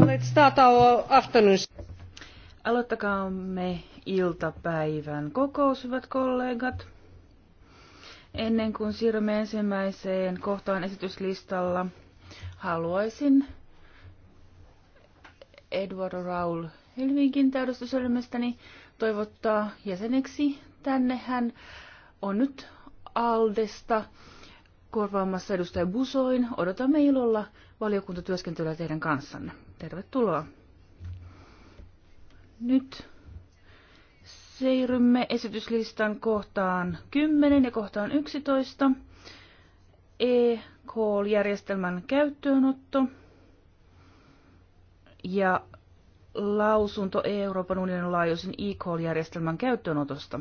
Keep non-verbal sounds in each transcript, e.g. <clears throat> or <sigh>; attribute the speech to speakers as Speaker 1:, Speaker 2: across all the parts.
Speaker 1: So let's Aloittakaamme iltapäivän kokous, hyvät kollegat. Ennen kuin siirrymme ensimmäiseen kohtaan esityslistalla, haluaisin Edward Raul Helvinkin täydestysölmästäni toivottaa jäseneksi tänne. Hän on nyt Aldesta korvaamassa edustaja Busoin. Odotamme ilolla valiokuntatyöskentelyä teidän kanssanne. Tervetuloa. Nyt siirrymme esityslistan kohtaan 10 ja kohtaan 11. E-call-järjestelmän käyttöönotto ja lausunto Euroopan unionin laajuisen e-call-järjestelmän käyttöönotosta.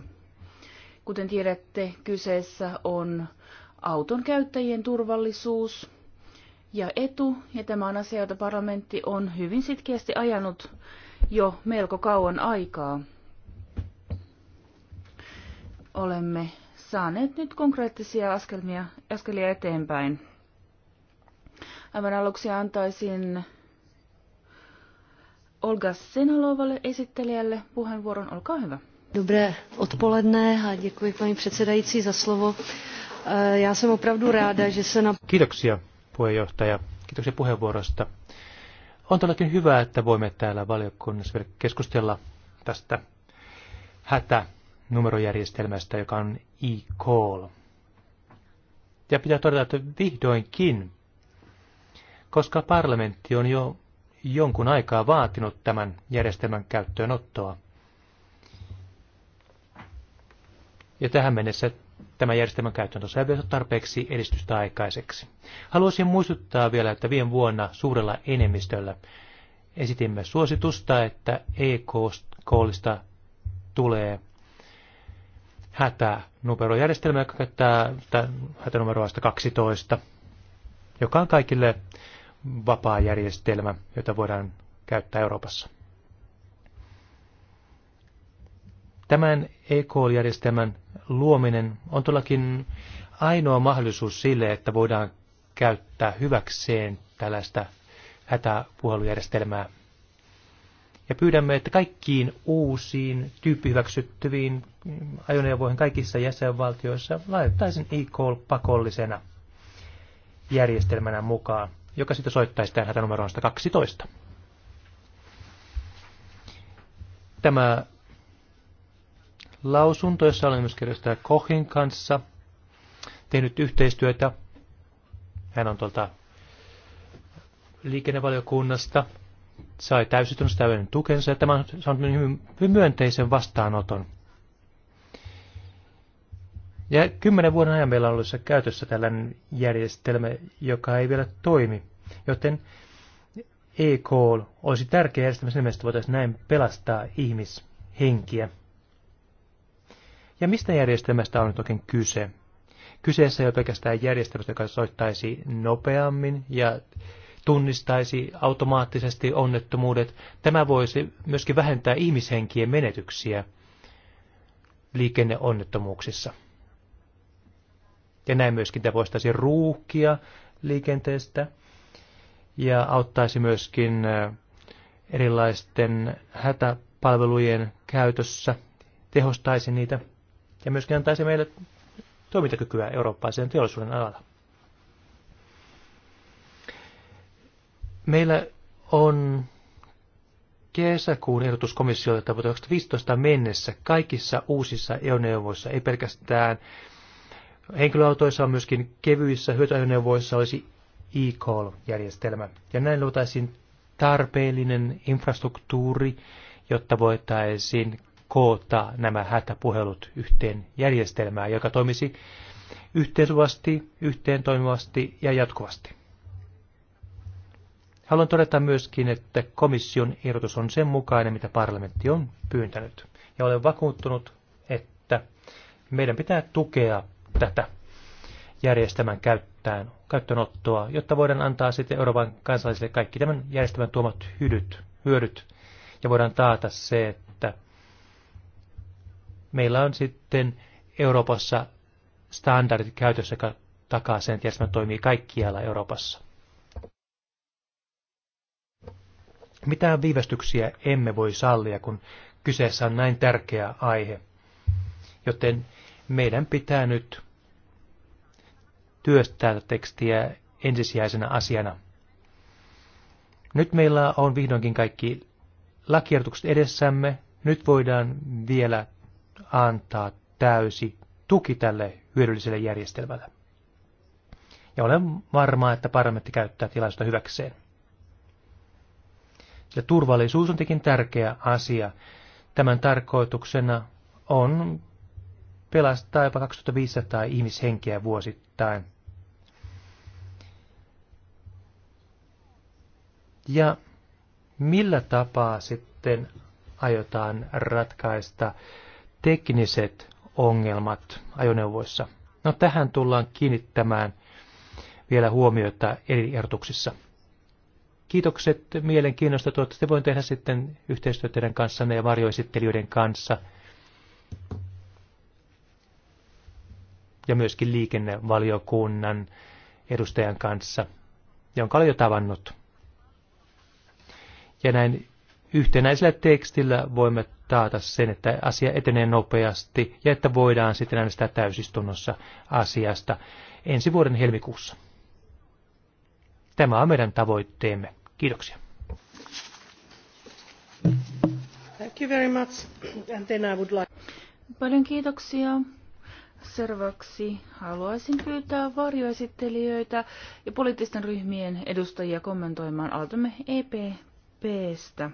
Speaker 1: Kuten tiedätte, kyseessä on auton käyttäjien turvallisuus – ja etu, ja tämä on asia, jota parlamentti on hyvin sitkeästi ajanut jo melko kauan aikaa. Olemme saaneet nyt konkreettisia askelmia, askelia eteenpäin. Aivan aluksi antaisin Olga Senalovalle esittelijälle puheenvuoron. Olkaa hyvä. Dobré odpoledne a děkuji paní předsedající za slovo. E, já jsem opravdu ráda, že se
Speaker 2: na... Kiitoksia puheenjohtaja. Kiitoksia puheenvuorosta. On todellakin hyvä, että voimme täällä valiokunnassa keskustella tästä hätänumerojärjestelmästä, joka on e-call. Ja pitää todeta, että vihdoinkin, koska parlamentti on jo jonkun aikaa vaatinut tämän järjestelmän käyttöönottoa. Ja tähän mennessä tämän järjestelmän on ja tarpeeksi edistystä aikaiseksi. Haluaisin muistuttaa vielä, että viime vuonna suurella enemmistöllä esitimme suositusta, että ek koolista tulee hätänumerojärjestelmä, joka käyttää hätänumeroa 12, joka on kaikille vapaa järjestelmä, jota voidaan käyttää Euroopassa. Tämän EK-järjestelmän luominen on todellakin ainoa mahdollisuus sille, että voidaan käyttää hyväkseen tällaista hätäpuhelujärjestelmää. Ja pyydämme, että kaikkiin uusiin tyyppihyväksyttyviin ajoneuvoihin kaikissa jäsenvaltioissa laitettaisiin e-call pakollisena järjestelmänä mukaan, joka sitten soittaisi tähän hätänumeroon 112. Tämä lausunto, jossa olen myös kirjastaja Kohin kanssa tehnyt yhteistyötä. Hän on tuolta liikennevaliokunnasta, sai täysistunnossa täyden tukensa ja tämä on saanut hyvin myönteisen vastaanoton. Ja kymmenen vuoden ajan meillä on ollut käytössä tällainen järjestelmä, joka ei vielä toimi, joten e olisi tärkeä järjestelmä sen mielestä voitaisiin näin pelastaa ihmishenkiä. Ja mistä järjestelmästä on nyt oikein kyse? Kyseessä ei ole pelkästään järjestelmästä, joka soittaisi nopeammin ja tunnistaisi automaattisesti onnettomuudet. Tämä voisi myöskin vähentää ihmishenkien menetyksiä liikenneonnettomuuksissa. Ja näin myöskin tämä poistaisi ruuhkia liikenteestä ja auttaisi myöskin äh, erilaisten hätäpalvelujen käytössä, tehostaisi niitä – ja myöskin antaisi meille toimintakykyä eurooppalaisen teollisuuden alalla. Meillä on kesäkuun ehdotus komissiolta vuoteen 2015 mennessä kaikissa uusissa EU-neuvoissa, ei pelkästään henkilöautoissa, vaan myöskin kevyissä hyötyajoneuvoissa olisi e-call-järjestelmä. Ja näin luotaisiin tarpeellinen infrastruktuuri, jotta voitaisiin koota nämä hätäpuhelut yhteen järjestelmään, joka toimisi yhteensuvasti, yhteen toimivasti ja jatkuvasti. Haluan todeta myöskin, että komission ehdotus on sen mukainen, mitä parlamentti on pyyntänyt. Ja olen vakuuttunut, että meidän pitää tukea tätä järjestelmän käyttäen, käyttöönottoa, jotta voidaan antaa sitten Euroopan kansalaisille kaikki tämän järjestelmän tuomat hyödyt, hyödyt. Ja voidaan taata se, meillä on sitten Euroopassa standardit käytössä, joka takaa sen, että järjestelmä toimii kaikkialla Euroopassa. Mitään viivästyksiä emme voi sallia, kun kyseessä on näin tärkeä aihe. Joten meidän pitää nyt työstää tekstiä ensisijaisena asiana. Nyt meillä on vihdoinkin kaikki lakiertukset edessämme. Nyt voidaan vielä antaa täysi tuki tälle hyödylliselle järjestelmälle. Ja olen varma, että parlamentti käyttää tilaisuutta hyväkseen. Ja turvallisuus on tekin tärkeä asia. Tämän tarkoituksena on pelastaa jopa 2500 ihmishenkeä vuosittain. Ja millä tapaa sitten aiotaan ratkaista tekniset ongelmat ajoneuvoissa. No tähän tullaan kiinnittämään vielä huomiota eri ehdotuksissa. Kiitokset mielenkiinnosta. Toivottavasti voin tehdä sitten yhteistyötä teidän kanssanne ja varjoesittelijöiden kanssa. Ja myöskin liikennevaliokunnan edustajan kanssa, jonka olen jo tavannut. Ja näin yhtenäisellä tekstillä voimme taata sen, että asia etenee nopeasti ja että voidaan sitten äänestää täysistunnossa asiasta ensi vuoden helmikuussa. Tämä on meidän tavoitteemme. Kiitoksia.
Speaker 1: Thank you very much. And then I would like... Paljon kiitoksia. Seuraavaksi haluaisin pyytää varjoesittelijöitä ja poliittisten ryhmien edustajia kommentoimaan. Aloitamme EPPstä.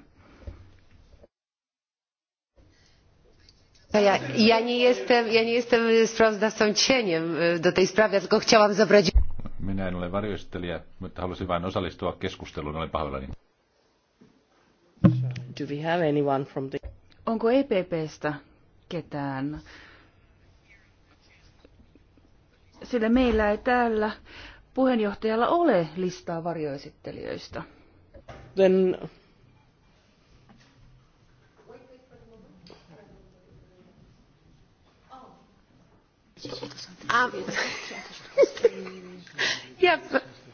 Speaker 1: No ja, ja, nie jestem, ja nie jestem sprawozdawcą cieniem do tej sprawy, tylko chciałam zabrać...
Speaker 3: Minä en ole varjoesittelijä, mutta halusin vain osallistua keskusteluun, olen pahoillani.
Speaker 1: Do we have anyone from the... Onko EPPstä ketään? Sillä meillä ei täällä puheenjohtajalla ole listaa varjoesittelijöistä. Then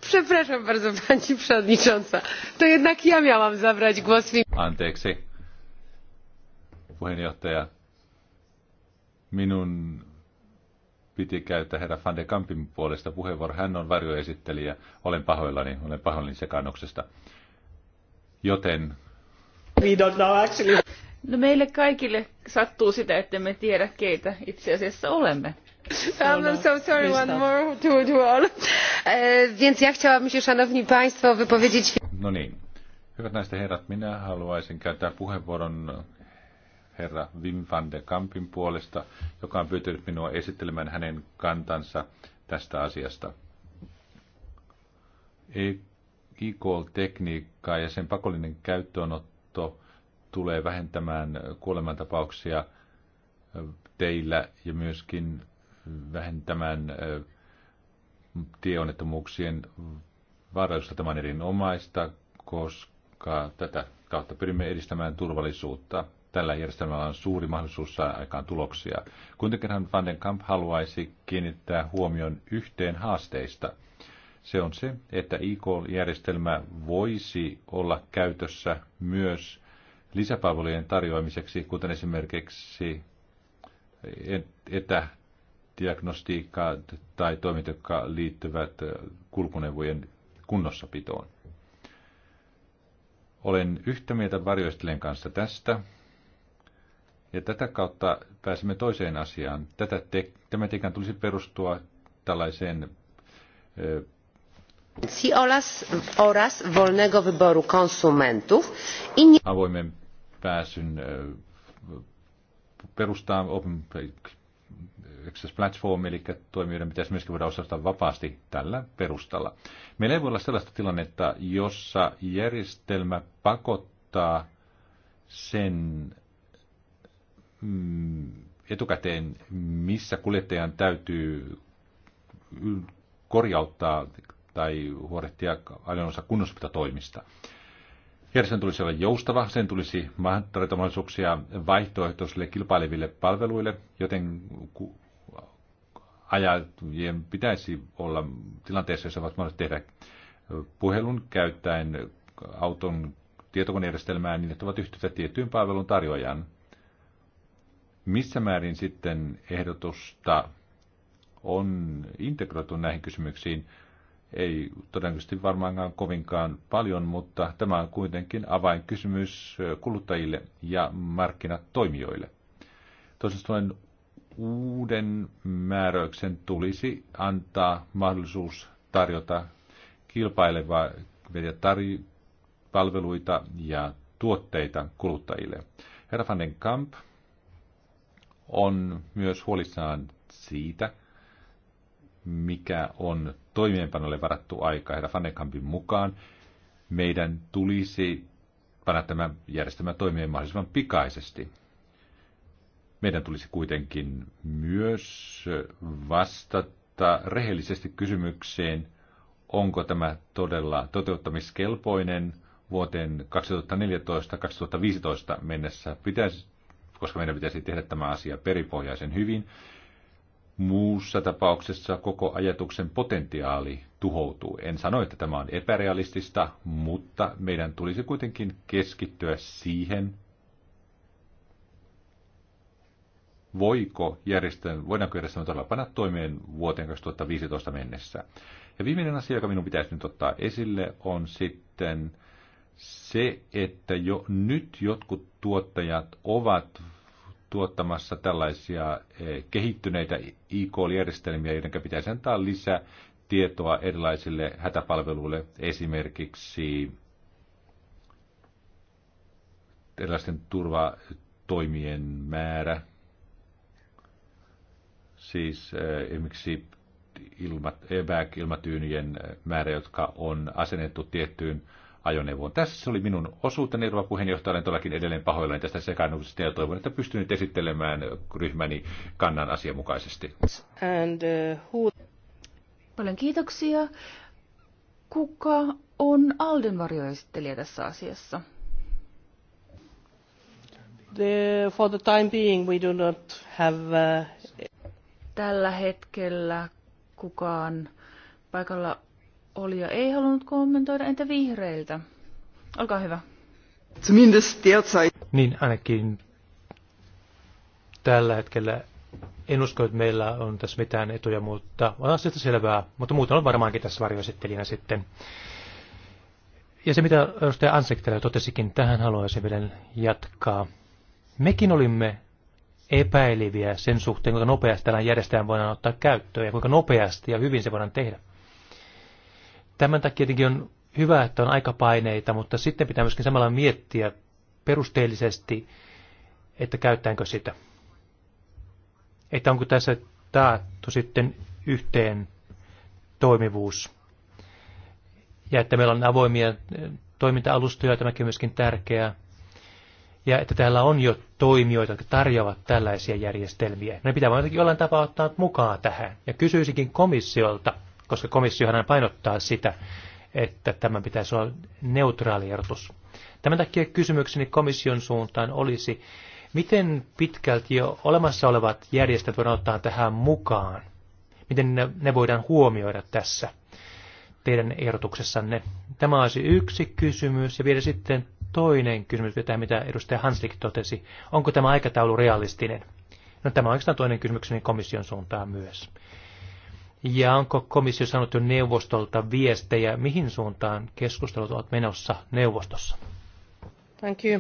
Speaker 4: przepraszam bardzo pani przewodnicząca. To jednak ja miałam zabrać głos.
Speaker 3: Anteeksi. Puheenjohtaja. Minun piti käyttää herra Van de Kampin puolesta puheenvuoro. Hän on varjoesittelijä. Olen pahoillani, olen pahoillani sekaannuksesta. Joten...
Speaker 1: We don't know actually. No meille kaikille sattuu sitä, että me tiedä, keitä itse asiassa olemme. <laughs> <laughs> E, więc ja chciałabym się, szanowni państwo, wypowiedzieć...
Speaker 3: No niin. Hyvät naiset ja herrat, minä haluaisin käyttää puheenvuoron e, herra Wim van de Kampin puolesta, joka on pyytänyt minua esittelemään hänen kantansa tästä asiasta. IKL-tekniikka e, ja sen pakollinen käyttöönotto tulee vähentämään kuolemantapauksia teillä ja myöskin vähentämään tieonnettomuuksien vaarallisuutta. Tämä on erinomaista, koska tätä kautta pyrimme edistämään turvallisuutta. Tällä järjestelmällä on suuri mahdollisuus saada aikaan tuloksia. Kuitenkin Van den Kamp haluaisi kiinnittää huomion yhteen haasteista. Se on se, että ik järjestelmä voisi olla käytössä myös lisäpalvelujen tarjoamiseksi, kuten esimerkiksi etä diagnostiikkaa tai toiminta, jotka liittyvät kulkuneuvojen kunnossapitoon. Olen yhtä mieltä varjoistelen kanssa tästä. Ja tätä kautta pääsemme toiseen asiaan. Tätä te- tämä tekään tulisi perustua tällaiseen
Speaker 1: oraz, oras
Speaker 4: wolnego wyboru konsumentów i
Speaker 3: avoimen pääsyn perustaa access platform, eli toimijoiden pitäisi myöskin voida osastaa vapaasti tällä perustalla. Meillä ei voi olla sellaista tilannetta, jossa järjestelmä pakottaa sen mm, etukäteen, missä kuljettajan täytyy korjauttaa tai huolehtia ajonsa kunnossapitotoimista. Järjestelmän tulisi olla joustava, sen tulisi tarjota mahdollisuuksia vaihtoehtoisille kilpaileville palveluille, joten ajatujen pitäisi olla tilanteessa, jossa ovat mahdollista tehdä puhelun käyttäen auton tietokonejärjestelmää niin, että ovat yhteyttä tiettyyn palvelun tarjoajan. Missä määrin sitten ehdotusta on integroitu näihin kysymyksiin? Ei todennäköisesti varmaankaan kovinkaan paljon, mutta tämä on kuitenkin avainkysymys kuluttajille ja markkinatoimijoille. Toisaalta uuden määräyksen tulisi antaa mahdollisuus tarjota kilpailevia tar- palveluita ja tuotteita kuluttajille. Herra van den Kamp on myös huolissaan siitä, mikä on toimeenpanolle varattu aika. Herra van den Kampin mukaan meidän tulisi panna tämä järjestelmä toimeen mahdollisimman pikaisesti meidän tulisi kuitenkin myös vastata rehellisesti kysymykseen, onko tämä todella toteuttamiskelpoinen vuoteen 2014-2015 mennessä, pitäisi, koska meidän pitäisi tehdä tämä asia peripohjaisen hyvin. Muussa tapauksessa koko ajatuksen potentiaali tuhoutuu. En sano, että tämä on epärealistista, mutta meidän tulisi kuitenkin keskittyä siihen, voiko järjestelmä, voidaanko järjestelmä todella panna toimeen vuoteen 2015 mennessä. Ja viimeinen asia, joka minun pitäisi nyt ottaa esille, on sitten se, että jo nyt jotkut tuottajat ovat tuottamassa tällaisia eh, kehittyneitä e-call-järjestelmiä, joiden pitäisi antaa lisää tietoa erilaisille hätäpalveluille, esimerkiksi erilaisten turvatoimien määrä siis eh, esimerkiksi ilmat, evac, ilmatyynien eh, määrä, jotka on asennettu tiettyyn ajoneuvoon. Tässä oli minun osuuteni, rouva puheenjohtaja, olen todellakin edelleen pahoillani tästä sekaannuksesta ja toivon, että pystyn nyt esittelemään ryhmäni kannan asianmukaisesti.
Speaker 1: And, uh, who... Paljon kiitoksia. Kuka on Alden varjoesittelijä tässä asiassa? The, for the time being we do not have uh, tällä hetkellä kukaan paikalla oli ja ei halunnut kommentoida. Entä vihreiltä? Olkaa hyvä.
Speaker 2: Zumindest derzeit. Niin ainakin tällä hetkellä en usko, että meillä on tässä mitään etuja, mutta on asiasta selvää. Mutta muuten on varmaankin tässä varjoesittelijänä sitten. Ja se, mitä edustaja Ansektelä totesikin, tähän haluaisin vielä jatkaa. Mekin olimme epäileviä sen suhteen, kuinka nopeasti tällainen järjestelmä voidaan ottaa käyttöön ja kuinka nopeasti ja hyvin se voidaan tehdä. Tämän takia tietenkin on hyvä, että on aikapaineita, mutta sitten pitää myöskin samalla miettiä perusteellisesti, että käyttäänkö sitä. Että onko tässä taattu sitten yhteen toimivuus. Ja että meillä on avoimia eh, toiminta-alustoja, tämäkin on myöskin tärkeää ja että täällä on jo toimijoita, jotka tarjoavat tällaisia järjestelmiä. Ne pitää jotenkin jollain tapaa ottaa mukaan tähän. Ja kysyisikin komissiolta, koska komissiohan painottaa sitä, että tämän pitäisi olla neutraali erotus. Tämän takia kysymykseni komission suuntaan olisi, miten pitkälti jo olemassa olevat järjestelmät voidaan ottaa tähän mukaan? Miten ne, ne voidaan huomioida tässä teidän ehdotuksessanne? Tämä olisi yksi kysymys. Ja vielä sitten toinen kysymys vetää, mitä edustaja Hanslik totesi. Onko tämä aikataulu realistinen? No tämä on oikeastaan toinen kysymykseni komission suuntaan myös. Ja onko komissio saanut jo neuvostolta viestejä, mihin suuntaan keskustelut ovat menossa neuvostossa?
Speaker 1: Thank you.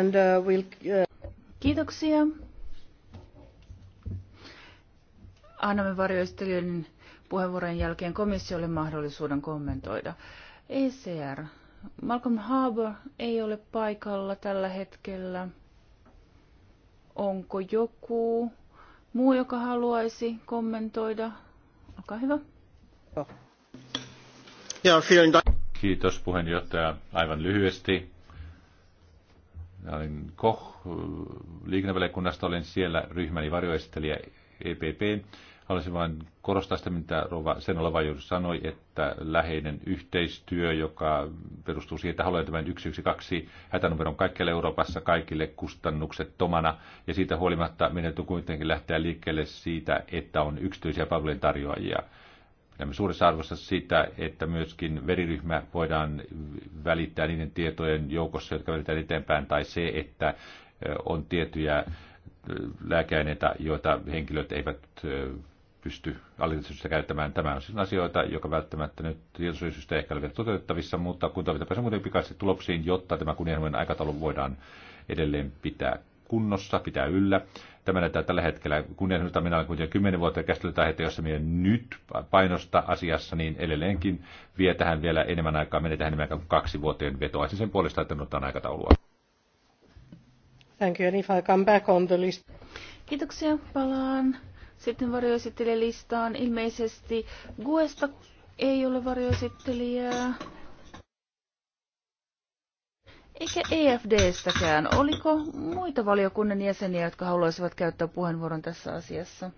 Speaker 1: And, uh, we'll, uh... Kiitoksia. Annamme varjoistelijoiden puheenvuoron jälkeen komissiolle mahdollisuuden kommentoida. ECR Malcolm Harbour ei ole paikalla tällä hetkellä. Onko joku muu, joka haluaisi kommentoida? Olkaa hyvä.
Speaker 3: Kiitos puheenjohtaja. Aivan lyhyesti. Olin Koch liikennevaliokunnasta, olin siellä ryhmäni varjoesittelijä EPP. Haluaisin vain korostaa sitä, mitä Rova Senola sanoi, että läheinen yhteistyö, joka perustuu siihen, että haluan tämän 112 hätänumeron kaikkialle Euroopassa, kaikille kustannukset tomana. Ja siitä huolimatta tuu kuitenkin lähteä liikkeelle siitä, että on yksityisiä tarjoajia. Pidämme suuressa arvossa sitä, että myöskin veriryhmä voidaan välittää niiden tietojen joukossa, jotka välitetään eteenpäin, tai se, että on tiettyjä lääkeaineita, joita henkilöt eivät pysty hallituksessa käyttämään. Tämä on siis asioita, joka välttämättä nyt tietoisuudesta ehkä ole vielä toteutettavissa, mutta kuntavalita pääsee muuten pikaisesti tuloksiin, jotta tämä kunnianhimoinen aikataulu voidaan edelleen pitää kunnossa, pitää yllä. Tämä näyttää tällä hetkellä, kunnianhimoista minä olen kuitenkin kymmenen vuotta ja käsitellyt aihetta, jossa minä nyt painosta asiassa, niin edelleenkin vie tähän vielä enemmän aikaa, menee tähän enemmän kuin kaksi vuoteen vetoaisin sen puolesta, että on aikataulua.
Speaker 4: Thank you, and if I come back on the list.
Speaker 1: Kiitoksia, palaan sitten varjoesittelijälistaan ilmeisesti Guesta ei ole varjoesittelijää. Eikä EFDstäkään. Oliko muita valiokunnan jäseniä, jotka haluaisivat käyttää puheenvuoron tässä asiassa?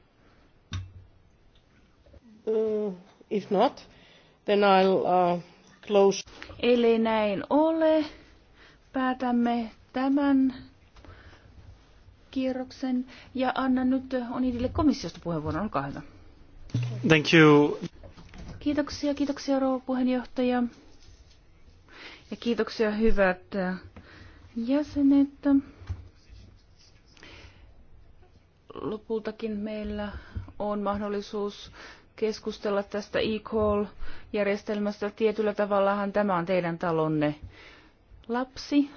Speaker 1: Uh, if not, then I'll uh, close. Eli näin ole. Päätämme tämän kierroksen ja annan nyt Onidille komissiosta puheenvuoron. Olkaa hyvä.
Speaker 4: Thank you.
Speaker 1: Kiitoksia, kiitoksia rouva puheenjohtaja. Ja kiitoksia hyvät jäsenet. Lopultakin meillä on mahdollisuus keskustella tästä e-call-järjestelmästä. Tietyllä tavallahan tämä on teidän talonne lapsi.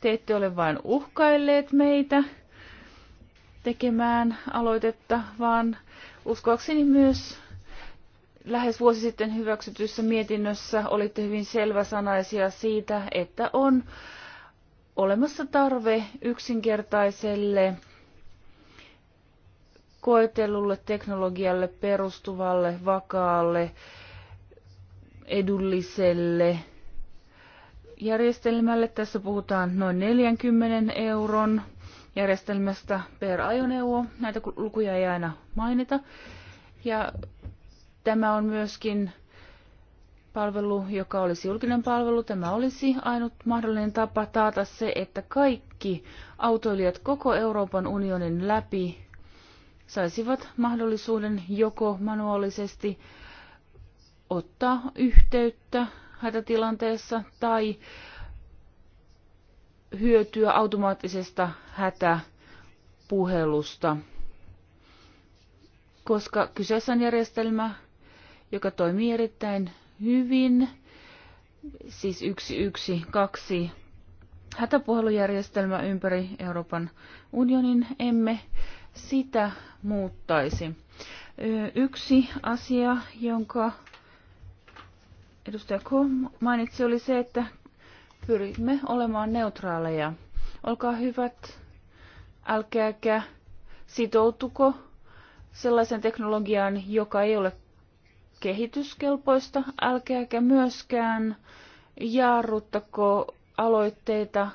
Speaker 1: Te ette ole vain uhkailleet meitä tekemään aloitetta, vaan uskoakseni myös lähes vuosi sitten hyväksytyssä mietinnössä olitte hyvin selväsanaisia siitä, että on olemassa tarve yksinkertaiselle koetellulle teknologialle perustuvalle, vakaalle, edulliselle järjestelmälle. Tässä puhutaan noin 40 euron järjestelmästä per ajoneuvo. Näitä lukuja ei aina mainita. Ja tämä on myöskin palvelu, joka olisi julkinen palvelu. Tämä olisi ainut mahdollinen tapa taata se, että kaikki autoilijat koko Euroopan unionin läpi saisivat mahdollisuuden joko manuaalisesti ottaa yhteyttä hätätilanteessa tai hyötyä automaattisesta hätäpuhelusta, koska kyseessä on järjestelmä, joka toimii erittäin hyvin, siis 112 hätäpuhelujärjestelmä ympäri Euroopan unionin, emme sitä muuttaisi. Yksi asia, jonka edustaja Ko mainitsi, oli se, että pyrimme olemaan neutraaleja. Olkaa hyvät, älkääkä sitoutuko sellaisen teknologiaan, joka ei ole kehityskelpoista, älkääkä myöskään jaarruttako aloitteita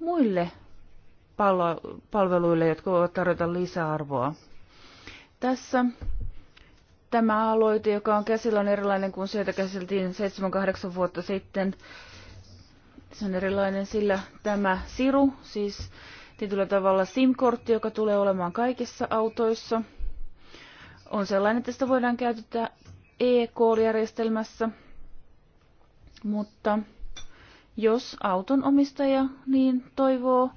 Speaker 1: muille palveluille, jotka voivat tarjota lisäarvoa. Tässä Tämä aloite, joka on käsillä, on erilainen kuin se, jota käsiteltiin 7-8 vuotta sitten. Se on erilainen, sillä tämä siru, siis tietyllä tavalla SIM-kortti, joka tulee olemaan kaikissa autoissa, on sellainen, että sitä voidaan käyttää e-call-järjestelmässä, mutta jos auton omistaja niin toivoo,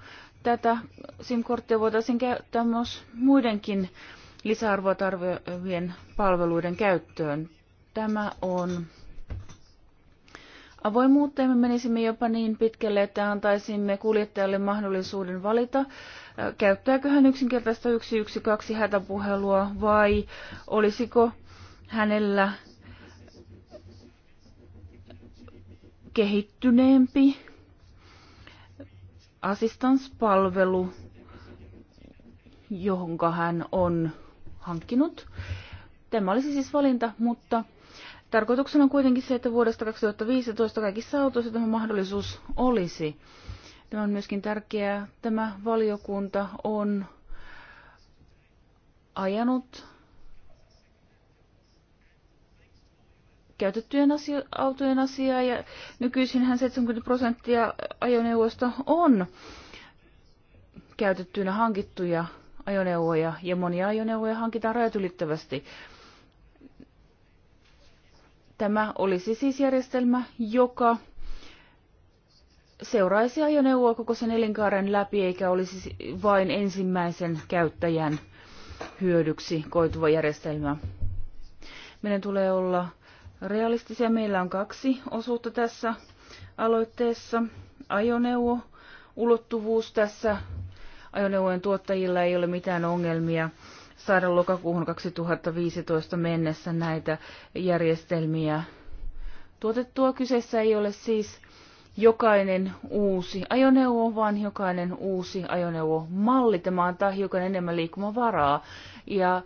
Speaker 1: tätä SIM-korttia voitaisiin käyttää myös muidenkin lisäarvoa tarvitsevien palveluiden käyttöön. Tämä on avoimuutta ja me menisimme jopa niin pitkälle, että antaisimme kuljettajalle mahdollisuuden valita, käyttääkö hän yksinkertaista 112 hätäpuhelua vai olisiko hänellä kehittyneempi assistanspalvelu, johon hän on hankkinut. Tämä olisi siis valinta, mutta tarkoituksena on kuitenkin se, että vuodesta 2015 kaikissa autoissa tämä mahdollisuus olisi. Tämä on myöskin tärkeää. Tämä valiokunta on ajanut käytettyjen asio- autojen asiaa ja nykyisinhän 70 prosenttia ajoneuvoista on käytettyinä hankittuja ajoneuvoja ja monia ajoneuvoja hankitaan rajat ylittävästi. Tämä olisi siis järjestelmä, joka seuraisi ajoneuvoa koko sen elinkaaren läpi eikä olisi vain ensimmäisen käyttäjän hyödyksi koituva järjestelmä. Meidän tulee olla realistisia. Meillä on kaksi osuutta tässä aloitteessa. Ajoneuvo, ulottuvuus tässä ajoneuvojen tuottajilla ei ole mitään ongelmia saada lokakuuhun 2015 mennessä näitä järjestelmiä tuotettua. Kyseessä ei ole siis jokainen uusi ajoneuvo, vaan jokainen uusi malli. Tämä antaa hiukan enemmän liikkumavaraa. Ja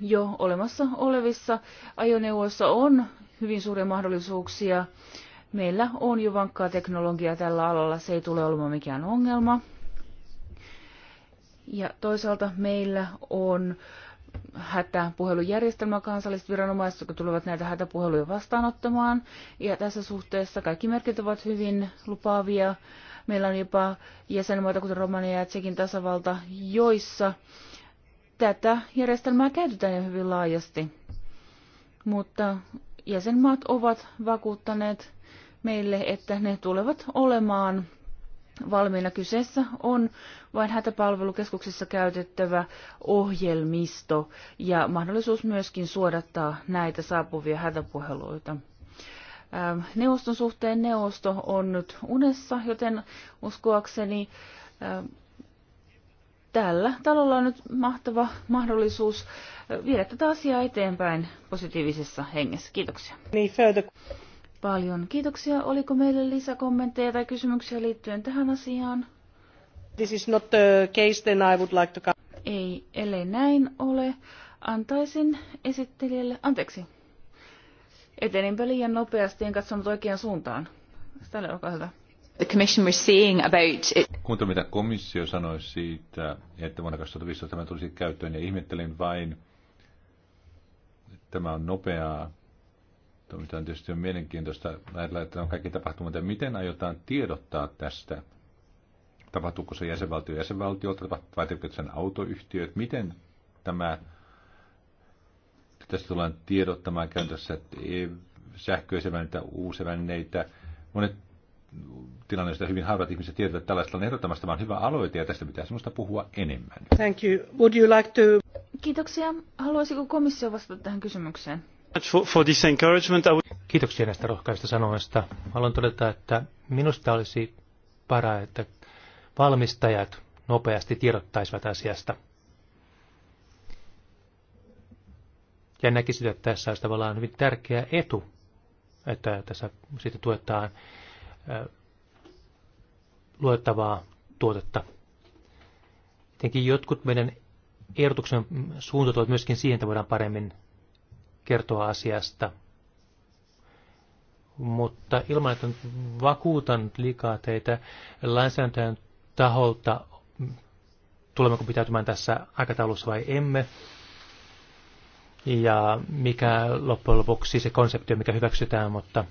Speaker 1: jo olemassa olevissa ajoneuvoissa on hyvin suuria mahdollisuuksia Meillä on jo vankkaa teknologiaa tällä alalla, se ei tule olemaan mikään ongelma. Ja toisaalta meillä on hätäpuhelujärjestelmä kansalliset viranomaiset, jotka tulevat näitä hätäpuheluja vastaanottamaan. Ja tässä suhteessa kaikki merkit ovat hyvin lupaavia. Meillä on jopa jäsenmaita, kuten Romania ja Tsekin tasavalta, joissa tätä järjestelmää käytetään jo hyvin laajasti. Mutta jäsenmaat ovat vakuuttaneet meille, että ne tulevat olemaan valmiina. Kyseessä on vain hätäpalvelukeskuksissa käytettävä ohjelmisto ja mahdollisuus myöskin suodattaa näitä saapuvia hätäpuheluita. Ähm, neuvoston suhteen neuvosto on nyt unessa, joten uskoakseni ähm, tällä talolla on nyt mahtava mahdollisuus äh, viedä tätä asiaa eteenpäin positiivisessa hengessä. Kiitoksia. Niin, paljon. Kiitoksia. Oliko meille lisäkommentteja tai kysymyksiä liittyen tähän asiaan? This is not the case, then I would like to come. Ei, ellei näin ole, antaisin esittelijälle, anteeksi, eteninpä liian nopeasti, en katsonut oikeaan suuntaan. Tälle olkaa hyvä. The commission was saying about it.
Speaker 3: Kuuntu, mitä komissio sanoi siitä, että vuonna 2015 tämä tulisi käyttöön, ja ihmettelin vain, että tämä on nopeaa mitä on tietysti on mielenkiintoista näillä, että on kaikki tapahtumat ja miten aiotaan tiedottaa tästä. Tapahtuuko se jäsenvaltio jäsenvaltiolta, vai tekeekö sen autoyhtiöt? Miten tämä, tästä tullaan tiedottamaan käytössä sähköisiä välineitä, uusia välineitä. Monet josta hyvin harvat ihmiset tietävät, että tällaista on ehdottomasti vaan hyvä aloite ja tästä pitää sellaista
Speaker 2: puhua enemmän.
Speaker 1: Thank you. Would you like to... Kiitoksia. Haluaisiko komissio vastata tähän kysymykseen?
Speaker 2: Kiitoksia näistä rohkaista sanoista. Haluan todeta, että minusta olisi para, että valmistajat nopeasti tiedottaisivat asiasta. Ja näkisin, että tässä olisi tavallaan hyvin tärkeä etu, että tässä sitten tuetaan luettavaa tuotetta. Tietenkin jotkut meidän ehdotuksen suuntautuvat myöskin siihen, että voidaan paremmin kertoa asiasta. Mutta ilman, että vakuutan liikaa teitä lainsäädäntöjen taholta, tulemmeko pitäytymään tässä aikataulussa vai emme, ja mikä loppujen lopuksi se konsepti on, mikä hyväksytään, mutta,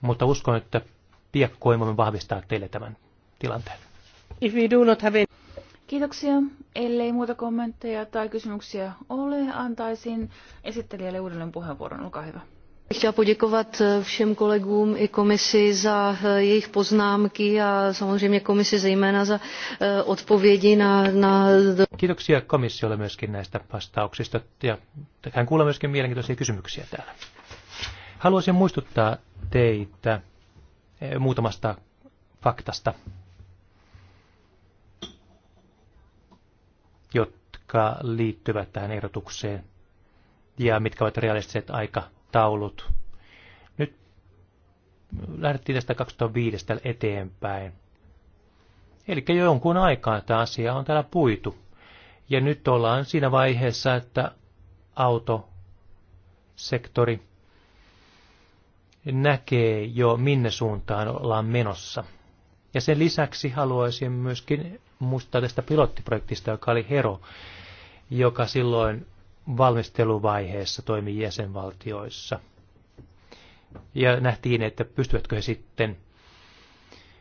Speaker 2: mutta uskon, että piakkoin voimme vahvistaa teille tämän tilanteen.
Speaker 1: If we do not have Kiitoksia. Ellei muuta kommentteja tai kysymyksiä ole, antaisin esittelijälle uudelleen puheenvuoron. Olkaa hyvä.
Speaker 4: Chtěla poděkovat eh, všem kolegům i komisi za eh, jejich poznámky a samozřejmě komisi zejména za eh, odpovědi na... na...
Speaker 2: Kiitoksia komissiolle myöskin näistä vastauksista ja hän kuulla myöskin mielenkiintoisia kysymyksiä täällä. Haluaisin muistuttaa teitä muutamasta faktasta jotka liittyvät tähän ehdotukseen ja mitkä ovat realistiset aikataulut. Nyt lähdettiin tästä 2005 eteenpäin. Eli jonkun aikaa tämä asia on täällä puitu. Ja nyt ollaan siinä vaiheessa, että autosektori näkee jo minne suuntaan ollaan menossa. Ja sen lisäksi haluaisin myöskin muistaa tästä pilottiprojektista, joka oli Hero, joka silloin valmisteluvaiheessa toimi jäsenvaltioissa. Ja nähtiin, että pystyvätkö he sitten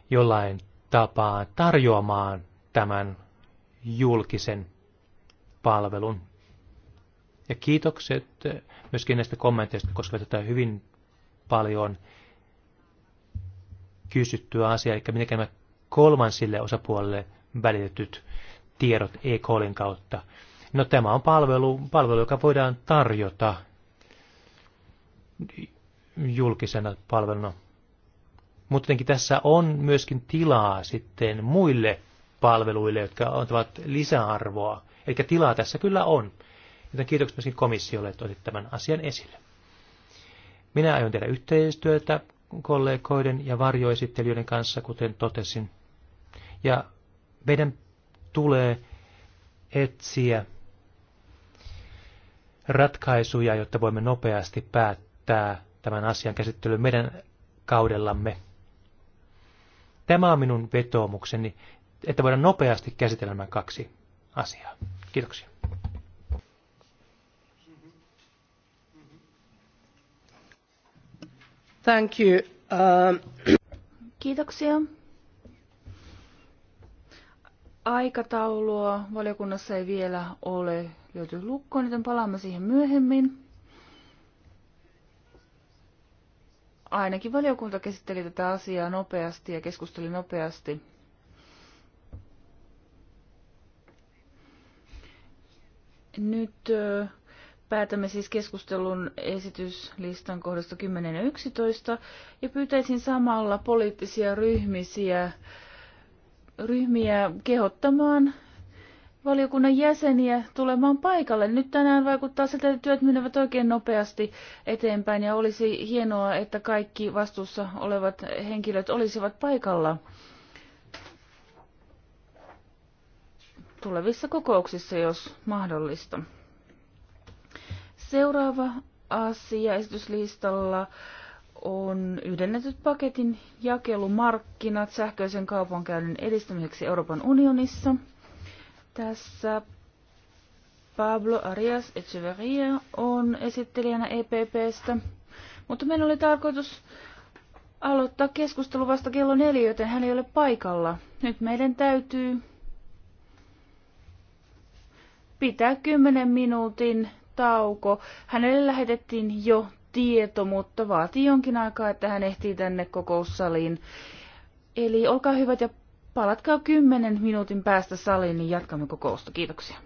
Speaker 2: jollain tapaa tarjoamaan tämän julkisen palvelun. Ja kiitokset myöskin näistä kommenteista, koska tätä hyvin paljon kysyttyä asiaa, eli miten nämä kolmansille osapuolelle välitetyt tiedot e-callin kautta. No tämä on palvelu, palvelu, joka voidaan tarjota julkisena palveluna. Mutta tässä on myöskin tilaa sitten muille palveluille, jotka antavat lisäarvoa. Eli tilaa tässä kyllä on. Joten kiitokset myöskin komissiolle, että otit tämän asian esille. Minä aion tehdä yhteistyötä kollegoiden ja varjoesittelijöiden kanssa, kuten totesin. Ja meidän tulee etsiä ratkaisuja, jotta voimme nopeasti päättää tämän asian käsittelyn meidän kaudellamme. Tämä on minun vetoomukseni, että voidaan nopeasti käsitellä nämä kaksi asiaa. Kiitoksia.
Speaker 4: Thank you. Uh...
Speaker 1: Kiitoksia aikataulua valiokunnassa ei vielä ole löyty lukkoon, joten palaamme siihen myöhemmin. Ainakin valiokunta käsitteli tätä asiaa nopeasti ja keskusteli nopeasti. Nyt päätämme siis keskustelun esityslistan kohdasta 10 ja 11 ja pyytäisin samalla poliittisia ryhmisiä ryhmiä kehottamaan valiokunnan jäseniä tulemaan paikalle. Nyt tänään vaikuttaa siltä, että työt menevät oikein nopeasti eteenpäin ja olisi hienoa, että kaikki vastuussa olevat henkilöt olisivat paikalla tulevissa kokouksissa, jos mahdollista. Seuraava asia esityslistalla on yhdennetyt paketin jakelumarkkinat sähköisen kaupankäynnin edistämiseksi Euroopan unionissa. Tässä Pablo Arias Echeverria on esittelijänä EPPstä, mutta meillä oli tarkoitus aloittaa keskustelu vasta kello neljä, joten hän ei ole paikalla. Nyt meidän täytyy pitää kymmenen minuutin tauko. Hänelle lähetettiin jo tieto, mutta vaatii jonkin aikaa, että hän ehtii tänne kokoussaliin. Eli olkaa hyvät ja palatkaa kymmenen minuutin päästä saliin, niin jatkamme kokousta. Kiitoksia.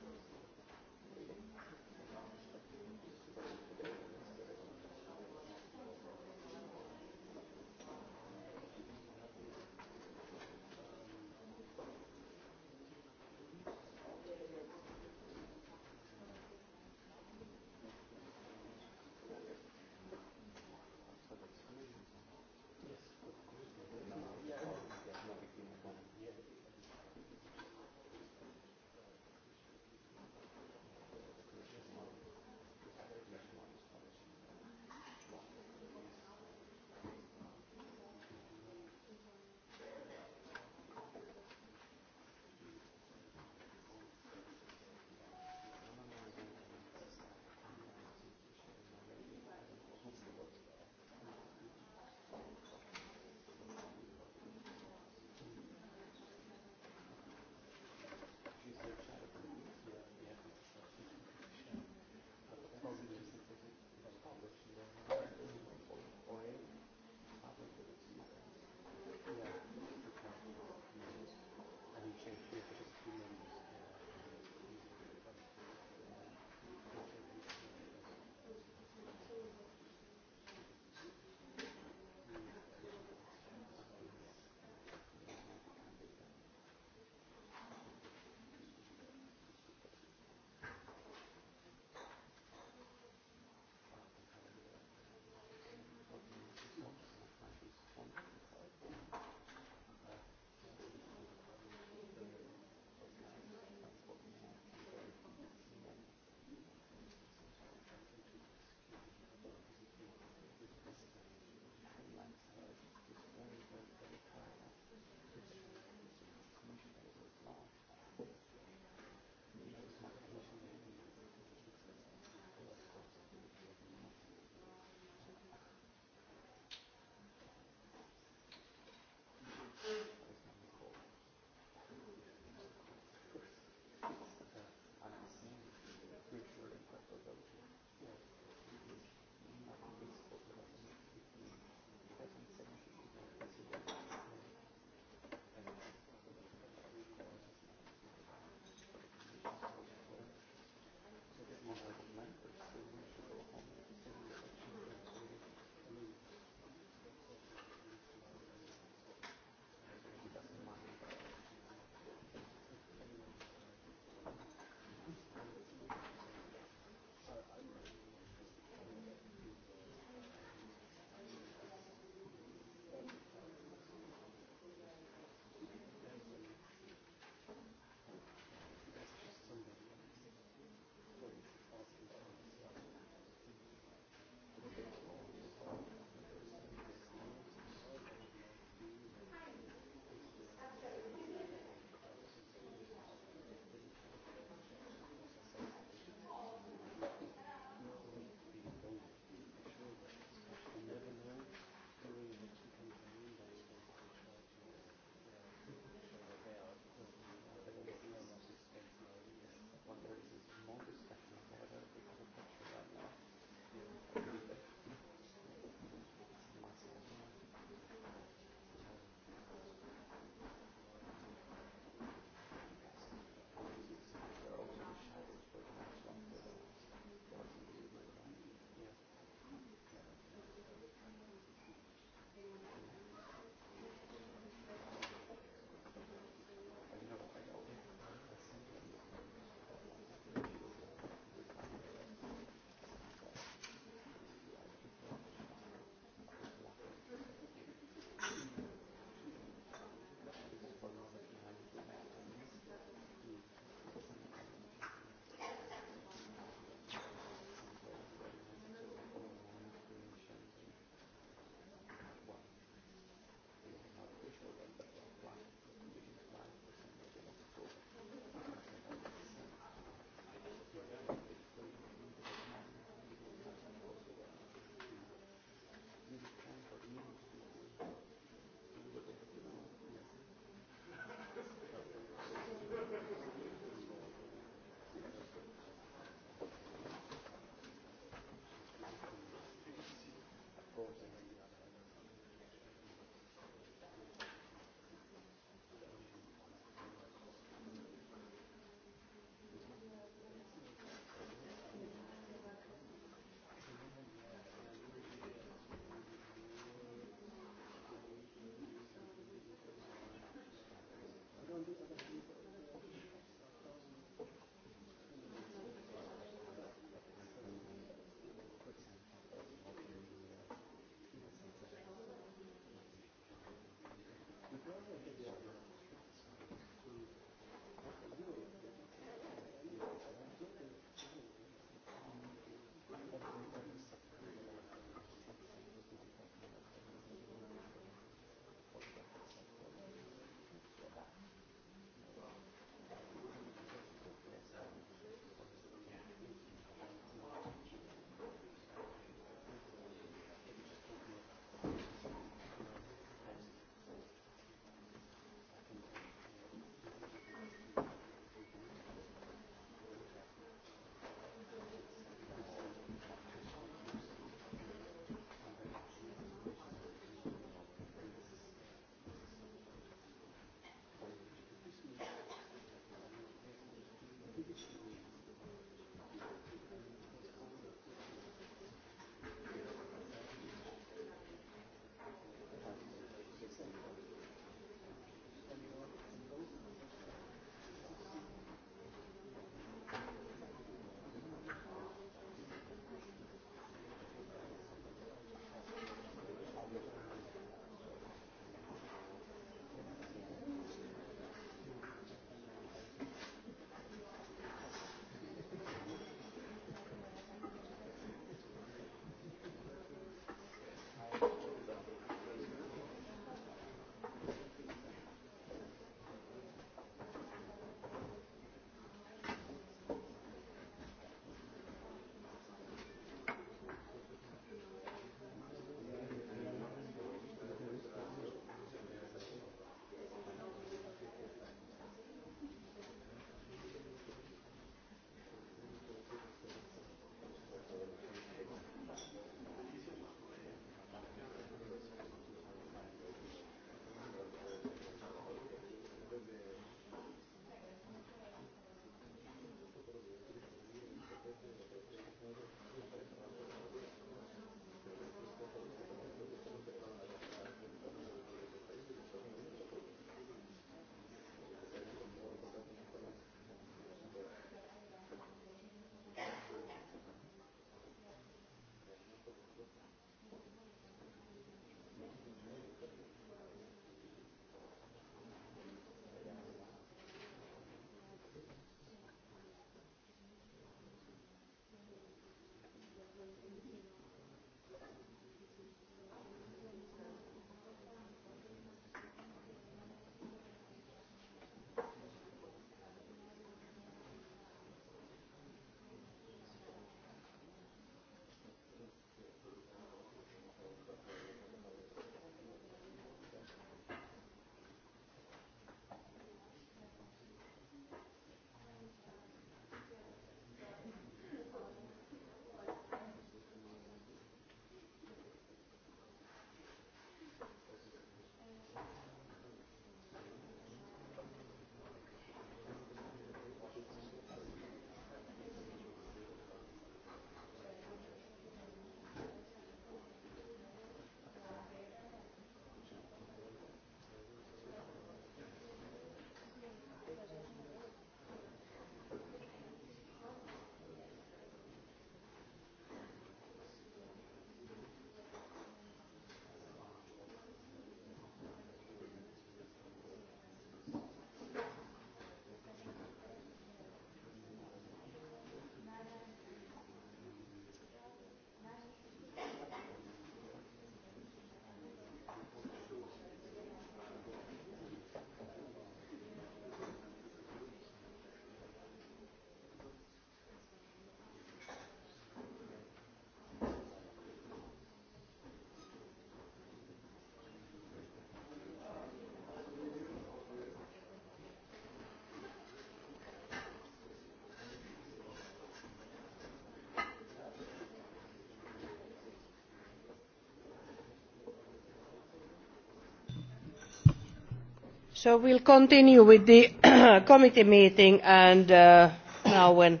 Speaker 1: So continue with the <clears throat> committee meeting and uh, now when...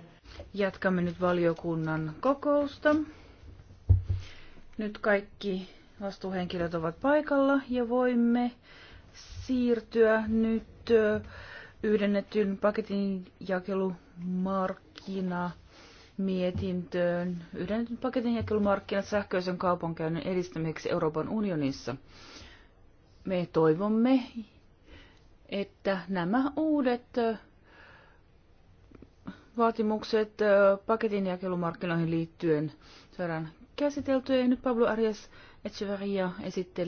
Speaker 1: Jatkamme nyt valiokunnan kokousta. Nyt kaikki vastuuhenkilöt ovat paikalla ja voimme siirtyä nyt yhdennetyn paketin jakelumarkkina mietintöön yhdennetyn paketin jakelumarkkinat sähköisen kaupankäynnin edistämiseksi Euroopan unionissa. Me toivomme että nämä uudet vaatimukset paketin jakelumarkkinoihin liittyen saadaan käsiteltyä. Ja nyt Pablo Arias Echeverria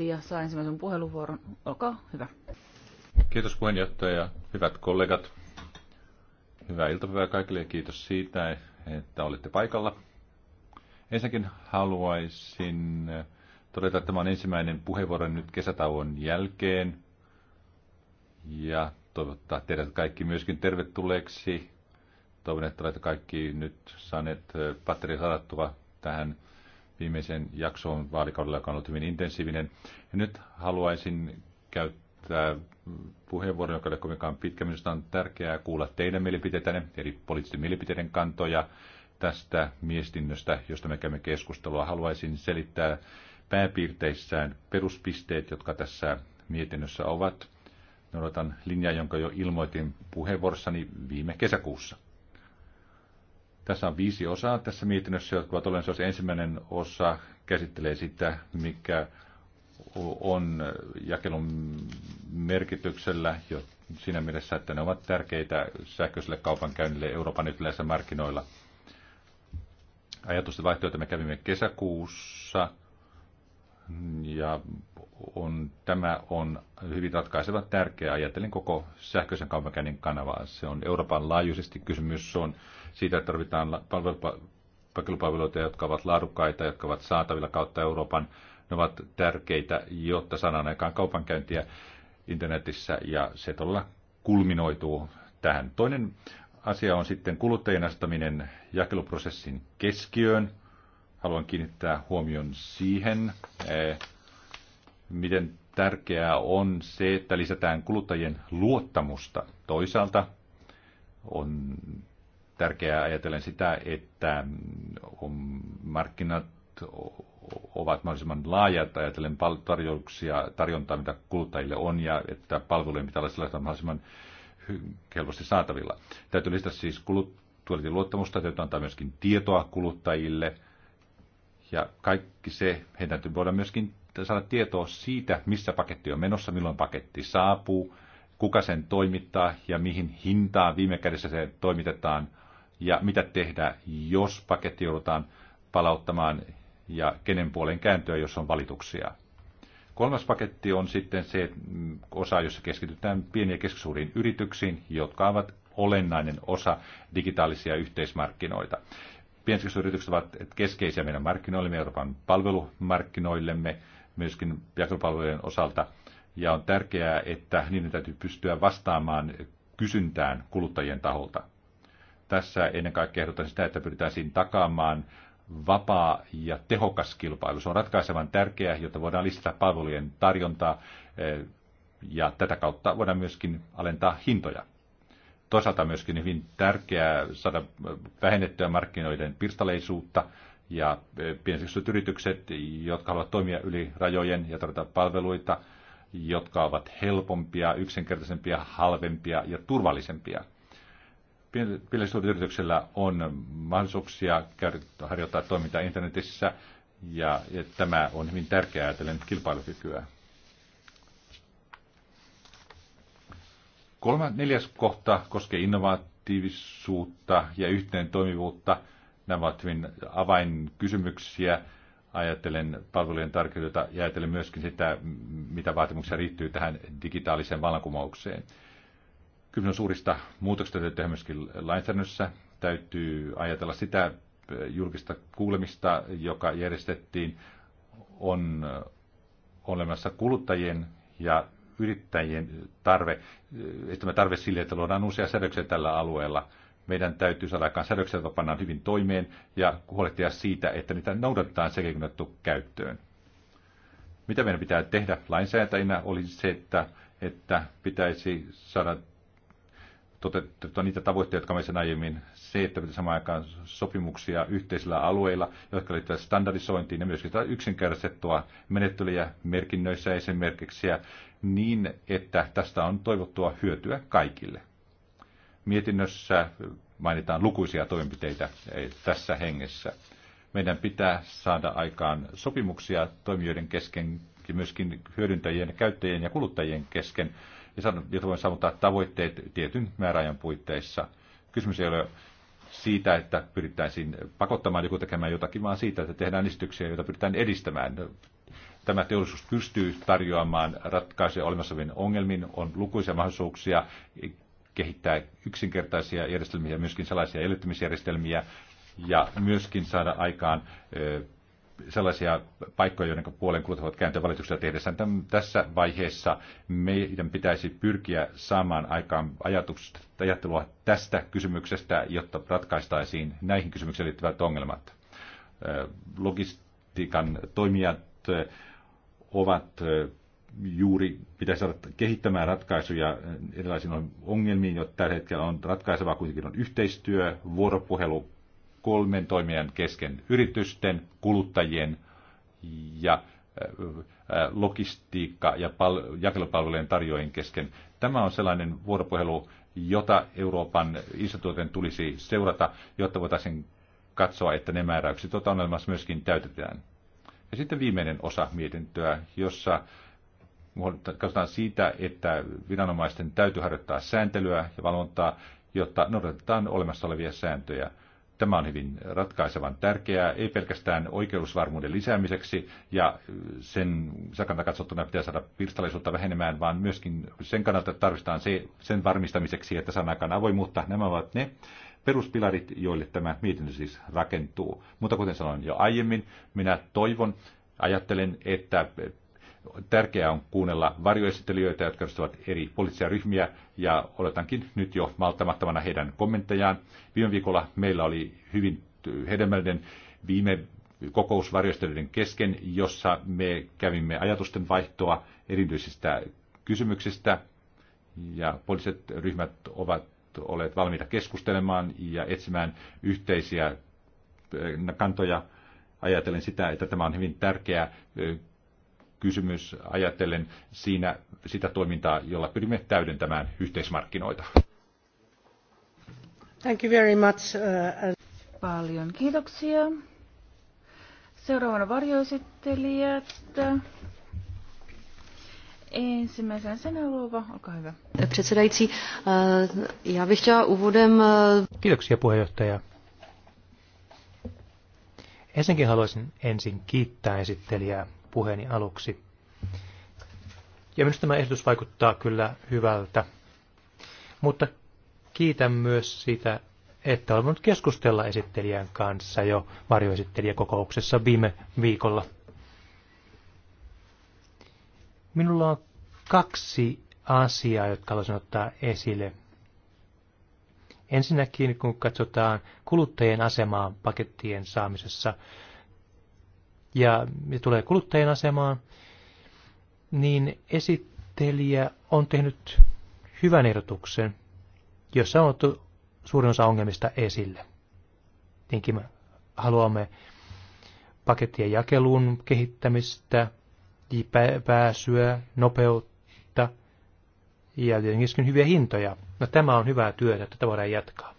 Speaker 1: ja saa ensimmäisen puheluvuoron. Olkaa hyvä.
Speaker 3: Kiitos puheenjohtaja. Hyvät kollegat. Hyvää iltapäivää kaikille ja kiitos siitä, että olitte paikalla. Ensinnäkin haluaisin todeta, että tämä on ensimmäinen puheenvuoro nyt kesätauon jälkeen ja toivottaa teidät kaikki myöskin tervetulleeksi. Toivon, että olette kaikki nyt saaneet patteri ladattua tähän viimeisen jaksoon vaalikaudella, joka on ollut hyvin intensiivinen. Ja nyt haluaisin käyttää puheenvuoron, joka ei ole kovinkaan pitkä. Minusta on tärkeää kuulla teidän mielipiteitänne, eri poliittisten mielipiteiden kantoja tästä miestinnöstä, josta me käymme keskustelua. Haluaisin selittää pääpiirteissään peruspisteet, jotka tässä mietinnössä ovat noudatan linjaa, jonka jo ilmoitin puheenvuorossani viime kesäkuussa. Tässä on viisi osaa tässä mietinnössä, jotka ovat olennaisia. Ensimmäinen osa käsittelee sitä, mikä on jakelun merkityksellä jo siinä mielessä, että ne ovat tärkeitä sähköiselle kaupankäynnille Euroopan yleensä markkinoilla. Ajatusten vaihtoehto me kävimme kesäkuussa ja on, tämä on hyvin ratkaiseva tärkeä. Ajattelen koko sähköisen kaupankäynnin kanavaa. Se on Euroopan laajuisesti kysymys. Se on siitä, että tarvitaan palvelupalveluita, jotka ovat laadukkaita, jotka ovat saatavilla kautta Euroopan. Ne ovat tärkeitä, jotta saadaan aikaan kaupankäyntiä internetissä ja se todella kulminoituu tähän. Toinen asia on sitten kuluttajien astaminen jakeluprosessin keskiöön haluan kiinnittää huomion siihen, eh, miten tärkeää on se, että lisätään kuluttajien luottamusta. Toisaalta on tärkeää ajatellen sitä, että mm, markkinat ovat mahdollisimman laajat ajatellen tarjouksia, tarjontaa, mitä kuluttajille on, ja että palvelujen pitää olla sellaista mahdollisimman helposti saatavilla. Täytyy lisätä siis kuluttajien luottamusta, täytyy antaa myöskin tietoa kuluttajille – ja kaikki se, heidän täytyy voida myöskin saada tietoa siitä, missä paketti on menossa, milloin paketti saapuu, kuka sen toimittaa ja mihin hintaan viime kädessä se toimitetaan ja mitä tehdä, jos paketti joudutaan palauttamaan ja kenen puolen kääntyä, jos on valituksia. Kolmas paketti on sitten se osa, jossa keskitytään pieniin ja keskisuuriin yrityksiin, jotka ovat olennainen osa digitaalisia yhteismarkkinoita. Pienet yritykset ovat keskeisiä meidän markkinoillemme, Euroopan palvelumarkkinoillemme, myöskin jakelupalvelujen osalta. Ja on tärkeää, että niiden täytyy pystyä vastaamaan kysyntään kuluttajien taholta. Tässä ennen kaikkea ehdotan sitä, että pyritään siinä takaamaan vapaa ja tehokas kilpailu. Se on ratkaisevan tärkeää, jotta voidaan lisätä palvelujen tarjontaa eh, ja tätä kautta voidaan myöskin alentaa hintoja toisaalta myöskin hyvin tärkeää saada äh, vähennettyä markkinoiden pirstaleisuutta ja äh, pienet yritykset, jotka haluavat toimia yli rajojen ja tarjota palveluita, jotka ovat helpompia, yksinkertaisempia, halvempia ja turvallisempia. Pienellä yrityksillä on mahdollisuuksia harjoittaa toimintaa internetissä ja tämä on hyvin tärkeää ajatellen kilpailukykyä. Kolme neljäs kohta koskee innovatiivisuutta ja yhteen toimivuutta. Nämä ovat hyvin avainkysymyksiä. Ajattelen palvelujen tarkoitusta ja ajattelen myöskin sitä, mitä vaatimuksia riittyy tähän digitaaliseen vallankumoukseen. Kysymys suurista muutoksista täytyy tehdä myöskin lainsäädännössä. Täytyy ajatella sitä eh, julkista kuulemista, joka järjestettiin, on olemassa kuluttajien ja yrittäjien tarve, että me tarve sille, että luodaan uusia säädöksiä tällä alueella. Meidän täytyy saada aikaan säädöksiä, jotka pannaan hyvin toimeen ja huolehtia siitä, että niitä noudatetaan sekin kun käyttöön. Mitä meidän pitää tehdä lainsäätäjinä oli se, että, että pitäisi saada toteutettua niitä tavoitteita, jotka me sen aiemmin se, että pitäisi samaan aikaan sopimuksia yhteisillä alueilla, jotka liittyvät standardisointiin ja myöskin yksinkertaisettua menettelyjä merkinnöissä esimerkiksi, niin että tästä on toivottua hyötyä kaikille. Mietinnössä mainitaan lukuisia toimenpiteitä eh, tässä hengessä. Meidän pitää saada aikaan sopimuksia toimijoiden kesken, myöskin hyödyntäjien, käyttäjien ja kuluttajien kesken, ja jotta voin saavuttaa tavoitteet tietyn määräajan puitteissa. Kysymys ei ole siitä, että pyrittäisiin pakottamaan joku tekemään jotakin, vaan siitä, että tehdään esityksiä, joita pyritään edistämään. Tämä teollisuus pystyy tarjoamaan ratkaisuja olemassa olevien ongelmiin, on lukuisia mahdollisuuksia kehittää yksinkertaisia järjestelmiä, myöskin sellaisia elettymisjärjestelmiä ja myöskin saada aikaan sellaisia paikkoja, joiden puolen kulut ovat kääntyä valituksia tehdessään. Tässä vaiheessa meidän pitäisi pyrkiä saamaan aikaan ajatusta, ajattelua tästä kysymyksestä, jotta ratkaistaisiin näihin kysymyksiin liittyvät ongelmat. Logistiikan toimijat ovat juuri pitäisi saada kehittämään ratkaisuja erilaisiin ongelmiin, jotta tällä hetkellä on ratkaisevaa kuitenkin on yhteistyö, vuoropuhelu kolmen toimijan kesken yritysten, kuluttajien ja logistiikka- ja jakelupalvelujen tarjoajien kesken. Tämä on sellainen vuoropuhelu, jota Euroopan instituutin tulisi seurata, jotta voitaisiin katsoa, että ne määräykset, tuota on olemassa, myöskin täytetään. Ja sitten viimeinen osa mietintöä, jossa katsotaan siitä, että viranomaisten täytyy harjoittaa sääntelyä ja valvontaa, jotta noudatetaan olemassa olevia sääntöjä – Tämä on hyvin ratkaisevan tärkeää, ei pelkästään oikeusvarmuuden lisäämiseksi ja sen sakanta katsottuna pitää saada pirstalaisuutta vähenemään, vaan myöskin sen kannalta, että tarvitaan se, sen varmistamiseksi, että saadaan aikaan avoimuutta. Nämä ovat ne peruspilarit, joille tämä mietintö siis rakentuu. Mutta kuten sanoin jo aiemmin, minä toivon, ajattelen, että Tärkeää on kuunnella varjoesittelijöitä, jotka edustavat eri poliittisia ryhmiä, ja oletankin nyt jo malttamattomana heidän kommenttejaan. Viime viikolla meillä oli hyvin hedelmällinen viime kokous varjoesittelijöiden kesken, jossa me kävimme ajatusten vaihtoa erityisistä kysymyksistä, ja poliittiset ryhmät ovat olleet valmiita keskustelemaan ja etsimään yhteisiä kantoja ajatellen sitä, että tämä on hyvin tärkeä kysymys ajatellen siinä sitä toimintaa, jolla pyrimme täydentämään yhteismarkkinoita.
Speaker 1: Thank you very much. Uh, Paljon kiitoksia. Seuraavana varjoesittelijät. Ensimmäisenä Senelova, olkaa hyvä. Předsedající, eh, já bych chtěla úvodem...
Speaker 4: Eh,
Speaker 2: kiitoksia puheenjohtaja. Ensinnäkin haluaisin ensin kiittää esittelijää puheeni aluksi. Ja minusta tämä ehdotus vaikuttaa kyllä hyvältä. Mutta kiitän myös sitä, että olen voinut keskustella esittelijän kanssa jo varjoesittelijäkokouksessa viime viikolla. Minulla on kaksi asiaa, jotka haluaisin ottaa esille. Ensinnäkin, kun katsotaan kuluttajien asemaa pakettien saamisessa, ja tulee kuluttajien asemaan, niin esittelijä on tehnyt hyvän ehdotuksen, jossa on otettu suurin osa ongelmista esille. Niinkin me haluamme pakettien jakelun kehittämistä, pääsyä, nopeutta ja tietenkin hyviä hintoja. No tämä on hyvää työtä, tätä voidaan jatkaa.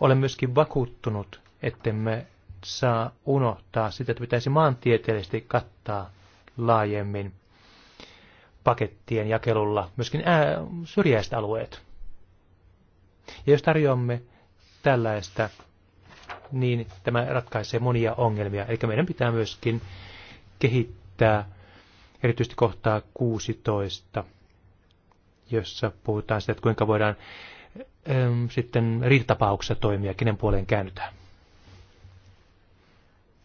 Speaker 2: Olen myöskin vakuuttunut, ettemme saa unohtaa sitä, että pitäisi maantieteellisesti kattaa laajemmin pakettien jakelulla myöskin ää, syrjäiset alueet. Ja jos tarjoamme tällaista, niin tämä ratkaisee monia ongelmia. Eli meidän pitää myöskin kehittää erityisesti kohtaa 16, jossa puhutaan siitä, että kuinka voidaan äm, sitten riitatapauksessa toimia, kenen puoleen käännytään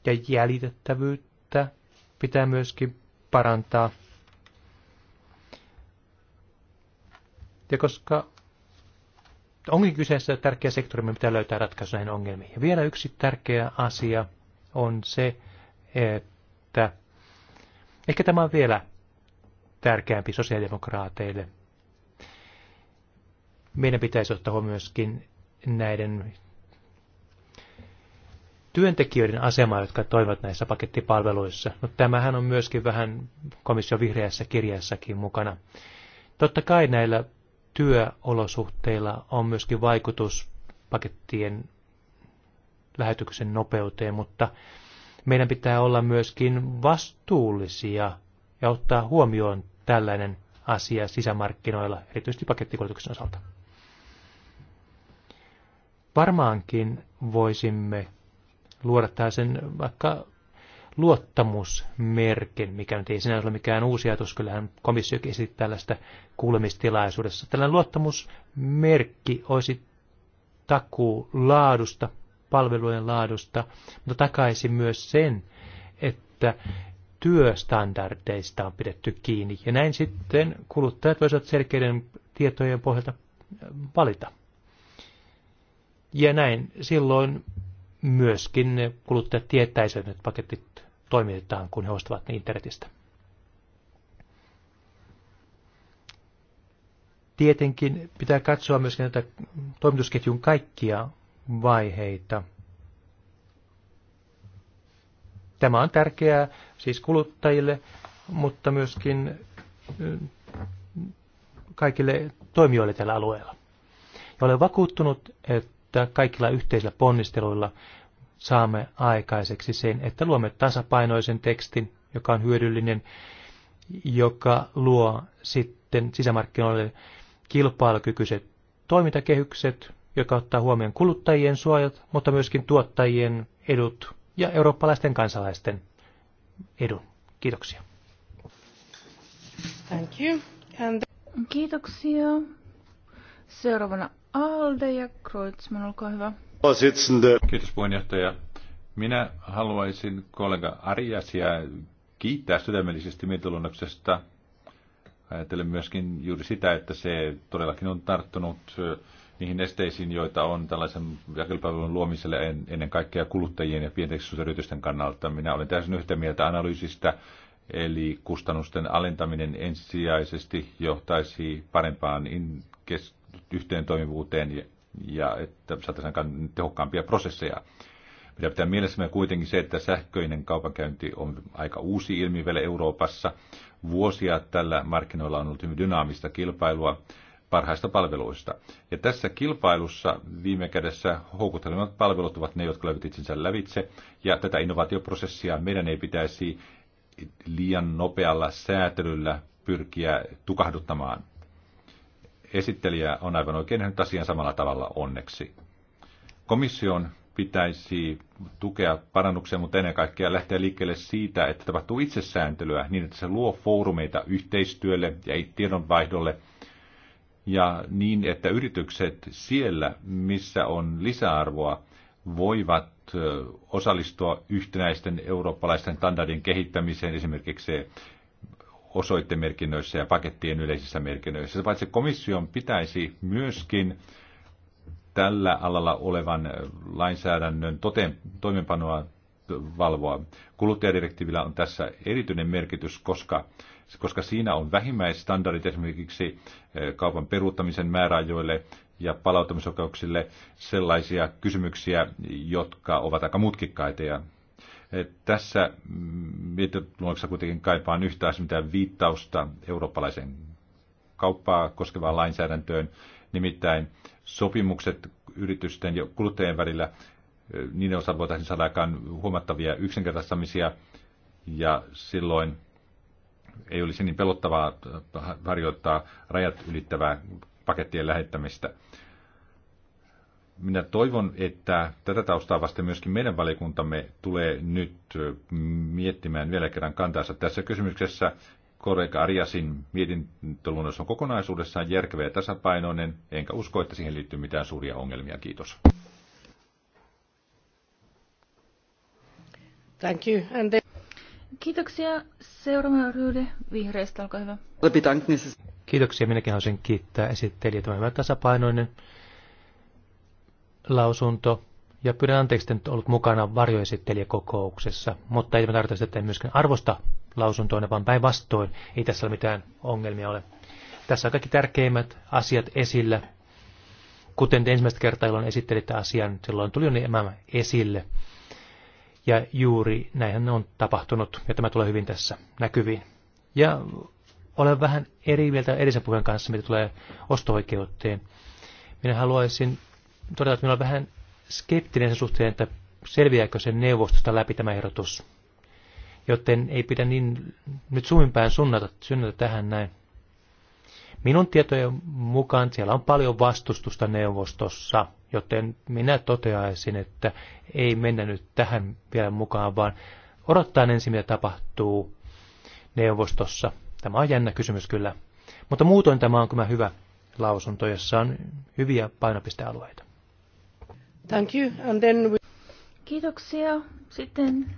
Speaker 2: ja jäljitettävyyttä pitää myöskin parantaa. Ja koska onkin kyseessä tärkeä sektori, me pitää löytää ratkaisu näihin ongelmiin. Ja vielä yksi tärkeä asia on se, että ehkä tämä on vielä tärkeämpi sosiaalidemokraateille. Meidän pitäisi ottaa huomioon myöskin näiden työntekijöiden asemaa, jotka toivat näissä pakettipalveluissa. No, tämähän on myöskin vähän komission vihreässä kirjassakin mukana. Totta kai näillä työolosuhteilla on myöskin vaikutus pakettien lähetyksen nopeuteen, mutta meidän pitää olla myöskin vastuullisia ja ottaa huomioon tällainen asia sisämarkkinoilla, erityisesti pakettikuljetuksen osalta. Varmaankin voisimme luoda sen vaikka luottamusmerkin, mikä nyt ei sinänsä ole mikään uusi ajatus, kyllähän komissiokin esitti tällaista kuulemistilaisuudessa. Tällainen luottamusmerkki olisi takuu laadusta, palvelujen laadusta, mutta takaisin myös sen, että työstandardeista on pidetty kiinni. Ja näin sitten kuluttajat voisivat selkeiden tietojen pohjalta valita. Ja näin silloin myöskin kuluttajat tietäisivät, että paketit toimitetaan, kun he ostavat ne internetistä. Tietenkin pitää katsoa myöskin näitä toimitusketjun kaikkia vaiheita. Tämä on tärkeää siis kuluttajille, mutta myöskin mm, kaikille toimijoille tällä alueella. Ja olen vakuuttunut, että kaikilla yhteisillä ponnisteluilla saamme aikaiseksi sen, että luomme tasapainoisen tekstin, joka on hyödyllinen, joka luo sitten sisämarkkinoille kilpailukykyiset toimintakehykset, joka ottaa huomioon kuluttajien suojat, mutta myöskin tuottajien edut ja eurooppalaisten kansalaisten edun. Kiitoksia.
Speaker 1: Thank you. And... Kiitoksia. Seuraavana Alde ja Kreutzmann, olkaa hyvä.
Speaker 3: Kiitos puheenjohtaja. Minä haluaisin kollega Ariasia kiittää sydämellisesti mietintöluonnoksesta. Ajattelen myöskin juuri sitä, että se todellakin on tarttunut niihin esteisiin, joita on tällaisen jakelupalvelun luomiselle ennen kaikkea kuluttajien ja pienten kannalta. Minä olen täysin yhtä mieltä analyysistä, eli kustannusten alentaminen ensisijaisesti johtaisi parempaan in- kes- yhteentoimivuuteen ja että saataisiin tehokkaampia prosesseja. Mitä pitää mielessämme kuitenkin se, että sähköinen kaupankäynti on aika uusi ilmiö vielä Euroopassa. Vuosia tällä markkinoilla on ollut hyvin dynaamista kilpailua parhaista palveluista. Ja tässä kilpailussa viime kädessä houkuttelevat palvelut ovat ne, jotka löytyvät itsensä lävitse. Ja tätä innovaatioprosessia meidän ei pitäisi liian nopealla säätelyllä pyrkiä tukahduttamaan. Esittelijä on aivan oikein nyt asian samalla tavalla onneksi. Komission pitäisi tukea parannuksia, mutta ennen kaikkea lähteä liikkeelle siitä, että tapahtuu itsesääntelyä niin, että se luo foorumeita yhteistyölle ja tiedonvaihdolle ja niin, että yritykset siellä, missä on lisäarvoa, voivat osallistua yhtenäisten eurooppalaisten standardien kehittämiseen, esimerkiksi osoittemerkinnöissä ja pakettien yleisissä merkinnöissä. Paitsi komission pitäisi myöskin tällä alalla olevan lainsäädännön toteen, toimenpanoa valvoa. Kuluttajadirektiivillä on tässä erityinen merkitys, koska, koska siinä on vähimmäisstandardit esimerkiksi eh, kaupan peruuttamisen määräajoille ja palauttamisoikeuksille sellaisia kysymyksiä, jotka ovat aika mutkikkaita ja tässä mietintöluonnoksessa kuitenkin kaipaan yhtään mitään viittausta eurooppalaisen kauppaa koskevaan lainsäädäntöön, nimittäin sopimukset yritysten ja kuluttajien välillä, niiden osalta voitaisiin saada aikaan huomattavia yksinkertaistamisia, ja silloin ei olisi niin pelottavaa harjoittaa rajat ylittävää pakettien lähettämistä minä toivon, että tätä taustaa vasten myöskin meidän valikuntamme tulee nyt miettimään vielä kerran kantaansa tässä kysymyksessä. Korreika Arjasin mietintöluonnos on kokonaisuudessaan järkevä ja tasapainoinen, enkä usko, että siihen liittyy mitään suuria ongelmia. Kiitos.
Speaker 4: Thank you.
Speaker 1: And the... Kiitoksia. Seuraava ryhde vihreistä, olkaa hyvä.
Speaker 2: Kiitoksia. Minäkin haluaisin kiittää esittelijä. Tämä on hyvä tasapainoinen lausunto. Ja pyydän anteeksi, että ollut mukana varjoesittelijäkokouksessa, mutta ei tarkoita sitä, että en myöskään arvosta lausuntoina, vaan päinvastoin ei tässä ole mitään ongelmia ole. Tässä on kaikki tärkeimmät asiat esillä. Kuten te ensimmäistä kertaa, jolloin esittelitte asian, silloin tuli jo niin esille. Ja juuri näinhän ne on tapahtunut, ja tämä tulee hyvin tässä näkyviin. Ja olen vähän eri mieltä edellisen puheen kanssa, mitä tulee osto-oikeuteen. Minä haluaisin todeta, että minä olen vähän skeptinen sen suhteen, että selviääkö sen neuvostosta läpi tämä ehdotus. Joten ei pidä niin nyt suminpäin sunnata, synnätä tähän näin. Minun tietojen mukaan siellä on paljon vastustusta neuvostossa, joten minä toteaisin, että ei mennä nyt tähän vielä mukaan, vaan odottaa ensin, mitä tapahtuu neuvostossa. Tämä on jännä kysymys kyllä. Mutta muutoin tämä on kyllä hyvä lausunto, jossa on hyviä painopistealueita.
Speaker 1: Thank you. And then we... Kiitoksia. Sitten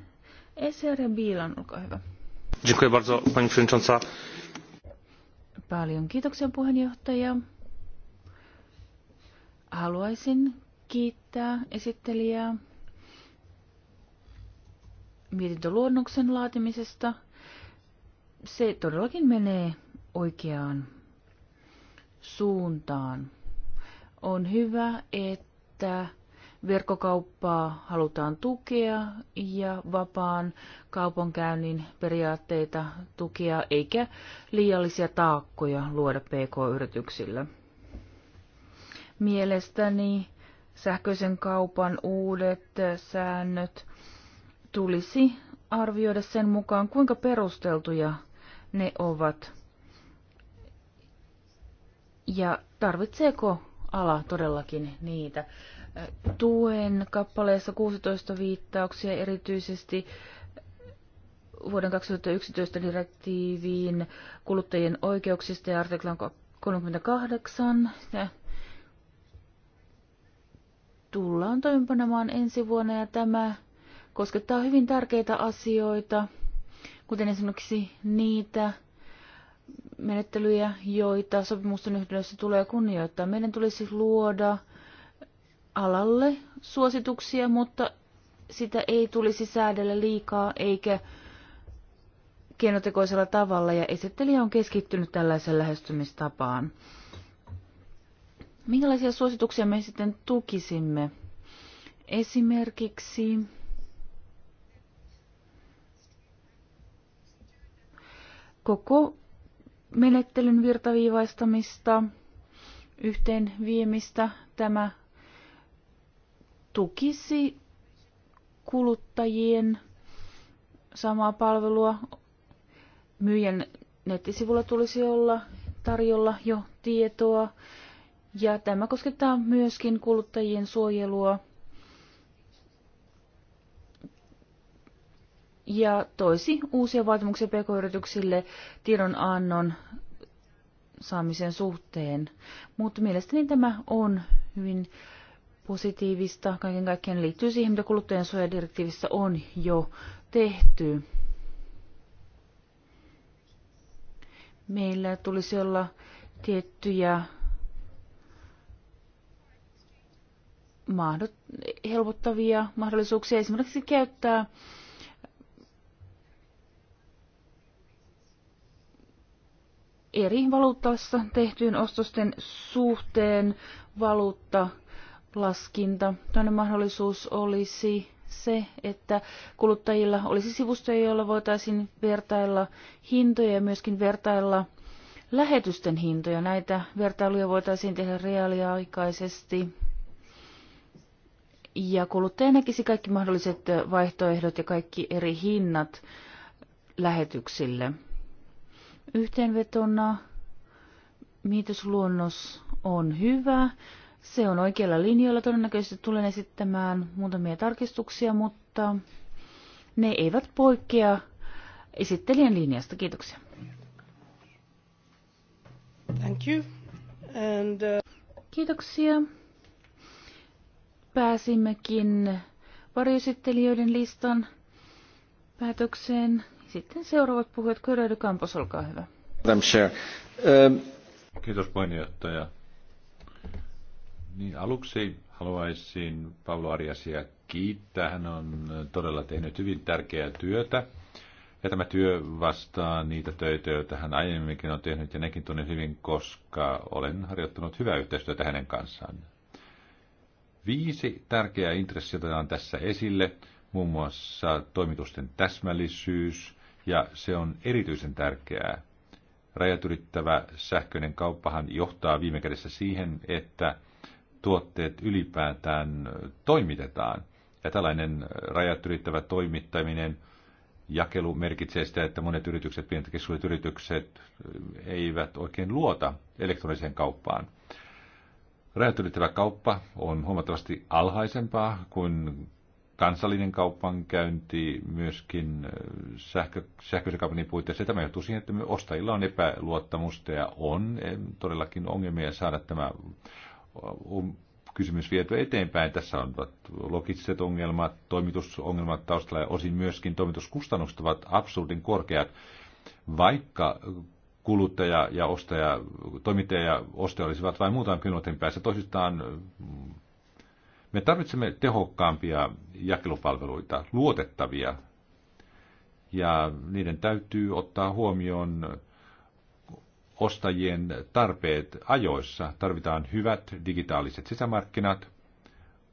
Speaker 1: Eser ja Biilan, olkaa hyvä.
Speaker 2: Dziękuję bardzo, pani przewodnicząca.
Speaker 1: Paljon kiitoksia puheenjohtaja. Haluaisin kiittää esittelijää mietintöluonnoksen laatimisesta. Se todellakin menee oikeaan suuntaan. On hyvä, että Verkkokauppaa halutaan tukea ja vapaan kaupankäynnin periaatteita tukea eikä liiallisia taakkoja luoda pk-yrityksille. Mielestäni sähköisen kaupan uudet säännöt tulisi arvioida sen mukaan, kuinka perusteltuja ne ovat ja tarvitseeko ala todellakin niitä tuen kappaleessa 16 viittauksia erityisesti vuoden 2011 direktiiviin kuluttajien oikeuksista ja artiklan 38. tullaan toimeenpanemaan ensi vuonna ja tämä koskettaa hyvin tärkeitä asioita, kuten esimerkiksi niitä menettelyjä, joita sopimusten yhteydessä tulee kunnioittaa. Meidän tulisi luoda alalle suosituksia, mutta sitä ei tulisi säädellä liikaa eikä keinotekoisella tavalla ja esittelijä on keskittynyt tällaiseen lähestymistapaan. Minkälaisia suosituksia me sitten tukisimme? Esimerkiksi koko menettelyn virtaviivaistamista, yhteen viemistä. Tämä tukisi kuluttajien samaa palvelua. Myyjän nettisivulla tulisi olla tarjolla jo tietoa. Ja tämä koskettaa myöskin kuluttajien suojelua. Ja toisi uusia vaatimuksia pk-yrityksille tiedonannon saamisen suhteen. Mutta mielestäni tämä on hyvin positiivista kaiken kaikkiaan liittyy siihen, mitä suojadirektiivissä on jo tehty. Meillä tulisi olla tiettyjä mahdot, helpottavia mahdollisuuksia esimerkiksi käyttää eri valuuttassa tehtyjen ostosten suhteen valuutta Laskinta. Toinen mahdollisuus olisi se, että kuluttajilla olisi sivustoja, joilla voitaisiin vertailla hintoja ja myöskin vertailla lähetysten hintoja. Näitä vertailuja voitaisiin tehdä reaaliaikaisesti. Ja kuluttaja näkisi kaikki mahdolliset vaihtoehdot ja kaikki eri hinnat lähetyksille. Yhteenvetona miitosluonnos on hyvä. Se on oikealla linjoilla. Todennäköisesti tulen esittämään muutamia tarkistuksia, mutta ne eivät poikkea esittelijän linjasta. Kiitoksia. Thank you. And, uh... Kiitoksia. Pääsimmekin varjoesittelijöiden listan päätökseen. Sitten seuraavat puhujat. Köyräydy Kampos, olkaa hyvä.
Speaker 4: Um,
Speaker 3: Kiitos puheenjohtaja. Niin aluksi haluaisin Pablo Ariasia kiittää. Hän on todella tehnyt hyvin tärkeää työtä. Ja tämä työ vastaa niitä töitä, joita hän aiemminkin on tehnyt, ja nekin tunnen hyvin, koska olen harjoittanut hyvää yhteistyötä hänen kanssaan. Viisi tärkeää intressiä otetaan tässä esille, muun muassa toimitusten täsmällisyys, ja se on erityisen tärkeää. Rajat ylittävä sähköinen kauppahan johtaa viime kädessä siihen, että – tuotteet ylipäätään toimitetaan. Ja tällainen rajat ylittävä toimittaminen, jakelu merkitsee sitä, että monet yritykset, pienet yritykset eivät oikein luota elektroniseen kauppaan. Rajat ylittävä kauppa on huomattavasti alhaisempaa kuin kansallinen kaupankäynti myöskin äh, sähkö, sähköisen kaupan niin puitteissa. Tämä johtuu siihen, että ostajilla on epäluottamusta ja on eh, todellakin ongelmia saada tämä on kysymys viety eteenpäin. Tässä on logistiset ongelmat, toimitusongelmat taustalla ja osin myöskin toimituskustannukset ovat absurdin korkeat, vaikka kuluttaja ja ostaja, toimittaja ja ostaja olisivat vain muutaman kilometrin päässä toisistaan. Me tarvitsemme tehokkaampia jakelupalveluita, luotettavia, ja niiden täytyy ottaa huomioon ostajien tarpeet ajoissa. Tarvitaan hyvät digitaaliset sisämarkkinat.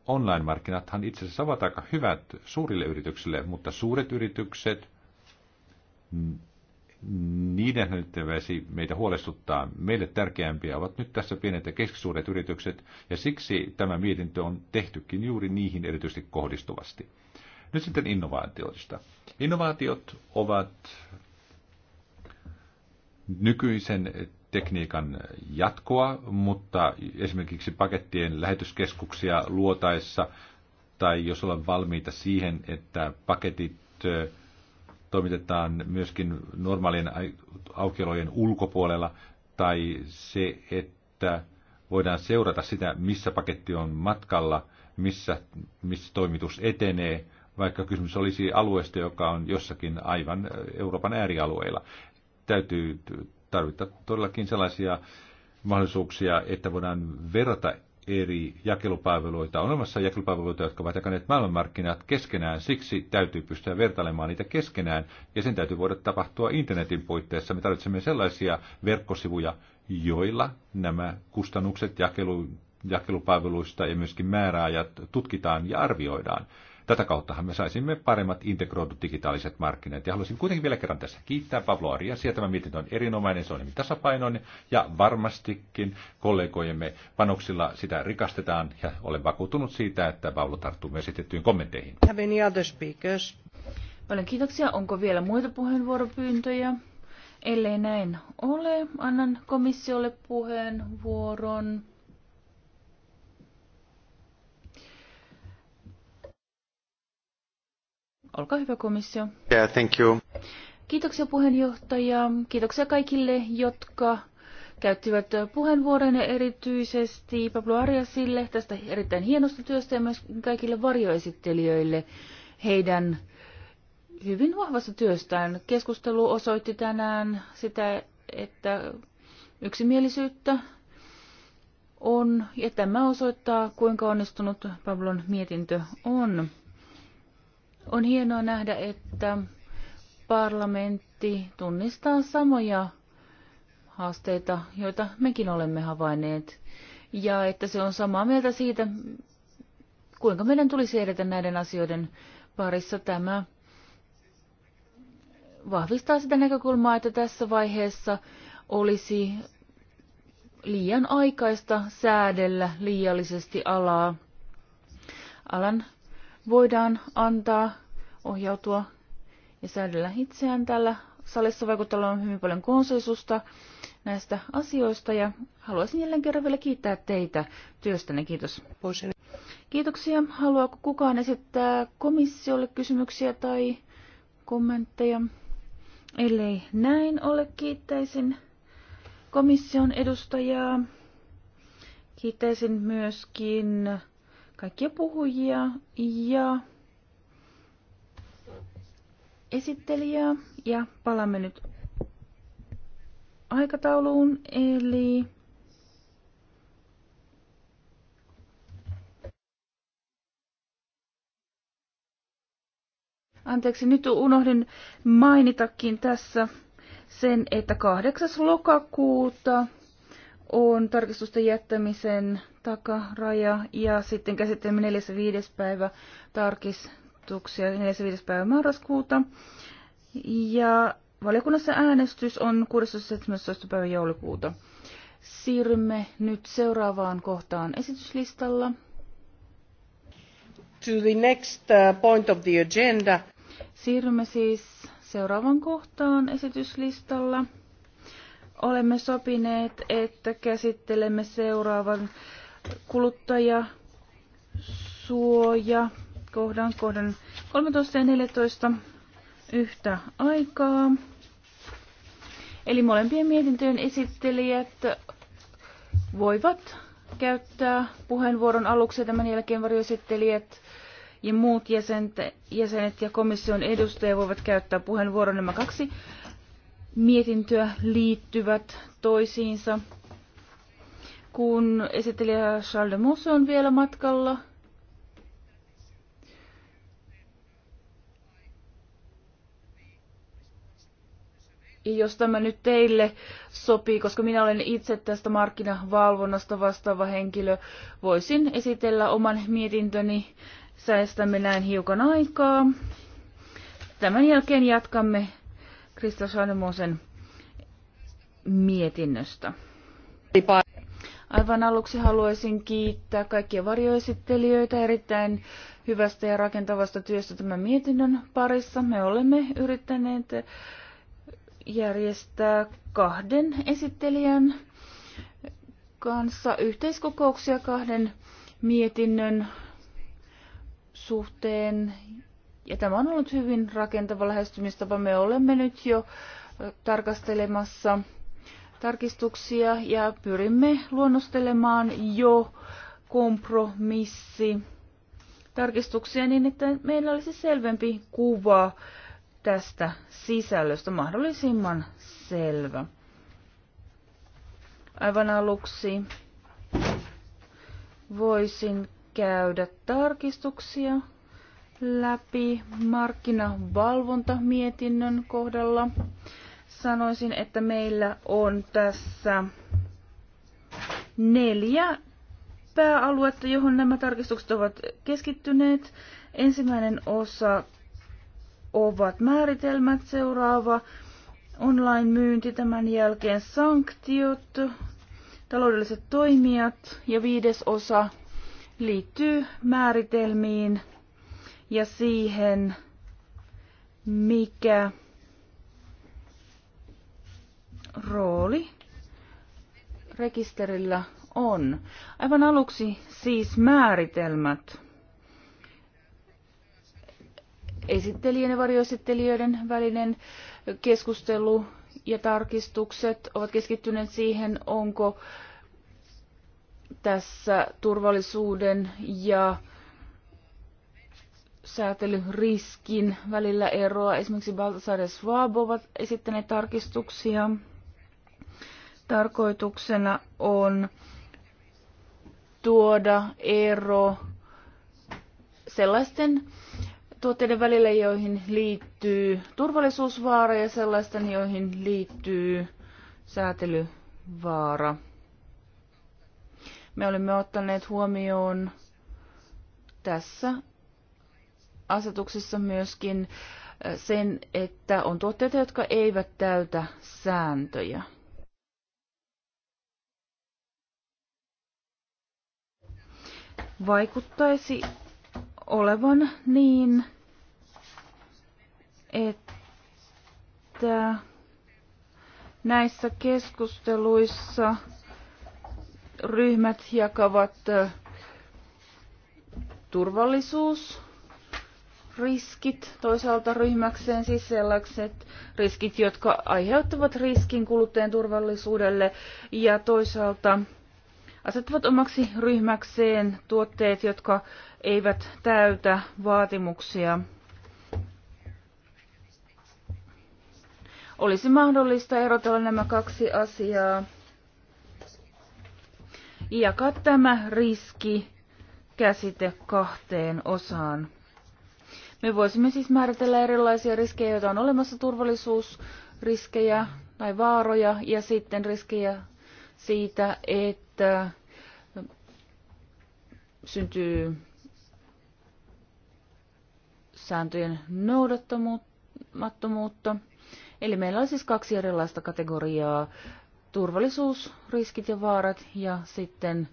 Speaker 3: Online-markkinathan itse asiassa ovat aika hyvät suurille yrityksille, mutta suuret yritykset, niiden hänettäväsi meitä huolestuttaa. Meille tärkeämpiä ovat nyt tässä pienet ja keskisuuret yritykset, ja siksi tämä mietintö on tehtykin juuri niihin erityisesti kohdistuvasti. Nyt sitten innovaatioista. Innovaatiot ovat nykyisen tekniikan jatkoa, mutta esimerkiksi pakettien lähetyskeskuksia luotaessa tai jos ollaan valmiita siihen, että paketit toimitetaan myöskin normaalien aukiolojen ulkopuolella tai se, että voidaan seurata sitä, missä paketti on matkalla, missä, missä toimitus etenee, vaikka kysymys olisi alueesta, joka on jossakin aivan Euroopan äärialueilla täytyy tarvita todellakin sellaisia mahdollisuuksia, että voidaan verrata eri jakelupalveluita. On olemassa jakelupalveluita, jotka ovat jakaneet maailmanmarkkinat keskenään, siksi täytyy pystyä vertailemaan niitä keskenään, ja sen täytyy voida tapahtua internetin puitteissa. Me tarvitsemme sellaisia verkkosivuja, joilla nämä kustannukset jakelu, jakelupalveluista ja myöskin määräajat tutkitaan ja arvioidaan. Tätä kauttahan me saisimme paremmat integroidut digitaaliset markkinat. Ja haluaisin kuitenkin vielä kerran tässä kiittää Pavlo Ariasia. Tämä mietintö on erinomainen, se on hyvin tasapainoinen ja varmastikin kollegojemme panoksilla sitä rikastetaan ja olen vakuuttunut siitä, että Pavlo tarttuu myös esitettyyn kommentteihin.
Speaker 1: Paljon kiitoksia. Onko vielä muita puheenvuoropyyntöjä? Ellei näin ole, annan komissiolle puheenvuoron. Olkaa hyvä komissio. Yeah, thank you. Kiitoksia puheenjohtaja. Kiitoksia kaikille, jotka käyttivät puheenvuoron erityisesti Pablo Ariasille tästä erittäin hienosta työstä ja myös kaikille varjoesittelijöille heidän hyvin vahvasta työstään. Keskustelu osoitti tänään sitä, että yksimielisyyttä on ja tämä osoittaa, kuinka onnistunut Pablon mietintö on. On hienoa nähdä, että parlamentti tunnistaa samoja haasteita, joita mekin olemme havainneet, ja että se on samaa mieltä siitä, kuinka meidän tulisi edetä näiden asioiden parissa. Tämä vahvistaa sitä näkökulmaa, että tässä vaiheessa olisi liian aikaista säädellä liiallisesti alaa. Alan voidaan antaa ohjautua ja säädellä itseään täällä salissa vaikuttaa on hyvin paljon konsensusta näistä asioista ja haluaisin jälleen kerran vielä kiittää teitä työstänne. Kiitos. Kiitoksia. Haluaako kukaan esittää komissiolle kysymyksiä tai kommentteja? Ellei näin ole, kiittäisin komission edustajaa. Kiittäisin myöskin kaikkia puhujia ja esittelijää ja palaamme nyt aikatauluun eli Anteeksi, nyt unohdin mainitakin tässä sen, että 8. lokakuuta on tarkistusten jättämisen takaraja ja sitten käsittelemme 4.5. päivä tarkistuksia 4.5. päivä marraskuuta. Ja valiokunnassa äänestys on 16.17. päivä joulukuuta. Siirrymme nyt seuraavaan kohtaan esityslistalla. To the next uh, point of the agenda. Siirrymme siis seuraavan kohtaan esityslistalla. Olemme sopineet, että käsittelemme seuraavan kuluttajasuoja kohdan kohdan 13 ja 14 yhtä aikaa. Eli molempien mietintöjen esittelijät voivat käyttää puheenvuoron aluksi ja tämän jälkeen varjoesittelijät ja muut jäsenet, jäsenet ja komission edustajat voivat käyttää puheenvuoron. Nämä kaksi mietintöä liittyvät toisiinsa. Kun esittelijä Charles de Mousse on vielä matkalla, jos tämä nyt teille sopii, koska minä olen itse tästä markkinavalvonnasta vastaava henkilö, voisin esitellä oman mietintöni. Säästämme näin hiukan aikaa. Tämän jälkeen jatkamme Krista Saanemosen mietinnöstä. Aivan aluksi haluaisin kiittää kaikkia varjoesittelijöitä erittäin hyvästä ja rakentavasta työstä tämän mietinnön parissa. Me olemme yrittäneet järjestää kahden esittelijän kanssa yhteiskokouksia kahden mietinnön suhteen ja tämä on ollut hyvin rakentava lähestymistapa. Me olemme nyt jo tarkastelemassa tarkistuksia ja pyrimme luonnostelemaan jo kompromissi tarkistuksia niin, että meillä olisi selvempi kuva tästä sisällöstä mahdollisimman selvä. Aivan aluksi voisin käydä tarkistuksia läpi markkinavalvontamietinnön kohdalla. Sanoisin, että meillä on tässä neljä pääaluetta, johon nämä tarkistukset ovat keskittyneet. Ensimmäinen osa ovat määritelmät, seuraava online-myynti, tämän jälkeen sanktiot, taloudelliset toimijat ja viides osa liittyy määritelmiin – ja siihen, mikä rooli rekisterillä on. Aivan aluksi siis määritelmät esittelijän ja varjoesittelijöiden välinen keskustelu ja tarkistukset ovat keskittyneet siihen, onko tässä turvallisuuden ja säätelyriskin välillä eroa. Esimerkiksi Baltasar ja Schwab ovat esittäneet tarkistuksia. Tarkoituksena on tuoda ero sellaisten tuotteiden välillä, joihin liittyy turvallisuusvaara ja sellaisten, joihin liittyy säätelyvaara. Me olemme ottaneet huomioon tässä asetuksessa myöskin sen, että on tuotteita, jotka eivät täytä sääntöjä. Vaikuttaisi olevan niin, että näissä keskusteluissa ryhmät jakavat turvallisuus riskit toisaalta ryhmäkseen, siis sellaiset riskit, jotka aiheuttavat riskin kuluttajan turvallisuudelle ja toisaalta asettavat omaksi ryhmäkseen tuotteet, jotka eivät täytä vaatimuksia. Olisi mahdollista erotella nämä kaksi asiaa. Jakaa tämä riski käsite kahteen osaan. Me voisimme siis määritellä erilaisia riskejä, joita on olemassa turvallisuusriskejä tai vaaroja ja sitten riskejä siitä, että syntyy sääntöjen noudattamattomuutta. Eli meillä on siis kaksi erilaista kategoriaa, turvallisuusriskit ja vaarat ja sitten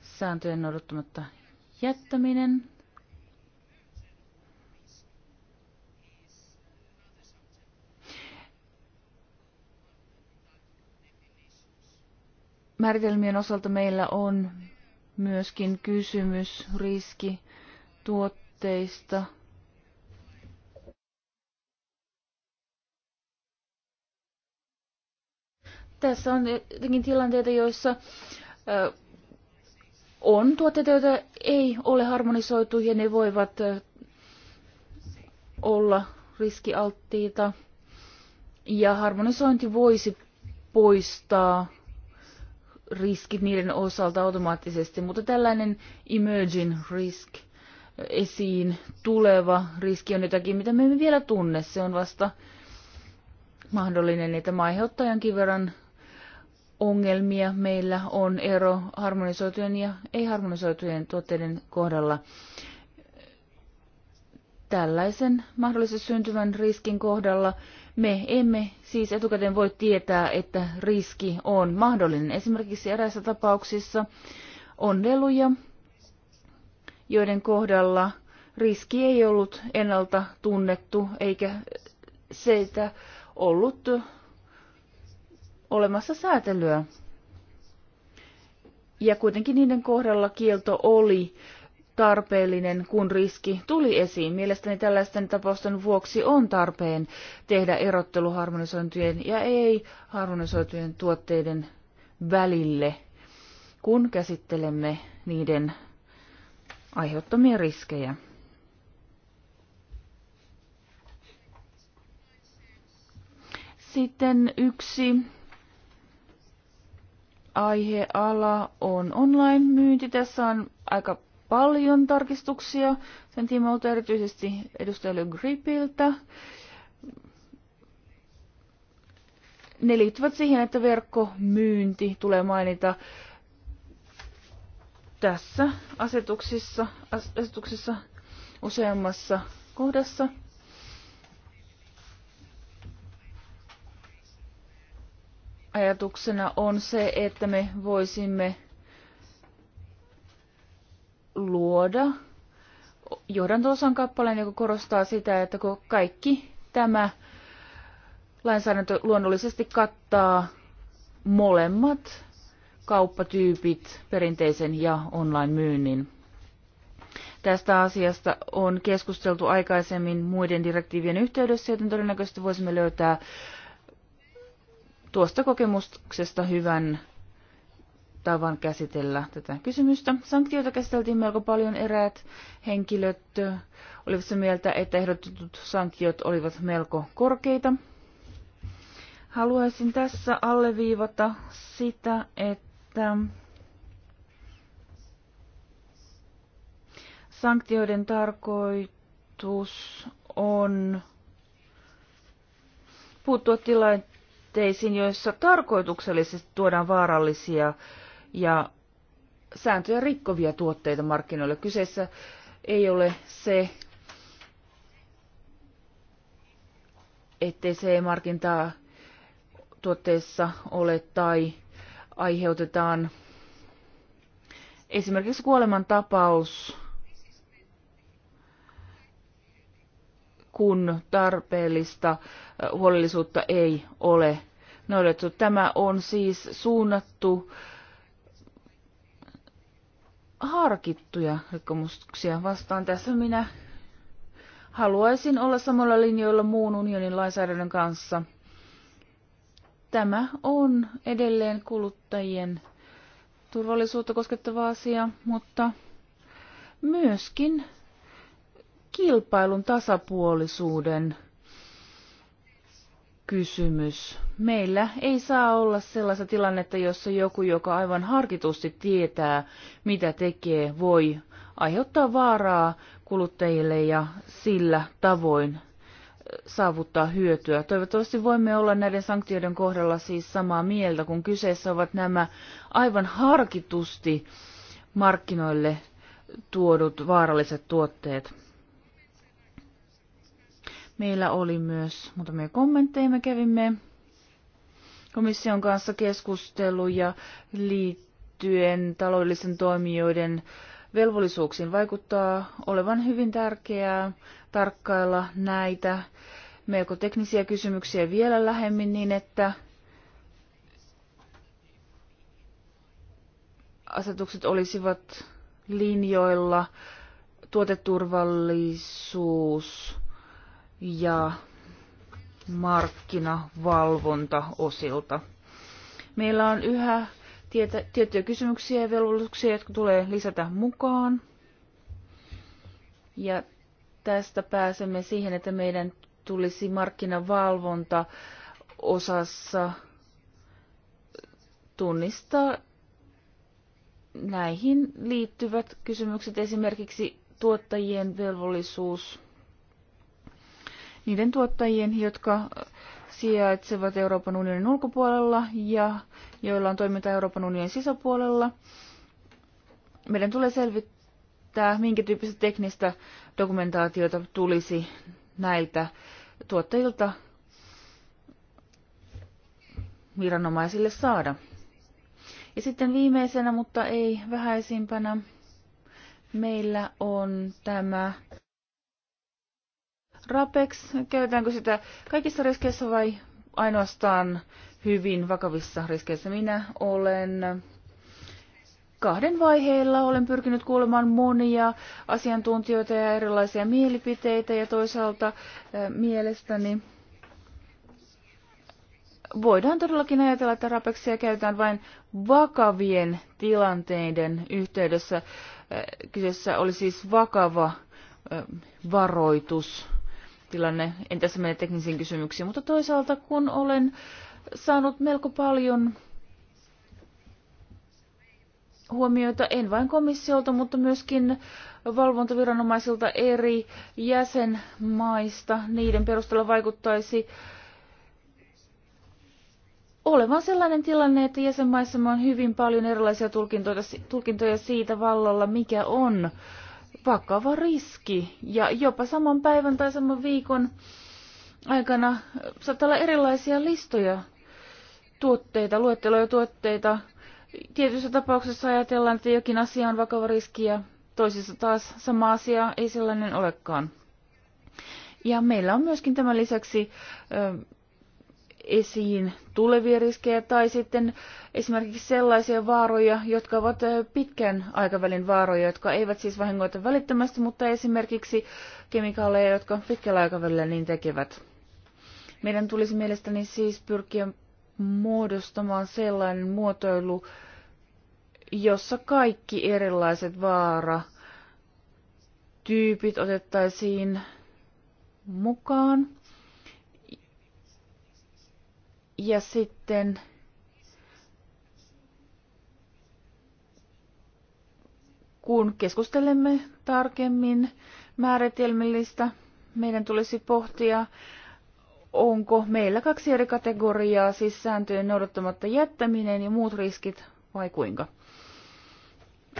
Speaker 1: sääntöjen noudattamatta jättäminen. määritelmien osalta meillä on myöskin kysymys riski tuotteista. Tässä on jotenkin tilanteita, joissa on tuotteita, joita ei ole harmonisoitu ja ne voivat olla riskialttiita. Ja harmonisointi voisi poistaa riskit niiden osalta automaattisesti, mutta tällainen emerging risk, esiin tuleva riski on jotakin, mitä me emme vielä tunne. Se on vasta mahdollinen, että tämä aiheuttaa jonkin verran ongelmia. Meillä on ero harmonisoitujen ja ei-harmonisoitujen tuotteiden kohdalla tällaisen mahdollisesti syntyvän riskin kohdalla me emme siis etukäteen voi tietää, että riski on mahdollinen. Esimerkiksi eräissä tapauksissa on leluja, joiden kohdalla riski ei ollut ennalta tunnettu eikä seitä ollut olemassa säätelyä. Ja kuitenkin niiden kohdalla kielto oli tarpeellinen, kun riski tuli esiin. Mielestäni tällaisten tapausten vuoksi on tarpeen tehdä erottelu harmonisointujen ja ei-harmonisoitujen tuotteiden välille, kun käsittelemme niiden aiheuttamia riskejä. Sitten yksi aiheala on online-myynti. Tässä on aika paljon tarkistuksia sen tiimoilta erityisesti Le Gripiltä. Ne liittyvät siihen, että verkkomyynti tulee mainita tässä asetuksissa, asetuksessa useammassa kohdassa. Ajatuksena on se, että me voisimme luoda johdantosan kappaleen, joka korostaa sitä, että kun kaikki tämä lainsäädäntö luonnollisesti kattaa molemmat kauppatyypit, perinteisen ja online-myynnin. Tästä asiasta on keskusteltu aikaisemmin muiden direktiivien yhteydessä, joten todennäköisesti voisimme löytää tuosta kokemuksesta hyvän tavan käsitellä tätä kysymystä. Sanktioita käsiteltiin melko paljon. Eräät henkilöt olivat se mieltä, että ehdotetut sanktiot olivat melko korkeita. Haluaisin tässä alleviivata sitä, että sanktioiden tarkoitus on puuttua tilanteisiin, joissa tarkoituksellisesti tuodaan vaarallisia ja sääntöjä rikkovia tuotteita markkinoille. Kyseessä ei ole se, ettei se markintaa tuotteessa ole tai aiheutetaan esimerkiksi kuolemantapaus, kun tarpeellista huolellisuutta ei ole noudatettu. Tämä on siis suunnattu äh, harkittuja rikkomuksia vastaan. Tässä minä haluaisin olla samalla linjoilla muun unionin lainsäädännön kanssa. Tämä on edelleen kuluttajien turvallisuutta koskettava asia, mutta myöskin kilpailun tasapuolisuuden kysymys. Meillä ei saa olla sellaista tilannetta, jossa joku, joka aivan harkitusti tietää, mitä tekee, voi aiheuttaa vaaraa kuluttajille ja sillä tavoin saavuttaa hyötyä. Toivottavasti voimme olla näiden sanktioiden kohdalla siis samaa mieltä, kun kyseessä ovat nämä aivan harkitusti markkinoille tuodut vaaralliset tuotteet. Meillä oli myös muutamia kommentteja. Me kävimme komission kanssa keskusteluja liittyen taloudellisen toimijoiden velvollisuuksiin vaikuttaa olevan hyvin tärkeää tarkkailla näitä melko teknisiä kysymyksiä vielä lähemmin niin, että asetukset olisivat linjoilla tuoteturvallisuus ja markkinavalvontaosilta. Meillä on yhä tietä, tiettyjä kysymyksiä ja velvollisuuksia, jotka tulee lisätä mukaan. Ja tästä pääsemme siihen, että meidän tulisi markkinavalvonta osassa tunnistaa näihin liittyvät kysymykset, esimerkiksi tuottajien velvollisuus niiden tuottajien, jotka sijaitsevat Euroopan unionin ulkopuolella ja joilla on toiminta Euroopan unionin sisäpuolella. Meidän tulee selvittää, minkä tyyppistä teknistä dokumentaatiota tulisi näiltä tuottajilta viranomaisille saada. Ja sitten viimeisenä, mutta ei vähäisimpänä, meillä on tämä RAPEX, käytetäänkö sitä kaikissa riskeissä vai ainoastaan hyvin vakavissa riskeissä? Minä olen kahden vaiheilla olen pyrkinyt kuulemaan monia asiantuntijoita ja erilaisia mielipiteitä ja toisaalta eh, mielestäni voidaan todellakin ajatella, että rapeksia käytetään vain vakavien tilanteiden yhteydessä. Eh, kyseessä oli siis vakava eh, varoitus tilanne. En tässä mene teknisiin kysymyksiin, mutta toisaalta kun olen saanut melko paljon huomioita en vain komissiolta, mutta myöskin valvontaviranomaisilta eri jäsenmaista. Niiden perusteella vaikuttaisi olevan sellainen tilanne, että jäsenmaissa on hyvin paljon erilaisia tulkintoja, tulkintoja siitä vallalla, mikä on vakava riski. Ja jopa saman päivän tai saman viikon aikana saattaa olla erilaisia listoja, tuotteita, luetteloja tuotteita. Tietyissä tapauksissa ajatellaan, että jokin asia on vakava riski ja toisissa taas sama asia ei sellainen olekaan. Ja meillä on myöskin tämän lisäksi esiin tulevia riskejä tai sitten esimerkiksi sellaisia vaaroja, jotka ovat pitkän aikavälin vaaroja, jotka eivät siis vahingoita välittömästi, mutta esimerkiksi kemikaaleja, jotka pitkällä aikavälillä niin tekevät. Meidän tulisi mielestäni siis pyrkiä muodostamaan sellainen muotoilu, jossa kaikki erilaiset vaaratyypit otettaisiin mukaan. Ja sitten kun keskustelemme tarkemmin määritelmillistä, meidän tulisi pohtia, onko meillä kaksi eri kategoriaa, siis sääntöjen noudattamatta jättäminen ja muut riskit vai kuinka.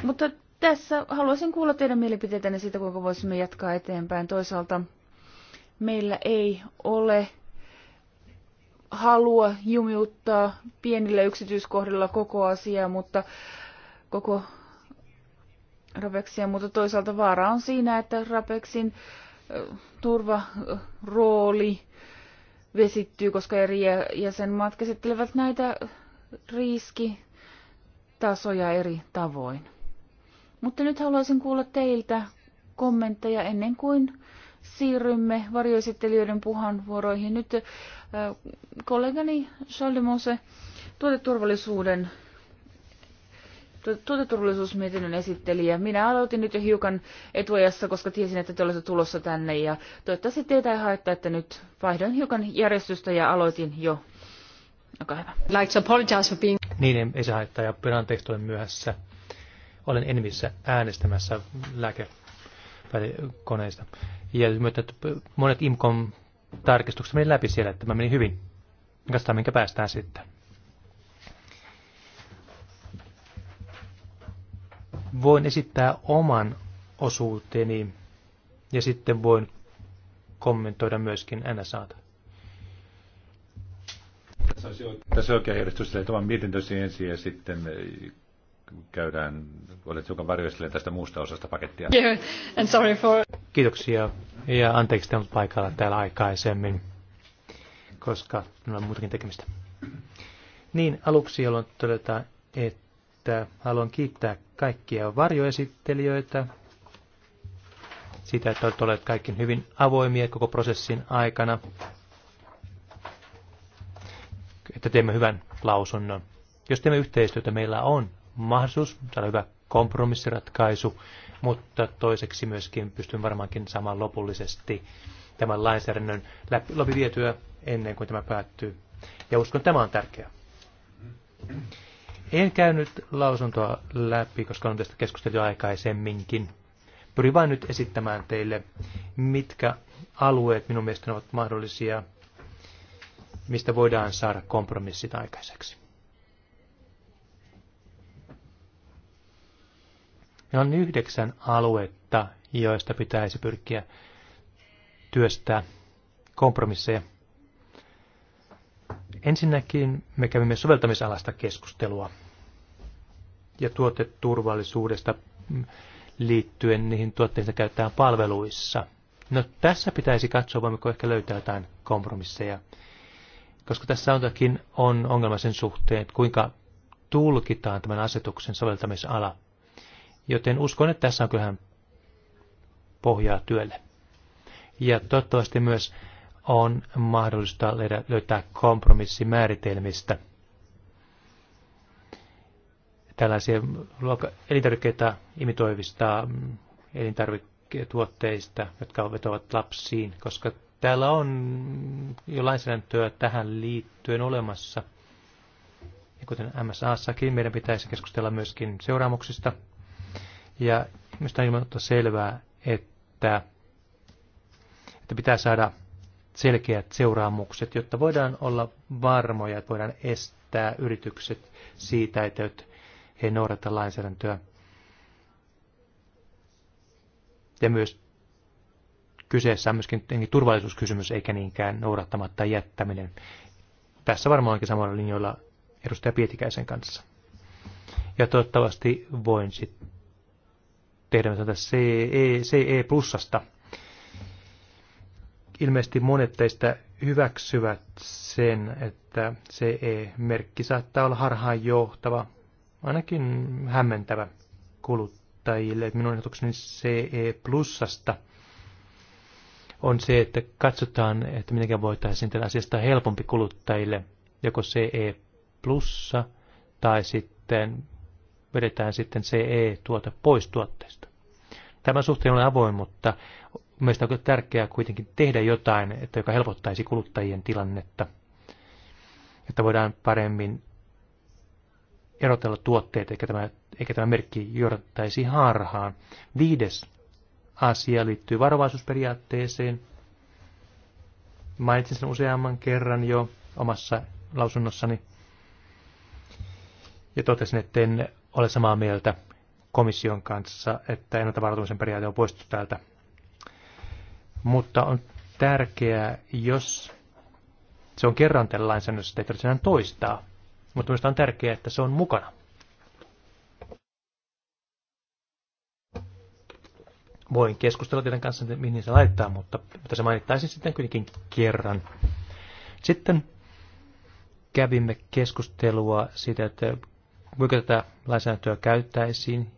Speaker 1: Mutta tässä haluaisin kuulla teidän mielipiteitänne siitä, kuinka voisimme jatkaa eteenpäin. Toisaalta meillä ei ole halua jumiuttaa pienillä yksityiskohdilla koko asiaa, mutta koko Rapexia, mutta toisaalta vaara on siinä, että Rapexin turvarooli vesittyy, koska eri jäsenmaat käsittelevät näitä riskitasoja eri tavoin. Mutta nyt haluaisin kuulla teiltä kommentteja ennen kuin siirrymme varjoesittelijöiden puheenvuoroihin. Nyt kollegani Charles Mose tuoteturvallisuuden tuoteturvallisuusmietinnön esittelijä. Minä aloitin nyt jo hiukan etuajassa, koska tiesin, että te olette tulossa tänne ja toivottavasti teitä ei haittaa, että nyt vaihdoin hiukan järjestystä ja aloitin jo. Olkaa hyvä. Like to for being...
Speaker 2: Niin, ei se haittaa ja pyrän anteeksi myöhässä. Olen enemmissä äänestämässä lääkekoneista. Ja myötä, että monet IMKON tarkistukset meni läpi siellä, että mä meni hyvin. Katsotaan, minkä päästään sitten. Voin esittää oman osuuteni ja sitten voin kommentoida myöskin NSAta.
Speaker 3: Tässä olisi oikein järjestys, että oman mietintösi ensin ja sitten käydään, olet hiukan varjoistelija tästä muusta osasta pakettia. Yeah,
Speaker 1: and sorry for...
Speaker 2: Kiitoksia ja anteeksi tämän paikalla täällä aikaisemmin, koska minulla on muutakin tekemistä. Niin, aluksi haluan todeta, että haluan kiittää kaikkia varjoesittelijöitä sitä, että olet olleet kaikki hyvin avoimia koko prosessin aikana, että teemme hyvän lausunnon. Jos teemme yhteistyötä, meillä on mahdollisuus saada hyvä kompromissiratkaisu, mutta toiseksi myöskin pystyn varmaankin saamaan lopullisesti tämän lainsäädännön läpi, läpi vietyä ennen kuin tämä päättyy. Ja uskon, että tämä on tärkeää. En käynyt lausuntoa läpi, koska on tästä keskusteltu aikaisemminkin. Pyrin vain nyt esittämään teille, mitkä alueet minun mielestäni ovat mahdollisia, mistä voidaan saada kompromissit aikaiseksi. Ne on yhdeksän aluetta, joista pitäisi pyrkiä työstää kompromisseja. Ensinnäkin me kävimme soveltamisalasta keskustelua ja tuoteturvallisuudesta liittyen niihin tuotteisiin, käytetään palveluissa. No tässä pitäisi katsoa, voimmeko ehkä löytää jotain kompromisseja, koska tässä onkin on ongelma sen suhteen, että kuinka tulkitaan tämän asetuksen soveltamisala Joten uskon, että tässä on kyllähän pohjaa työlle. Ja toivottavasti myös on mahdollista löytää kompromissi määritelmistä. Tällaisia elintarvikkeita imitoivista elintarviketuotteista, jotka vetovat lapsiin, koska täällä on jo lainsäädäntöä tähän liittyen olemassa. Ja kuten MSA-sakin, meidän pitäisi keskustella myöskin seuraamuksista ja minusta on ilman selvää, että, että pitää saada selkeät seuraamukset, jotta voidaan olla varmoja, että voidaan estää yritykset siitä, että he noudata lainsäädäntöä. Ja myös kyseessä on myöskin turvallisuuskysymys, eikä niinkään noudattamatta jättäminen. Tässä varmaan onkin samalla linjoilla edustaja Pietikäisen kanssa. Ja toivottavasti voin sitten tehdä tätä CE, CE plussasta. Ilmeisesti monet teistä hyväksyvät sen, että CE-merkki saattaa olla harhaan johtava, ainakin hämmentävä kuluttajille. Minun ajatukseni CE plussasta on se, että katsotaan, että miten voitaisiin tällä asiasta helpompi kuluttajille, joko CE plussa tai sitten vedetään sitten CE-tuote pois tuotteesta. Tämän suhteen on avoin, mutta mielestäni on tärkeää kuitenkin tehdä jotain, että joka helpottaisi kuluttajien tilannetta, että voidaan paremmin erotella tuotteet, eikä tämä, eikä tämä merkki johdattaisi harhaan. Viides asia liittyy varovaisuusperiaatteeseen. Mainitsin sen useamman kerran jo omassa lausunnossani. Ja totesin, että en ole samaa mieltä komission kanssa, että ennaltavarautumisen periaate on poistettu täältä. Mutta on tärkeää, jos se on kerran tällä lainsäädännössä, ei tarvitse enää toistaa. Mutta minusta on tärkeää, että se on mukana. Voin keskustella teidän kanssa, mihin se laittaa, mutta, mutta se mainittaisin sitten kuitenkin kerran. Sitten kävimme keskustelua siitä, että kuinka tätä lainsäädäntöä käyttäisiin,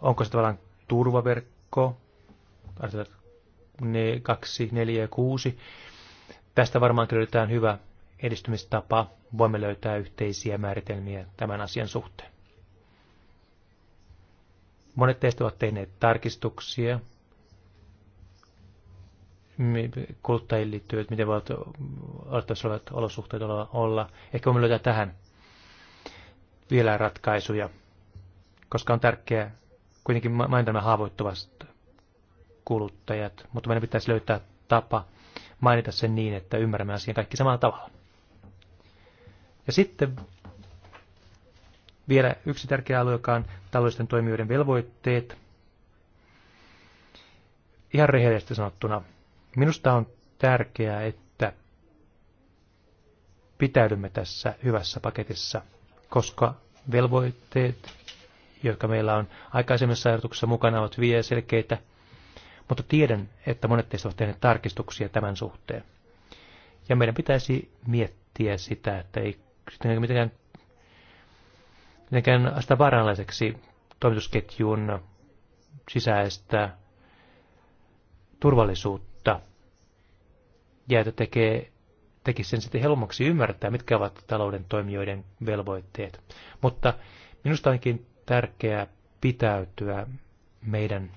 Speaker 2: onko se tavallaan turvaverkko, ne kaksi, neljä ja kuusi. Tästä varmaan löydetään hyvä edistymistapa. Voimme löytää yhteisiä määritelmiä tämän asian suhteen. Monet teistä ovat tehneet tarkistuksia kuluttajille liittyen, miten voivat olettavissa olevat olosuhteet olla. Ehkä voimme löytää tähän vielä ratkaisuja, koska on tärkeää kuitenkin mainita nämä haavoittuvat kuluttajat, mutta meidän pitäisi löytää tapa mainita sen niin, että ymmärrämme asian kaikki samalla tavalla. Ja sitten vielä yksi tärkeä alue, joka on taloudellisten toimijoiden velvoitteet. Ihan rehellisesti sanottuna, minusta on tärkeää, että pitäydymme tässä hyvässä paketissa – koska velvoitteet, jotka meillä on aikaisemmissa ajatuksissa mukana, ovat ja selkeitä, mutta tiedän, että monet teistä ovat tehneet tarkistuksia tämän suhteen. Ja meidän pitäisi miettiä sitä, että ei mitenkään, mitenkään sitä varanlaiseksi toimitusketjun sisäistä turvallisuutta. Ja että tekee tekisi sen sitten helpommaksi ymmärtää, mitkä ovat talouden toimijoiden velvoitteet. Mutta minusta onkin tärkeää pitäytyä meidän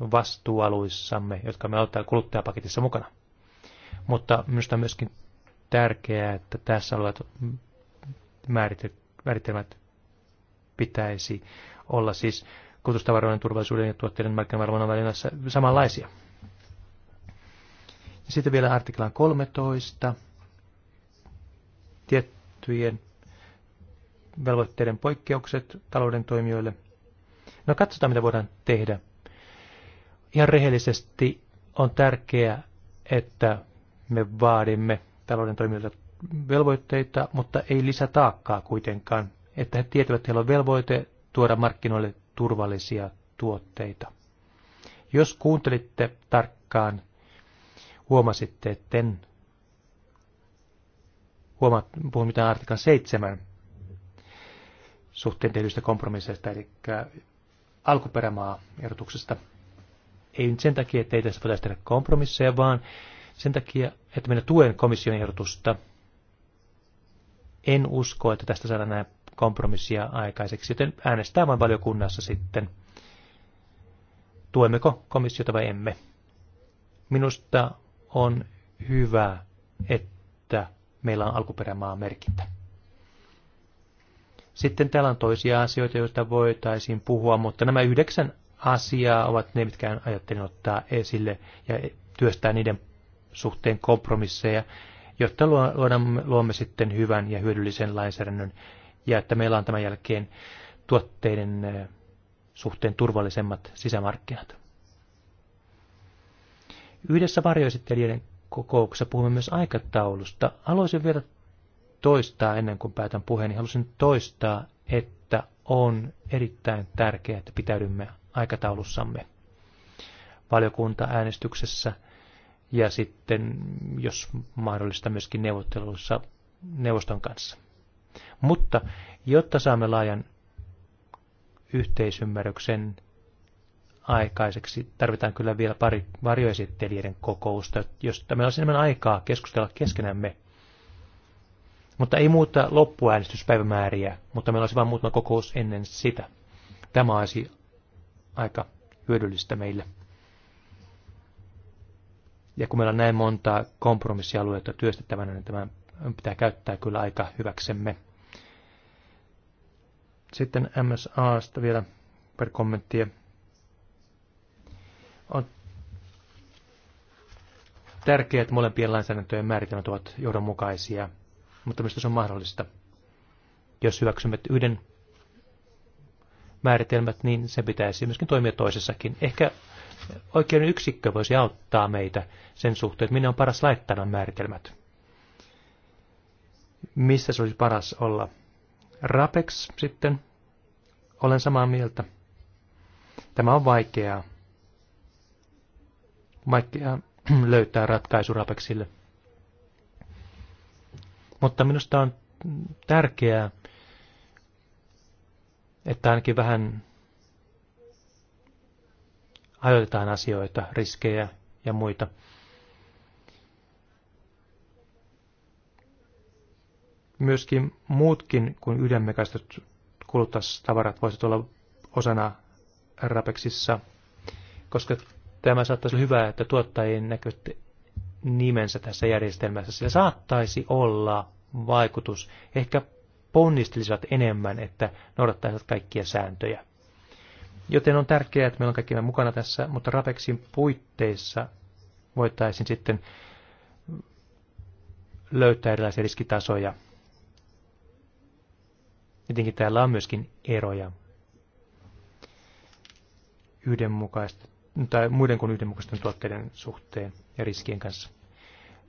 Speaker 2: vastuualuissamme, jotka me ottaa kuluttajapaketissa mukana. Mutta minusta on myöskin tärkeää, että tässä olevat määritelmät pitäisi olla siis kulutustavaroiden turvallisuuden ja tuotteiden markkinavalvonnan välillä samanlaisia. Sitten vielä artiklaan 13. Tiettyjen velvoitteiden poikkeukset talouden toimijoille. No katsotaan, mitä voidaan tehdä. Ihan rehellisesti on tärkeää, että me vaadimme talouden toimijoilta velvoitteita, mutta ei lisätaakkaa kuitenkaan, että he tietävät, että heillä on velvoite tuoda markkinoille turvallisia tuotteita. Jos kuuntelitte tarkkaan huomasitte, että en huomaa, puhun mitään artikan 7 suhteen tehdyistä kompromisseista, eli alkuperämaa erotuksesta. Ei nyt sen takia, että ei tässä voitaisiin tehdä kompromisseja, vaan sen takia, että minä tuen komission ehdotusta. En usko, että tästä saadaan nämä kompromissia aikaiseksi, joten äänestää vain valiokunnassa sitten, tuemmeko komissiota vai emme. Minusta on hyvä, että meillä on alkuperämaa merkintä. Sitten täällä on toisia asioita, joista voitaisiin puhua, mutta nämä yhdeksän asiaa ovat ne, mitkä ajattelin ottaa esille ja työstää niiden suhteen kompromisseja, jotta luomme sitten hyvän ja hyödyllisen lainsäädännön ja että meillä on tämän jälkeen tuotteiden eh, suhteen turvallisemmat sisämarkkinat. Yhdessä varjoesittelijöiden kokouksessa puhumme myös aikataulusta. Haluaisin vielä toistaa ennen kuin päätän puheen, niin halusin toistaa, että on erittäin tärkeää, että pitäydymme aikataulussamme valiokuntaäänestyksessä ja sitten, jos mahdollista, myöskin neuvotteluissa neuvoston kanssa. Mutta jotta saamme laajan yhteisymmärryksen aikaiseksi. Tarvitaan kyllä vielä pari varjoesittelijöiden kokousta, josta meillä olisi enemmän aikaa keskustella keskenämme. Mutta ei muuta loppuäänestyspäivämääriä, mutta meillä olisi vain muutama kokous ennen sitä. Tämä olisi aika hyödyllistä meille. Ja kun meillä on näin montaa kompromissialuetta työstettävänä, niin tämä pitää käyttää kyllä aika hyväksemme. Sitten MSAsta vielä per kommenttia. On tärkeää, että molempien lainsäädäntöjen määritelmät ovat johdonmukaisia, mutta mistä se on mahdollista? Jos hyväksymme yhden määritelmät, niin se pitäisi myöskin toimia toisessakin. Ehkä oikeuden yksikkö voisi auttaa meitä sen suhteen, että minne on paras laittaa nämä määritelmät. Missä se olisi paras olla? Rapex sitten. Olen samaa mieltä. Tämä on vaikeaa vaikea <clears throat> löytää ratkaisu Rapeksille. Mutta minusta on tärkeää, että ainakin vähän ajoitetaan asioita, riskejä ja muita. Myöskin muutkin kuin yhdenmekaistut tavarat voisivat olla osana Rapeksissa, koska tämä saattaisi olla hyvä, että tuottajien näkyvät nimensä tässä järjestelmässä. Sillä saattaisi olla vaikutus. Ehkä ponnistelisivat enemmän, että noudattaisivat kaikkia sääntöjä. Joten on tärkeää, että meillä on kaikki mukana tässä, mutta RAPEXin puitteissa voitaisiin sitten löytää erilaisia riskitasoja. Jotenkin täällä on myöskin eroja. Yhdenmukaista tai muiden kuin yhdenmukaisten tuotteiden suhteen ja riskien kanssa.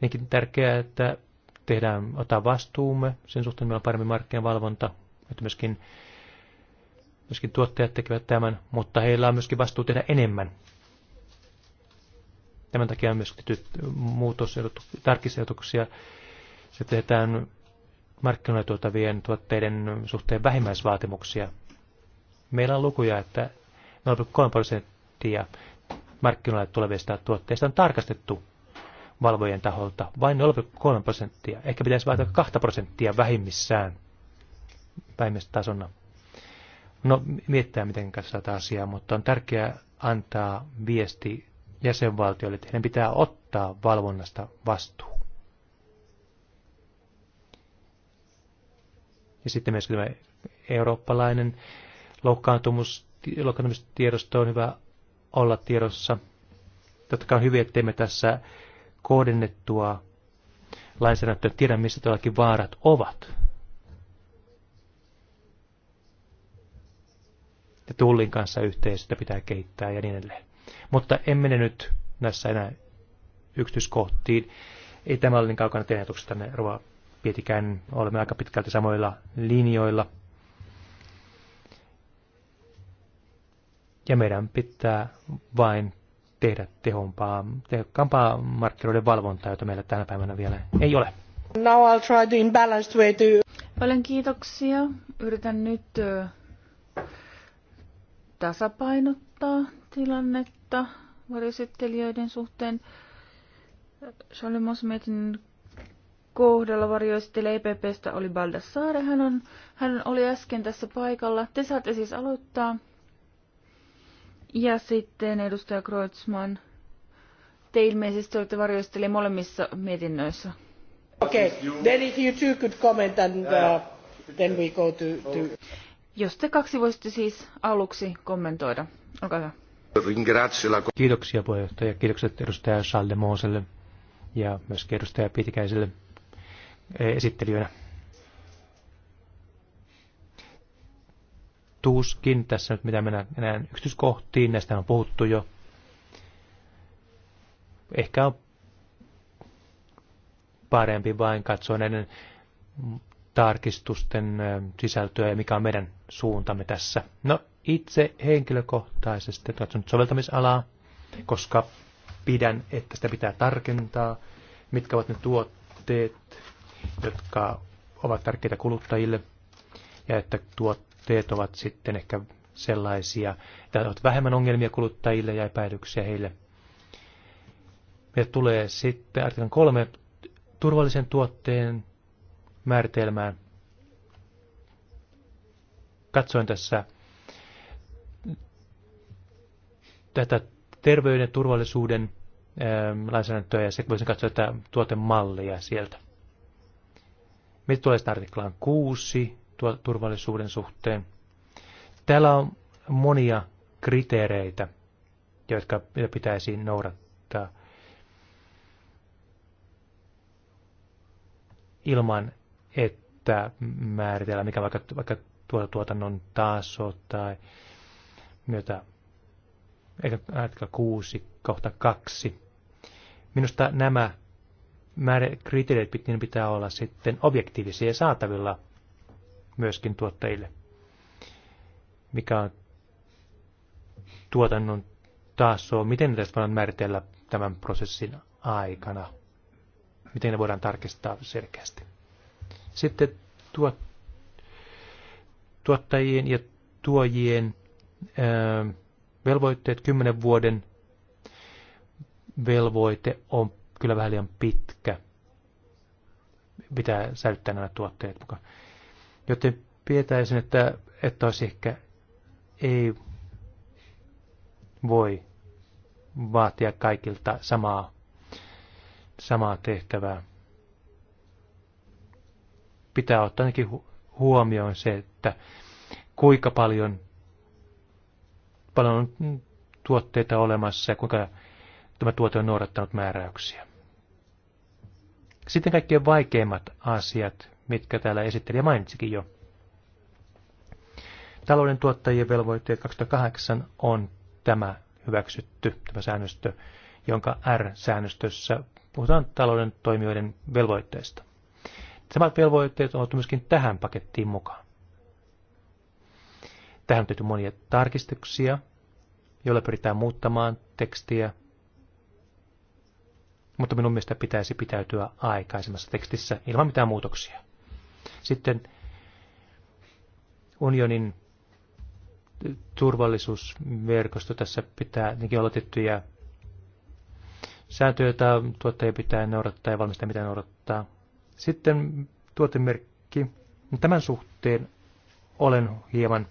Speaker 2: Niinkin tärkeää, että tehdään, ottaa vastuumme, sen suhteen meillä on paremmin markkinavalvonta, että myöskin, myöskin tuottajat tekevät tämän, mutta heillä on myöskin vastuu tehdä enemmän. Tämän takia on myös tarkisehdotuksia. Se tehdään markkinoille tuotavien tuotteiden suhteen vähimmäisvaatimuksia. Meillä on lukuja, että 0,3 prosenttia markkinoille tulevista tuotteista on tarkastettu valvojen taholta vain 0,3 prosenttia. Ehkä pitäisi vaihtaa 2 prosenttia vähimmissään vähimmistasona. No, miettää miten kanssa tätä asiaa, mutta on tärkeää antaa viesti jäsenvaltioille, että heidän pitää ottaa valvonnasta vastuu. Ja sitten myös tämä eurooppalainen loukkaantumistiedosto on hyvä olla tiedossa. Totta kai on hyvin, ettei me tässä kohdennettua lainsäädäntöä tiedä, missä todellakin vaarat ovat. Ja tullin kanssa yhteistyötä pitää kehittää ja niin edelleen. Mutta en mene nyt näissä enää yksityiskohtiin. Ei tämä ole niin kaukana teidän ne Rova Pietikäinen. Olemme aika pitkälti samoilla linjoilla. Ja meidän pitää vain tehdä tehompaa, tehokkaampaa markkinoiden valvontaa, jota meillä tänä päivänä vielä ei ole.
Speaker 1: Now I'll try the imbalanced way to... Paljon kiitoksia. Yritän nyt tasapainottaa tilannetta varjoesittelijöiden suhteen. Charlie kohdalla varjoesittelijä EPPstä oli Baldassare. Hän, on, hän oli äsken tässä paikalla. Te saatte siis aloittaa. Ja sitten edustaja Kreutzmann, te ilmeisesti olette varjoistelleet molemmissa mietinnöissä. Okei, okay. then if you two could comment and uh, then we go to, to... Jos te kaksi voisitte siis aluksi kommentoida. Olkaa hyvä.
Speaker 2: Kiitoksia puheenjohtaja. Kiitokset edustaja Salde Mooselle ja myös edustaja Pitikäiselle esittelijöinä. tuskin tässä nyt mitä mennään mennään yksityiskohtiin, näistä on puhuttu jo. Ehkä on parempi vain katsoa näiden tarkistusten sisältöä ja mikä on meidän suuntamme tässä. No itse henkilökohtaisesti katson nyt soveltamisalaa, koska pidän, että sitä pitää tarkentaa, mitkä ovat ne tuotteet, jotka ovat tärkeitä kuluttajille, ja että tuot tuotteet ovat sitten ehkä sellaisia, että ovat vähemmän ongelmia kuluttajille ja epäilyksiä heille. Meille tulee sitten artiklan kolme turvallisen tuotteen määritelmään. Katsoin tässä tätä terveyden ja turvallisuuden ähm, lainsäädäntöä ja sitten voisin katsoa tätä tuotemallia sieltä. Mitä tulee sitten artiklaan kuusi, turvallisuuden suhteen. Täällä on monia kriteereitä, jotka pitäisi noudattaa ilman, että määritellään mikä vaikka, vaikka tuota tuotannon taso tai myötä artikla kuusi kohta kaksi. Minusta nämä kriteerit niin pitää olla sitten objektiivisia ja saatavilla myöskin tuottajille. Mikä on tuotannon taso. miten tästä voidaan määritellä tämän prosessin aikana? Miten ne voidaan tarkistaa selkeästi? Sitten tuot, tuottajien ja tuojien ö, velvoitteet, kymmenen vuoden velvoite on kyllä vähän liian pitkä. Pitää säilyttää nämä tuotteet mukaan. Joten pietäisin, että, että olisi ehkä ei voi vaatia kaikilta samaa, samaa tehtävää. Pitää ottaa ainakin huomioon se, että kuinka paljon, paljon on tuotteita olemassa ja kuinka tämä tuote on noudattanut määräyksiä. Sitten kaikkien vaikeimmat asiat, mitkä täällä ja mainitsikin jo. Talouden tuottajien velvoitteet 2008 on tämä hyväksytty, tämä säännöstö, jonka R-säännöstössä puhutaan talouden toimijoiden velvoitteista. Samat velvoitteet on otettu myöskin tähän pakettiin mukaan. Tähän on tehty monia tarkistuksia, joilla pyritään muuttamaan tekstiä, mutta minun mielestä pitäisi pitäytyä aikaisemmassa tekstissä ilman mitään muutoksia. Sitten unionin turvallisuusverkosto. Tässä pitää olla tiettyjä sääntöjä, joita tuottaja pitää noudattaa ja valmistaa mitä noudattaa. Sitten tuotemerkki. Tämän suhteen olen hieman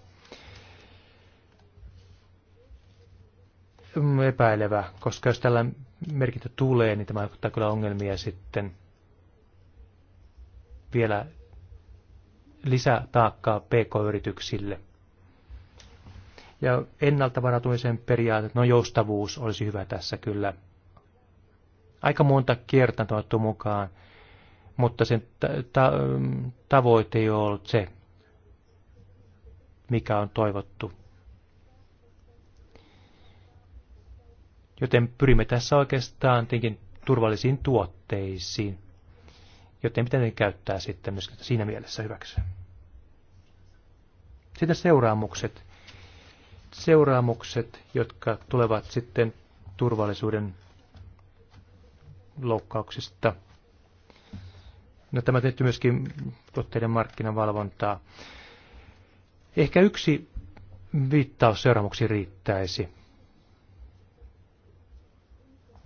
Speaker 2: epäilevä, koska jos tällä merkintä tulee, niin tämä aiheuttaa kyllä ongelmia sitten vielä lisätaakkaa pk-yrityksille. Ja ennalta varautumisen periaate, no joustavuus olisi hyvä tässä kyllä. Aika monta kertaa on mukaan, mutta sen ta- tavoite ei ole ollut se, mikä on toivottu. Joten pyrimme tässä oikeastaan tietenkin turvallisiin tuotteisiin joten pitää ne käyttää sitten myöskin siinä mielessä hyväksi. Sitten seuraamukset. Seuraamukset, jotka tulevat sitten turvallisuuden loukkauksista. No, tämä tehty myöskin tuotteiden markkinavalvontaa. Ehkä yksi viittaus seuraamuksi riittäisi.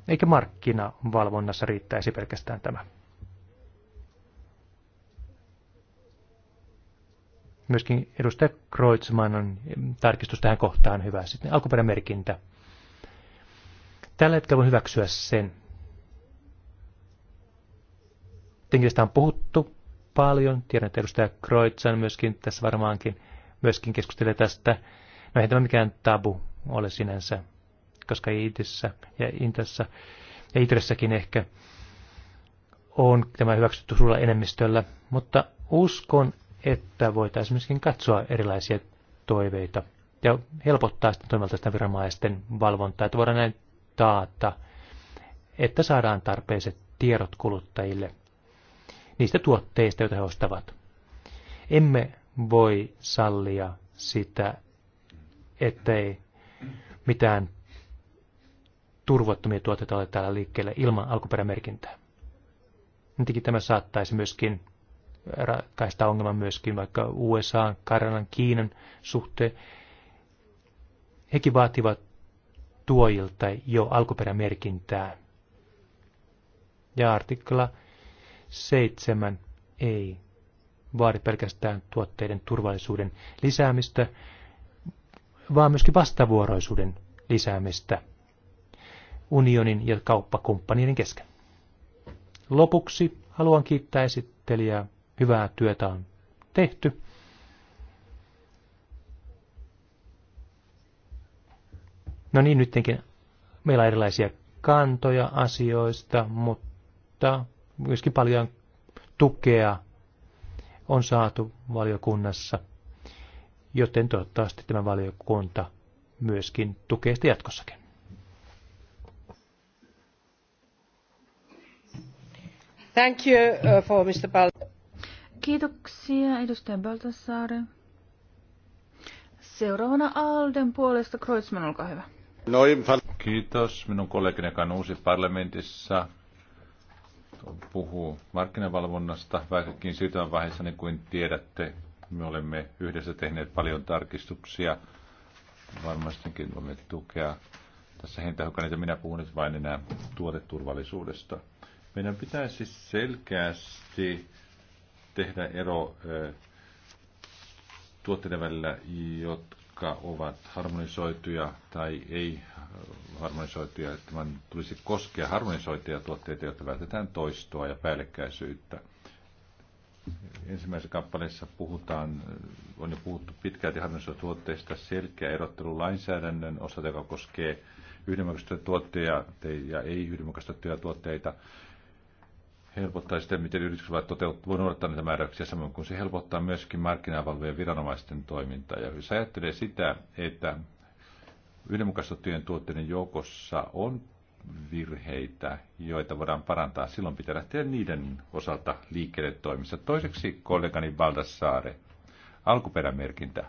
Speaker 2: Eikä markkinavalvonnassa riittäisi pelkästään tämä. Myöskin edustaja Kreutzmannin tarkistus tähän kohtaan hyvä. Sitten alkuperämerkintä. Tällä hetkellä voi hyväksyä sen. Tietenkin tästä on puhuttu paljon. Tiedän, että edustaja Kreutzmann myöskin tässä varmaankin myöskin keskustelee tästä. No ei tämä mikään tabu ole sinänsä, koska Iitissä ja intessä ja Itressäkin ehkä on tämä hyväksytty suurella enemmistöllä, mutta uskon, että voitaisiin myöskin katsoa erilaisia toiveita ja helpottaa sitten toimivaltaisten viranomaisten valvontaa, että voidaan näin taata, että saadaan tarpeiset tiedot kuluttajille niistä tuotteista, joita he ostavat. Emme voi sallia sitä, ettei mitään turvattomia tuotteita ole täällä liikkeellä ilman alkuperämerkintää. Tietenkin tämä saattaisi myöskin ratkaista ongelma myöskin vaikka USA, Karjalan Kiinan suhteen. Hekin vaativat tuojilta jo alkuperämerkintää. Ja artikla 7 ei vaadi pelkästään tuotteiden turvallisuuden lisäämistä, vaan myöskin vastavuoroisuuden lisäämistä unionin ja kauppakumppanien kesken. Lopuksi haluan kiittää esittelijää hyvää työtä on tehty. No niin, nytkin meillä on erilaisia kantoja asioista, mutta myöskin paljon tukea on saatu valiokunnassa, joten toivottavasti tämä valiokunta myöskin tukee sitä jatkossakin.
Speaker 1: Thank you uh, for Mr. Bal- Kiitoksia, edustaja Baltasaari. Seuraavana Alden puolesta Kreutzmann, olkaa hyvä.
Speaker 3: Noin. Kiitos. Minun kollegini, joka on uusi parlamentissa, puhuu markkinavalvonnasta. Vaikkakin vaiheessa, niin kuin tiedätte, me olemme yhdessä tehneet paljon tarkistuksia. Varmastikin voimme tukea tässä hintahukan, että minä puhun nyt vain enää tuoteturvallisuudesta. Meidän pitäisi selkeästi tehdä ero tuotteiden välillä, jotka ovat harmonisoituja tai ei harmonisoituja. että man tulisi koskea harmonisoituja tuotteita, jotta vältetään toistoa ja päällekkäisyyttä. Ensimmäisessä kappaleessa puhutaan, on jo puhuttu pitkälti harmonisoituja tuotteista, selkeä erottelu lainsäädännön osalta, joka koskee yhdenmukaistettuja tuotteita ja ei-yhdenmukaistettuja tuotteita helpottaa sitä, miten yritykset voivat toteuttaa, voi noudattaa niitä määräyksiä, samoin kuin se helpottaa myöskin markkinavalvojen viranomaisten toimintaa. Ja jos ajattelee sitä, että yhdenmukaistettujen tuotteiden joukossa on virheitä, joita voidaan parantaa, silloin pitää lähteä niiden osalta liikkeelle toimissa. Toiseksi kollegani Valdassaare, alkuperämerkintä.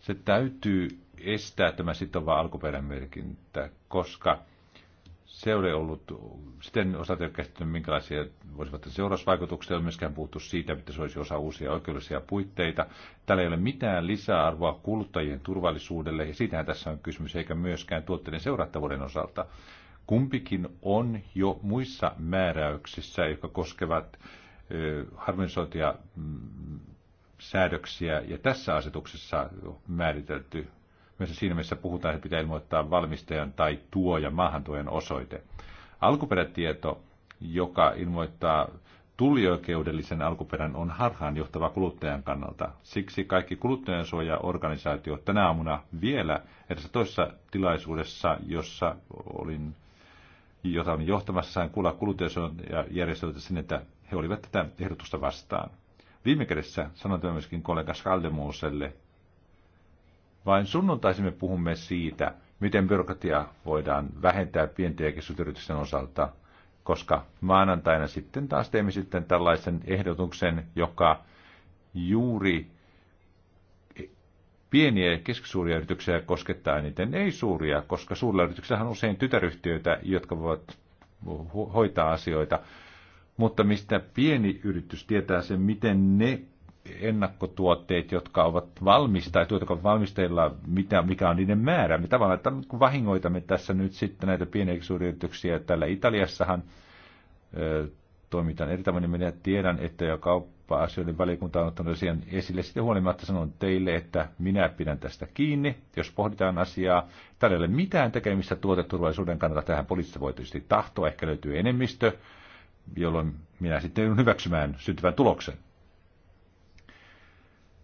Speaker 3: Se täytyy estää tämä sitova alkuperämerkintä, koska oli ollut, sitten osa ei ole käsittänyt, minkälaisia voisivat seurausvaikutuksia, ei ole myöskään puhuttu siitä, että se olisi osa uusia oikeudellisia puitteita. Täällä ei ole mitään lisäarvoa kuluttajien turvallisuudelle, ja siitähän tässä on kysymys, eikä myöskään tuotteiden seurattavuuden osalta. Kumpikin on jo muissa määräyksissä, jotka koskevat harmonisointia mm, säädöksiä, ja tässä asetuksessa määritelty myös siinä missä puhutaan, että pitää ilmoittaa valmistajan tai tuoja maahantuojan osoite. Alkuperätieto, joka ilmoittaa tullioikeudellisen alkuperän, on harhaanjohtava kuluttajan kannalta. Siksi kaikki kuluttajansuojaorganisaatiot tänä aamuna vielä edessä toisessa tilaisuudessa, jossa olin jota olin johtamassa, sain kuulla järjestöltä sen, että he olivat tätä ehdotusta vastaan. Viime kädessä sanoin myöskin kollega Skaldemuuselle, vain sunnuntaisin me puhumme siitä, miten byrokratia voidaan vähentää pienten ja keskusyritysten osalta, koska maanantaina sitten taas teemme sitten tällaisen ehdotuksen, joka juuri pieniä ja keskisuuria yrityksiä koskettaa eniten, ei suuria, koska suurilla yrityksillä on usein tytäryhtiöitä, jotka voivat hoitaa asioita. Mutta mistä pieni yritys tietää sen, miten ne ennakkotuotteet, jotka ovat valmistajat, jotka ovat valmisteilla, mitä, mikä on niiden määrä. Me tavallaan kun vahingoitamme tässä nyt sitten näitä pieniä suuryrityksiä. Täällä Italiassahan ö, toimitaan eri tavoin, niin minä tiedän, että jo kauppa-asioiden valiokunta on ottanut asian esille. Sitten huolimatta sanon teille, että minä pidän tästä kiinni, jos pohditaan asiaa. Täällä ei ole mitään tekemistä tuoteturvallisuuden kannalta. Tähän poliisista voi tietysti tahtoa, ehkä löytyy enemmistö, jolloin minä sitten hyväksymään syntyvän tuloksen.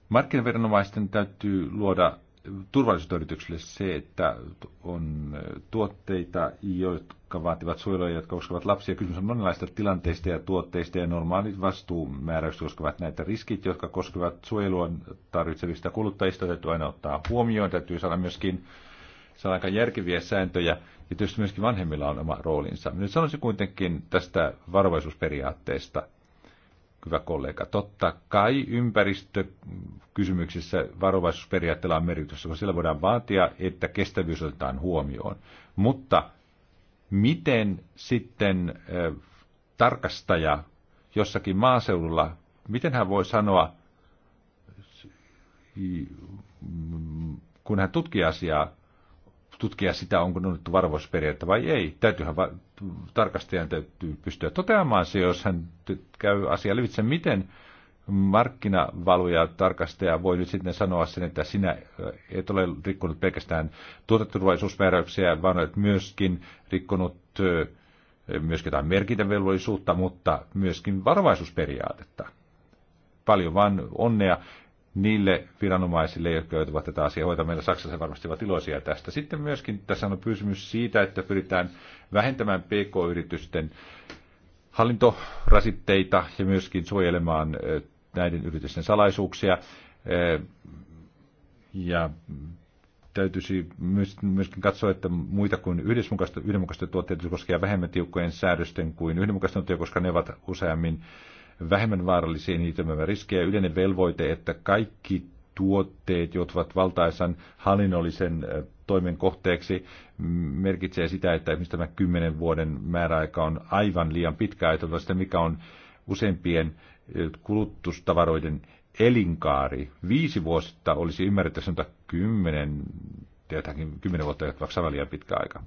Speaker 3: Markkinaviranomaisten täytyy luoda turvallisuusyrityksille se, että on tuotteita, jotka vaativat suojelua, jotka koskevat lapsia. Kysymys on monenlaista tilanteista ja tuotteista ja normaalit vastuumääräykset koskevat näitä riskit, jotka koskevat suojelua tarvitsevista kuluttajista. Täytyy aina ottaa huomioon, täytyy saada myöskin saada aika järkeviä sääntöjä ja tietysti myöskin vanhemmilla on oma roolinsa. Nyt sanoisin kuitenkin tästä varovaisuusperiaatteesta – hyvä kollega. Totta kai ympäristökysymyksissä varovaisuusperiaatteella on merkitystä, koska sillä voidaan vaatia, että kestävyys otetaan huomioon. Mutta miten sitten tarkastaja jossakin maaseudulla, miten hän voi sanoa, kun hän tutkii asiaa, tutkia sitä, onko noudattu varvoisperiaatetta vai ei. Täytyyhän va- tarkastajan täytyy pystyä toteamaan se, jos hän käy asiaa lävitse, miten markkinavaluja tarkastaja voi nyt sitten sanoa sen, että sinä äh, et ole rikkonut pelkästään tuoteturvallisuusmääräyksiä, vaan olet myöskin rikkonut äh, myöskin jotain merkintävelvollisuutta, mutta myöskin varovaisuusperiaatetta. Paljon vaan onnea niille viranomaisille, jotka joutuvat tätä asiaa hoitaa. Meillä Saksassa varmasti ovat iloisia tästä. Sitten myöskin tässä on kysymys siitä, että pyritään vähentämään pk-yritysten hallintorasitteita ja myöskin suojelemaan näiden yritysten salaisuuksia. Ja täytyisi myöskin katsoa, että muita kuin yhdenmukaista, tuotteita koskee vähemmän tiukkojen säädösten kuin yhdenmukaista koska ne ovat useammin vähemmän vaarallisiin niitä riskejä. Yleinen velvoite, että kaikki tuotteet, jotka ovat valtaisan hallinnollisen toimen kohteeksi, merkitsee sitä, että esimerkiksi tämä kymmenen vuoden määräaika on aivan liian pitkä ajatella sitä, mikä on useimpien kulutustavaroiden elinkaari. Viisi vuotta olisi ymmärrettävä mutta kymmenen, jotakin kymmenen vuotta, jotka ovat liian pitkä aika.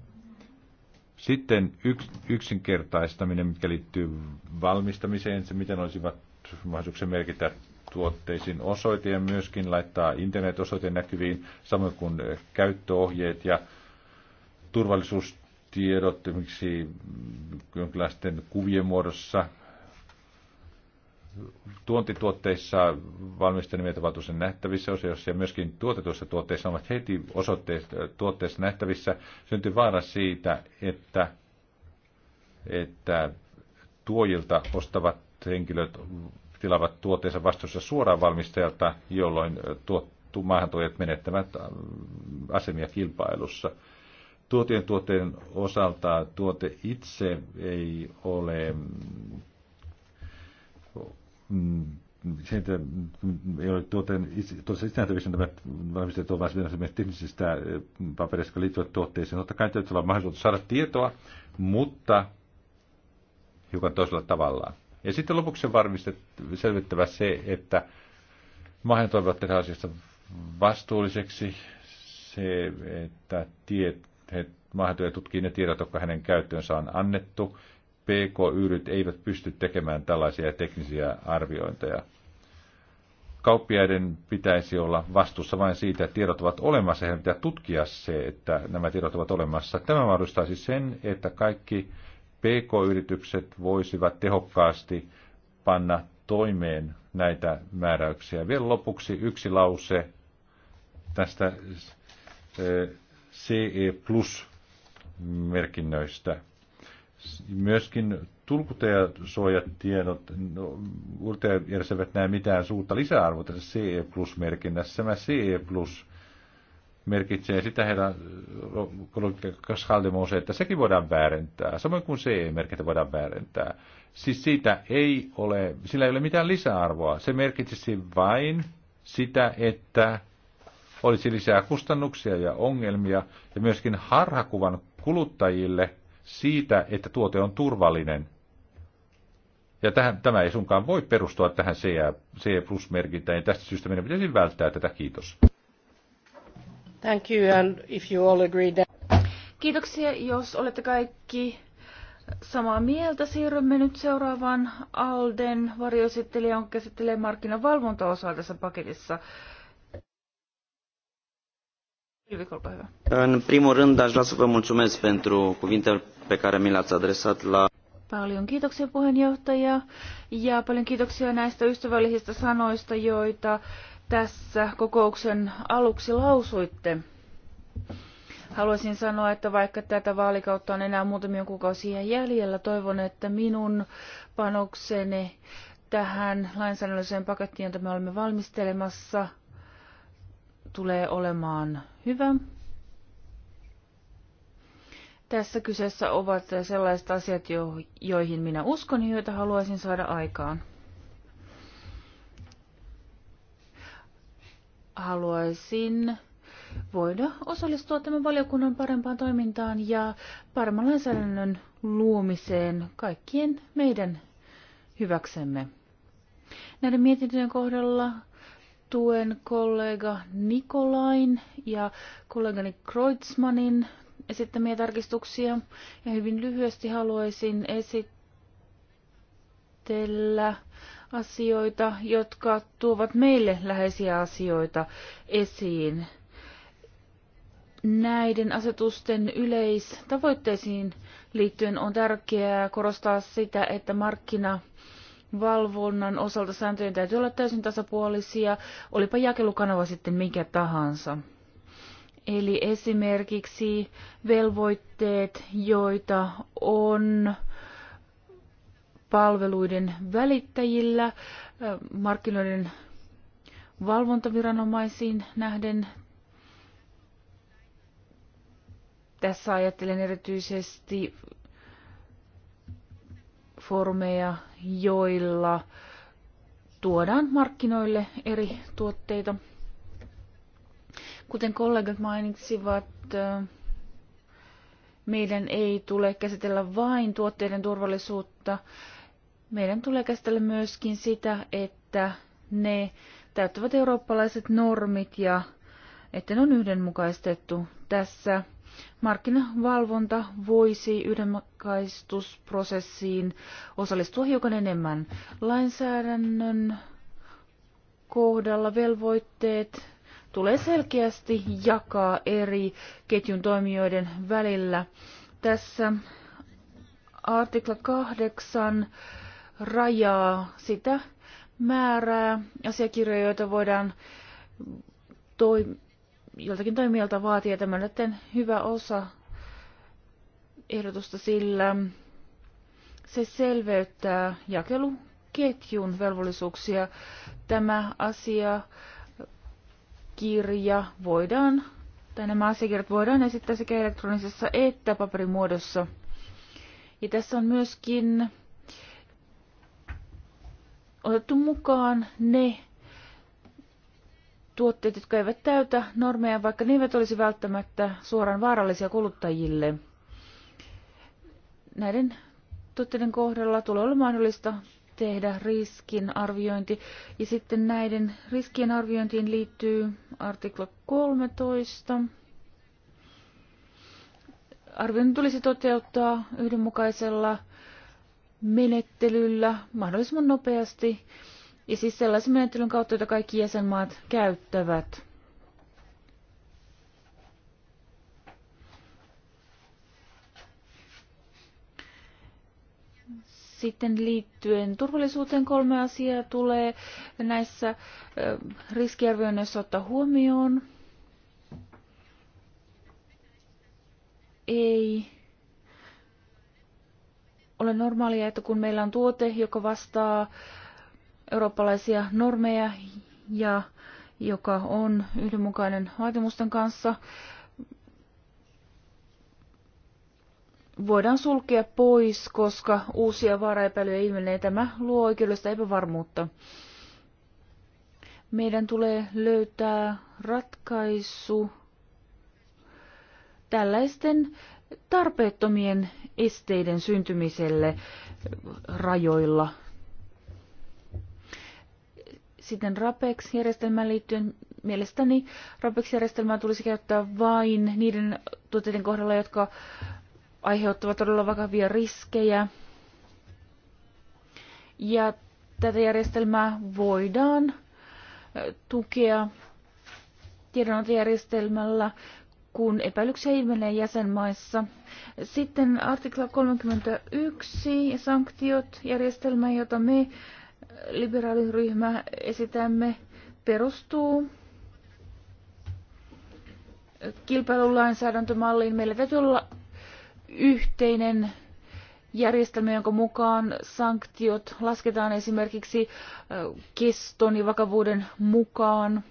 Speaker 3: Sitten yks, yksinkertaistaminen, mikä liittyy valmistamiseen, se miten olisivat mahdollisuuksia merkitä tuotteisiin osoite ja myöskin laittaa internet-osoite näkyviin, samoin kuin käyttöohjeet ja turvallisuustiedot, esimerkiksi jonkinlaisten kuvien muodossa, tuontituotteissa valmistelimet ovat usein nähtävissä osioissa ja myöskin tuotetuissa tuotteissa ovat heti tuotteissa nähtävissä. Syntyy vaara siitä, että, että tuojilta ostavat henkilöt tilavat tuotteensa vastuussa suoraan valmistajalta, jolloin tuottu maahantuojat menettävät asemia kilpailussa. Tuotien tuotteen osalta tuote itse ei ole Mm, siitä ei ole tuotteen tuossa itsenäisyydestä nämä valmistajat ovat myös teknisistä eh, papereista, jotka liittyvät tuotteeseen. Totta kai täytyy olla mahdollisuus saada tietoa, mutta hiukan toisella tavalla. Ja sitten lopuksi on selvittävä se, että maahan toivat tehdä asiasta vastuulliseksi se, että tiet, maahantuoja tutkii ne tiedot, jotka hänen käyttöönsä on annettu – PK-yrit eivät pysty tekemään tällaisia teknisiä arviointeja. Kauppiaiden pitäisi olla vastuussa vain siitä, että tiedot ovat olemassa, ja pitää tutkia se, että nämä tiedot ovat olemassa. Tämä mahdollistaisi siis sen, että kaikki PK-yritykset voisivat tehokkaasti panna toimeen näitä määräyksiä. Vielä lopuksi yksi lause tästä eh, CE Plus-merkinnöistä – Myöskin tulkutajasuojatiedot, no, kuluttajajärjestelmät eivät näe mitään suutta lisäarvoa tässä CE Plus-merkinnässä. Tämä CE Plus merkitsee sitä heidän Kaschaldemose, että sekin voidaan väärentää, samoin kuin CE-merkintä voidaan väärentää. Siis siitä ei ole, sillä ei ole mitään lisäarvoa. Se merkitsisi vain sitä, että olisi lisää kustannuksia ja ongelmia ja myöskin harhakuvan kuluttajille – siitä, että tuote on turvallinen. Ja tähän, tämä ei sunkaan voi perustua tähän CE Plus-merkintään, ja tästä syystä meidän pitäisi välttää tätä. Kiitos.
Speaker 1: Thank you, and if you all agree that... Kiitoksia, jos olette kaikki samaa mieltä. Siirrymme nyt seuraavaan Alden varjoesittelijä on käsittelee markkinavalvontaosaa tässä paketissa.
Speaker 4: În primul rând, aș vrea să vă mulțumesc
Speaker 1: pentru cuvintele pe care mi le-ați adresat la... Paljon kiitoksia puheenjohtaja ja paljon kiitoksia näistä ystävällisistä sanoista, joita tässä kokouksen aluksi lausuitte. Haluaisin sanoa, että vaikka tätä vaalikautta on enää muutamia kuukausia jäljellä, toivon, että minun panokseni tähän lainsäädännölliseen pakettiin, jota me olemme valmistelemassa – tulee olemaan hyvä. Tässä kyseessä ovat sellaiset asiat, joihin minä uskon ja joita haluaisin saada aikaan. Haluaisin voida osallistua tämän valiokunnan parempaan toimintaan ja paremman lainsäädännön luomiseen kaikkien meidän hyväksemme. Näiden mietintöjen kohdalla tuen kollega Nikolain ja kollegani Kreutzmanin esittämiä tarkistuksia. Ja hyvin lyhyesti haluaisin esitellä asioita, jotka tuovat meille läheisiä asioita esiin. Näiden asetusten yleistavoitteisiin liittyen on tärkeää korostaa sitä, että markkina valvonnan osalta sääntöjen täytyy olla täysin tasapuolisia, olipa jakelukanava sitten mikä tahansa. Eli esimerkiksi velvoitteet, joita on palveluiden välittäjillä, markkinoiden valvontaviranomaisiin nähden. Tässä ajattelen erityisesti foorumeja, joilla tuodaan markkinoille eri tuotteita. Kuten kollegat mainitsivat, meidän ei tule käsitellä vain tuotteiden turvallisuutta. Meidän tulee käsitellä myöskin sitä, että ne täyttävät eurooppalaiset normit ja että ne on yhdenmukaistettu. Tässä markkinavalvonta voisi yhdenmukaistusprosessiin osallistua hiukan enemmän. Lainsäädännön kohdalla velvoitteet tulee selkeästi jakaa eri ketjun toimijoiden välillä. Tässä artikla 8 rajaa sitä määrää asiakirjoja, joita voidaan toimia joltakin toimijalta vaatii, ja hyvä osa ehdotusta, sillä se selveyttää jakeluketjun velvollisuuksia. Tämä asia kirja voidaan, tai nämä asiakirjat voidaan esittää sekä elektronisessa että paperimuodossa. Ja tässä on myöskin otettu mukaan ne tuotteet, jotka eivät täytä normeja, vaikka ne eivät olisi välttämättä suoraan vaarallisia kuluttajille. Näiden tuotteiden kohdalla tulee olla mahdollista tehdä riskin arviointi. Ja sitten näiden riskien arviointiin liittyy artikla 13. Arviointi tulisi toteuttaa yhdenmukaisella menettelyllä mahdollisimman nopeasti ja siis sellaisen menettelyn kautta, jota kaikki jäsenmaat käyttävät. Sitten liittyen turvallisuuteen kolme asiaa tulee näissä riskiarvioinneissa ottaa huomioon. Ei ole normaalia, että kun meillä on tuote, joka vastaa eurooppalaisia normeja ja joka on yhdenmukainen vaatimusten kanssa, voidaan sulkea pois, koska uusia vaaraepäilyjä ilmenee. Tämä luo oikeudellista epävarmuutta. Meidän tulee löytää ratkaisu tällaisten tarpeettomien esteiden syntymiselle rajoilla sitten RAPEX-järjestelmään liittyen mielestäni RAPEX-järjestelmää tulisi käyttää vain niiden tuotteiden kohdalla, jotka aiheuttavat todella vakavia riskejä. Ja tätä järjestelmää voidaan tukea tiedonantojärjestelmällä, kun epäilyksiä ilmenee jäsenmaissa. Sitten artikla 31 ja sanktiot järjestelmä, jota me liberaaliryhmä esitämme perustuu kilpailulainsäädäntömalliin. Meillä täytyy olla yhteinen järjestelmä, jonka mukaan sanktiot lasketaan esimerkiksi keston ja vakavuuden mukaan.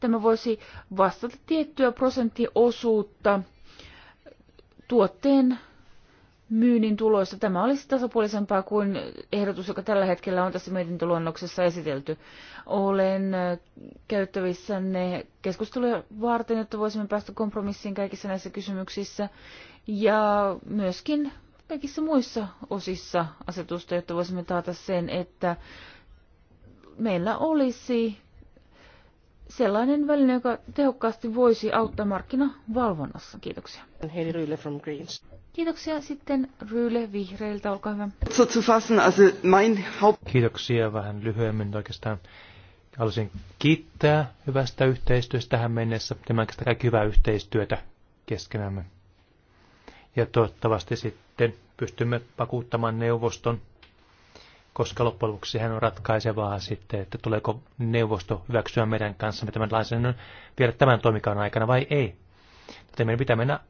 Speaker 1: Tämä voisi vastata tiettyä prosenttiosuutta tuotteen myynnin tuloista. Tämä olisi tasapuolisempaa kuin ehdotus, joka tällä hetkellä on tässä mietintöluonnoksessa esitelty. Olen ne keskusteluja varten, jotta voisimme päästä kompromissiin kaikissa näissä kysymyksissä ja myöskin kaikissa muissa osissa asetusta, jotta voisimme taata sen, että meillä olisi sellainen väline, joka tehokkaasti voisi auttaa markkinavalvonnassa. Kiitoksia. Heidi Rylle from Greens. Kiitoksia sitten Ryyle Vihreiltä, olkaa hyvä.
Speaker 2: Kiitoksia vähän lyhyemmin oikeastaan. Haluaisin kiittää hyvästä yhteistyöstä tähän mennessä. Tämä on kaikki hyvää yhteistyötä keskenämme. Ja toivottavasti sitten pystymme vakuuttamaan neuvoston, koska loppujen lopuksi hän on ratkaisevaa sitten, että tuleeko neuvosto hyväksyä meidän kanssamme tämän lainsäädännön vielä tämän toimikauden aikana vai ei. Joten meidän pitää mennä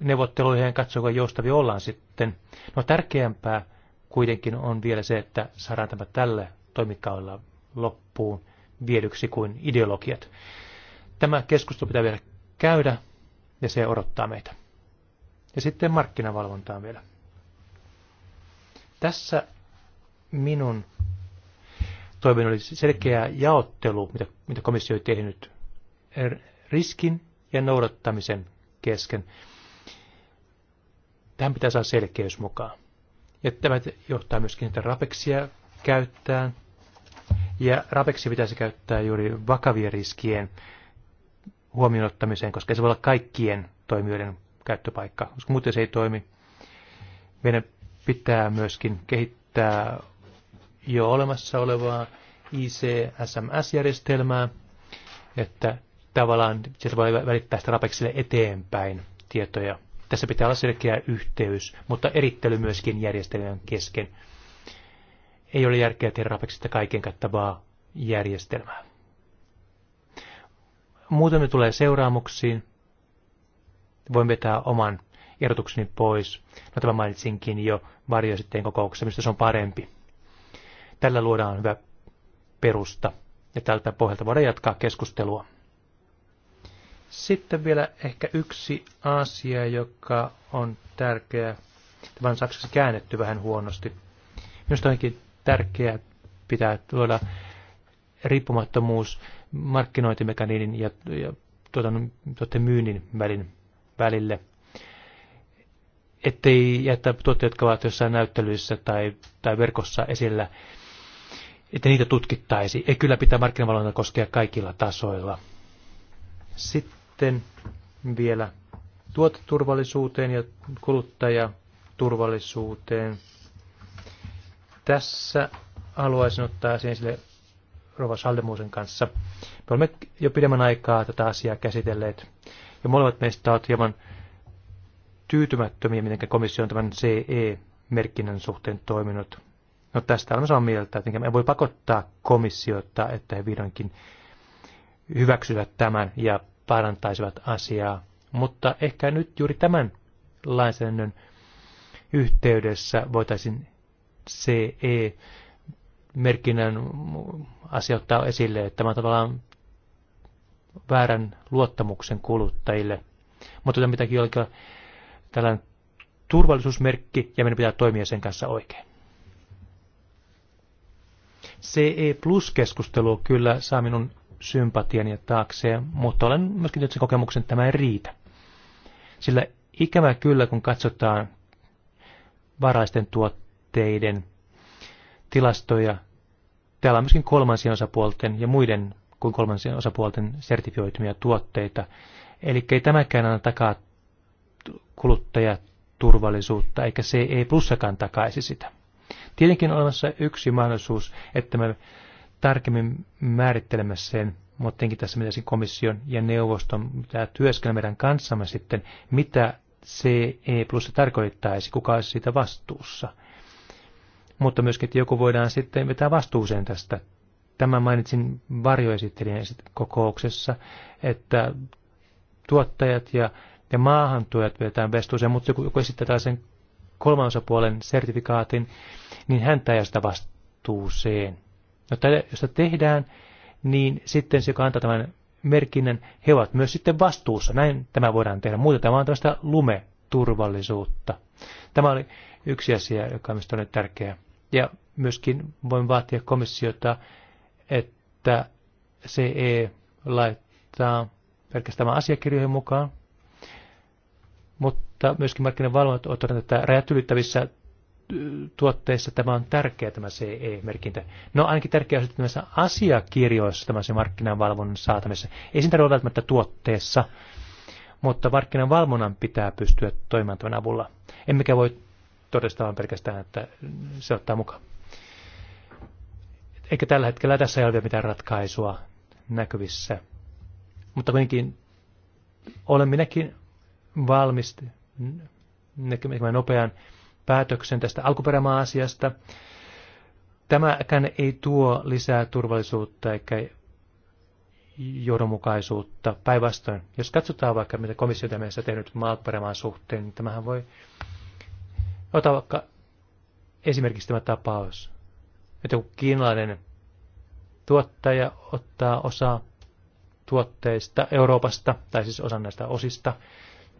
Speaker 2: neuvotteluihin, katsoa kuinka joustavia ollaan sitten. No tärkeämpää kuitenkin on vielä se, että saadaan tämä tällä toimikaudella loppuun viedyksi kuin ideologiat. Tämä keskustelu pitää vielä käydä ja se odottaa meitä. Ja sitten markkinavalvontaan vielä. Tässä minun toimen oli selkeä jaottelu, mitä, mitä komissio ei tehnyt er, riskin ja noudattamisen kesken. Tähän pitää saada selkeys mukaan. Ja tämä johtaa myöskin, että rapeksia käyttää. Ja rapeksi pitäisi käyttää juuri vakavien riskien huomioon ottamiseen, koska se voi olla kaikkien toimijoiden käyttöpaikka, koska muuten se ei toimi. Meidän pitää myöskin kehittää jo olemassa olevaa ICSMS-järjestelmää, että tavallaan sieltä voi välittää sitä rapeksille eteenpäin tietoja tässä pitää olla selkeä yhteys, mutta erittely myöskin järjestelmän kesken. Ei ole järkeä tehdä rapeksista kaiken kattavaa järjestelmää. Muuten me tulee seuraamuksiin. Voin vetää oman erotukseni pois. No tämä mainitsinkin jo sitten kokouksessa, mistä se on parempi. Tällä luodaan hyvä perusta ja tältä pohjalta voidaan jatkaa keskustelua. Sitten vielä ehkä yksi asia, joka on tärkeä. Tämä on saksaksi käännetty vähän huonosti. Minusta onkin tärkeää pitää tuoda riippumattomuus markkinointimekanismin ja, ja tuotannon, tuotteen myynnin välin, välille. Ettei jättää tuotteet, jotka ovat jossain näyttelyissä tai, tai verkossa esillä, että niitä tutkittaisi. Ei kyllä pitää markkinavalvonta koskea kaikilla tasoilla. Sitten vielä tuoteturvallisuuteen ja kuluttajaturvallisuuteen. Tässä haluaisin ottaa esiin sille Rova Saldemusen kanssa. Me olemme jo pidemmän aikaa tätä asiaa käsitelleet, ja molemmat meistä ovat hieman tyytymättömiä, miten komissio on tämän CE-merkinnän suhteen toiminut. No tästä on samaa mieltä, että en voi pakottaa komissiota, että he vihdoinkin hyväksyvät tämän ja parantaisivat asiaa. Mutta ehkä nyt juuri tämän lainsäädännön yhteydessä voitaisiin CE-merkinnän asia ottaa esille, että tämä on tavallaan väärän luottamuksen kuluttajille. Mutta tämä pitääkin olla tällainen turvallisuusmerkki ja meidän pitää toimia sen kanssa oikein. CE Plus-keskustelu kyllä saa minun sympatiani taakseen, mutta olen myöskin tietysti kokemuksen, että tämä ei riitä. Sillä ikävä kyllä, kun katsotaan varaisten tuotteiden tilastoja, täällä on myöskin kolmansien osapuolten ja muiden kuin kolmansien osapuolten sertifioitumia tuotteita. Eli ei tämäkään aina takaa kuluttajaturvallisuutta, eikä se ei plussakaan takaisi sitä. Tietenkin on olemassa yksi mahdollisuus, että me tarkemmin määrittelemässä sen, muutenkin tässä mitä komission ja neuvoston pitää työskennellä meidän kanssamme sitten, mitä CE plus tarkoittaisi, kuka olisi siitä vastuussa. Mutta myöskin, että joku voidaan sitten vetää vastuuseen tästä. tämä mainitsin varjoesittelijän kokouksessa, että tuottajat ja, ja maahantuojat vetään vastuuseen, mutta joku, joku esittää sen kolmannen osapuolen sertifikaatin, niin häntä ei sitä vastuuseen. No, jos sitä tehdään, niin sitten se, joka antaa tämän merkinnän, he ovat myös sitten vastuussa. Näin tämä voidaan tehdä. Muuta tämä on tällaista lumeturvallisuutta. Tämä oli yksi asia, joka on mielestäni tärkeä. Ja myöskin voin vaatia komissiota, että se ei laittaa pelkästään asiakirjoihin mukaan, mutta myöskin markkinavalvonnat ovat todenneet, että rajat ylittävissä tuotteissa tämä on tärkeä tämä CE-merkintä. No ainakin tärkeä on tämmöisissä asiakirjoissa tämä se markkinavalvonnan saatamissa. Ei siinä tarvitse välttämättä tuotteessa, mutta markkinavalvonnan pitää pystyä toimimaan tämän avulla. Emmekä voi todistaa pelkästään, että se ottaa mukaan. Eikä tällä hetkellä tässä ei ole vielä mitään ratkaisua näkyvissä. Mutta kuitenkin olen minäkin valmis näkemään nopean päätöksen tästä alkuperämaa-asiasta. Tämäkään ei tuo lisää turvallisuutta eikä johdonmukaisuutta. Päinvastoin, jos katsotaan vaikka, mitä komissio on tehnyt maaperämaan suhteen, niin tämähän voi... Ota vaikka esimerkiksi tämä tapaus, että kun kiinalainen tuottaja ottaa osaa tuotteista Euroopasta, tai siis osan näistä osista,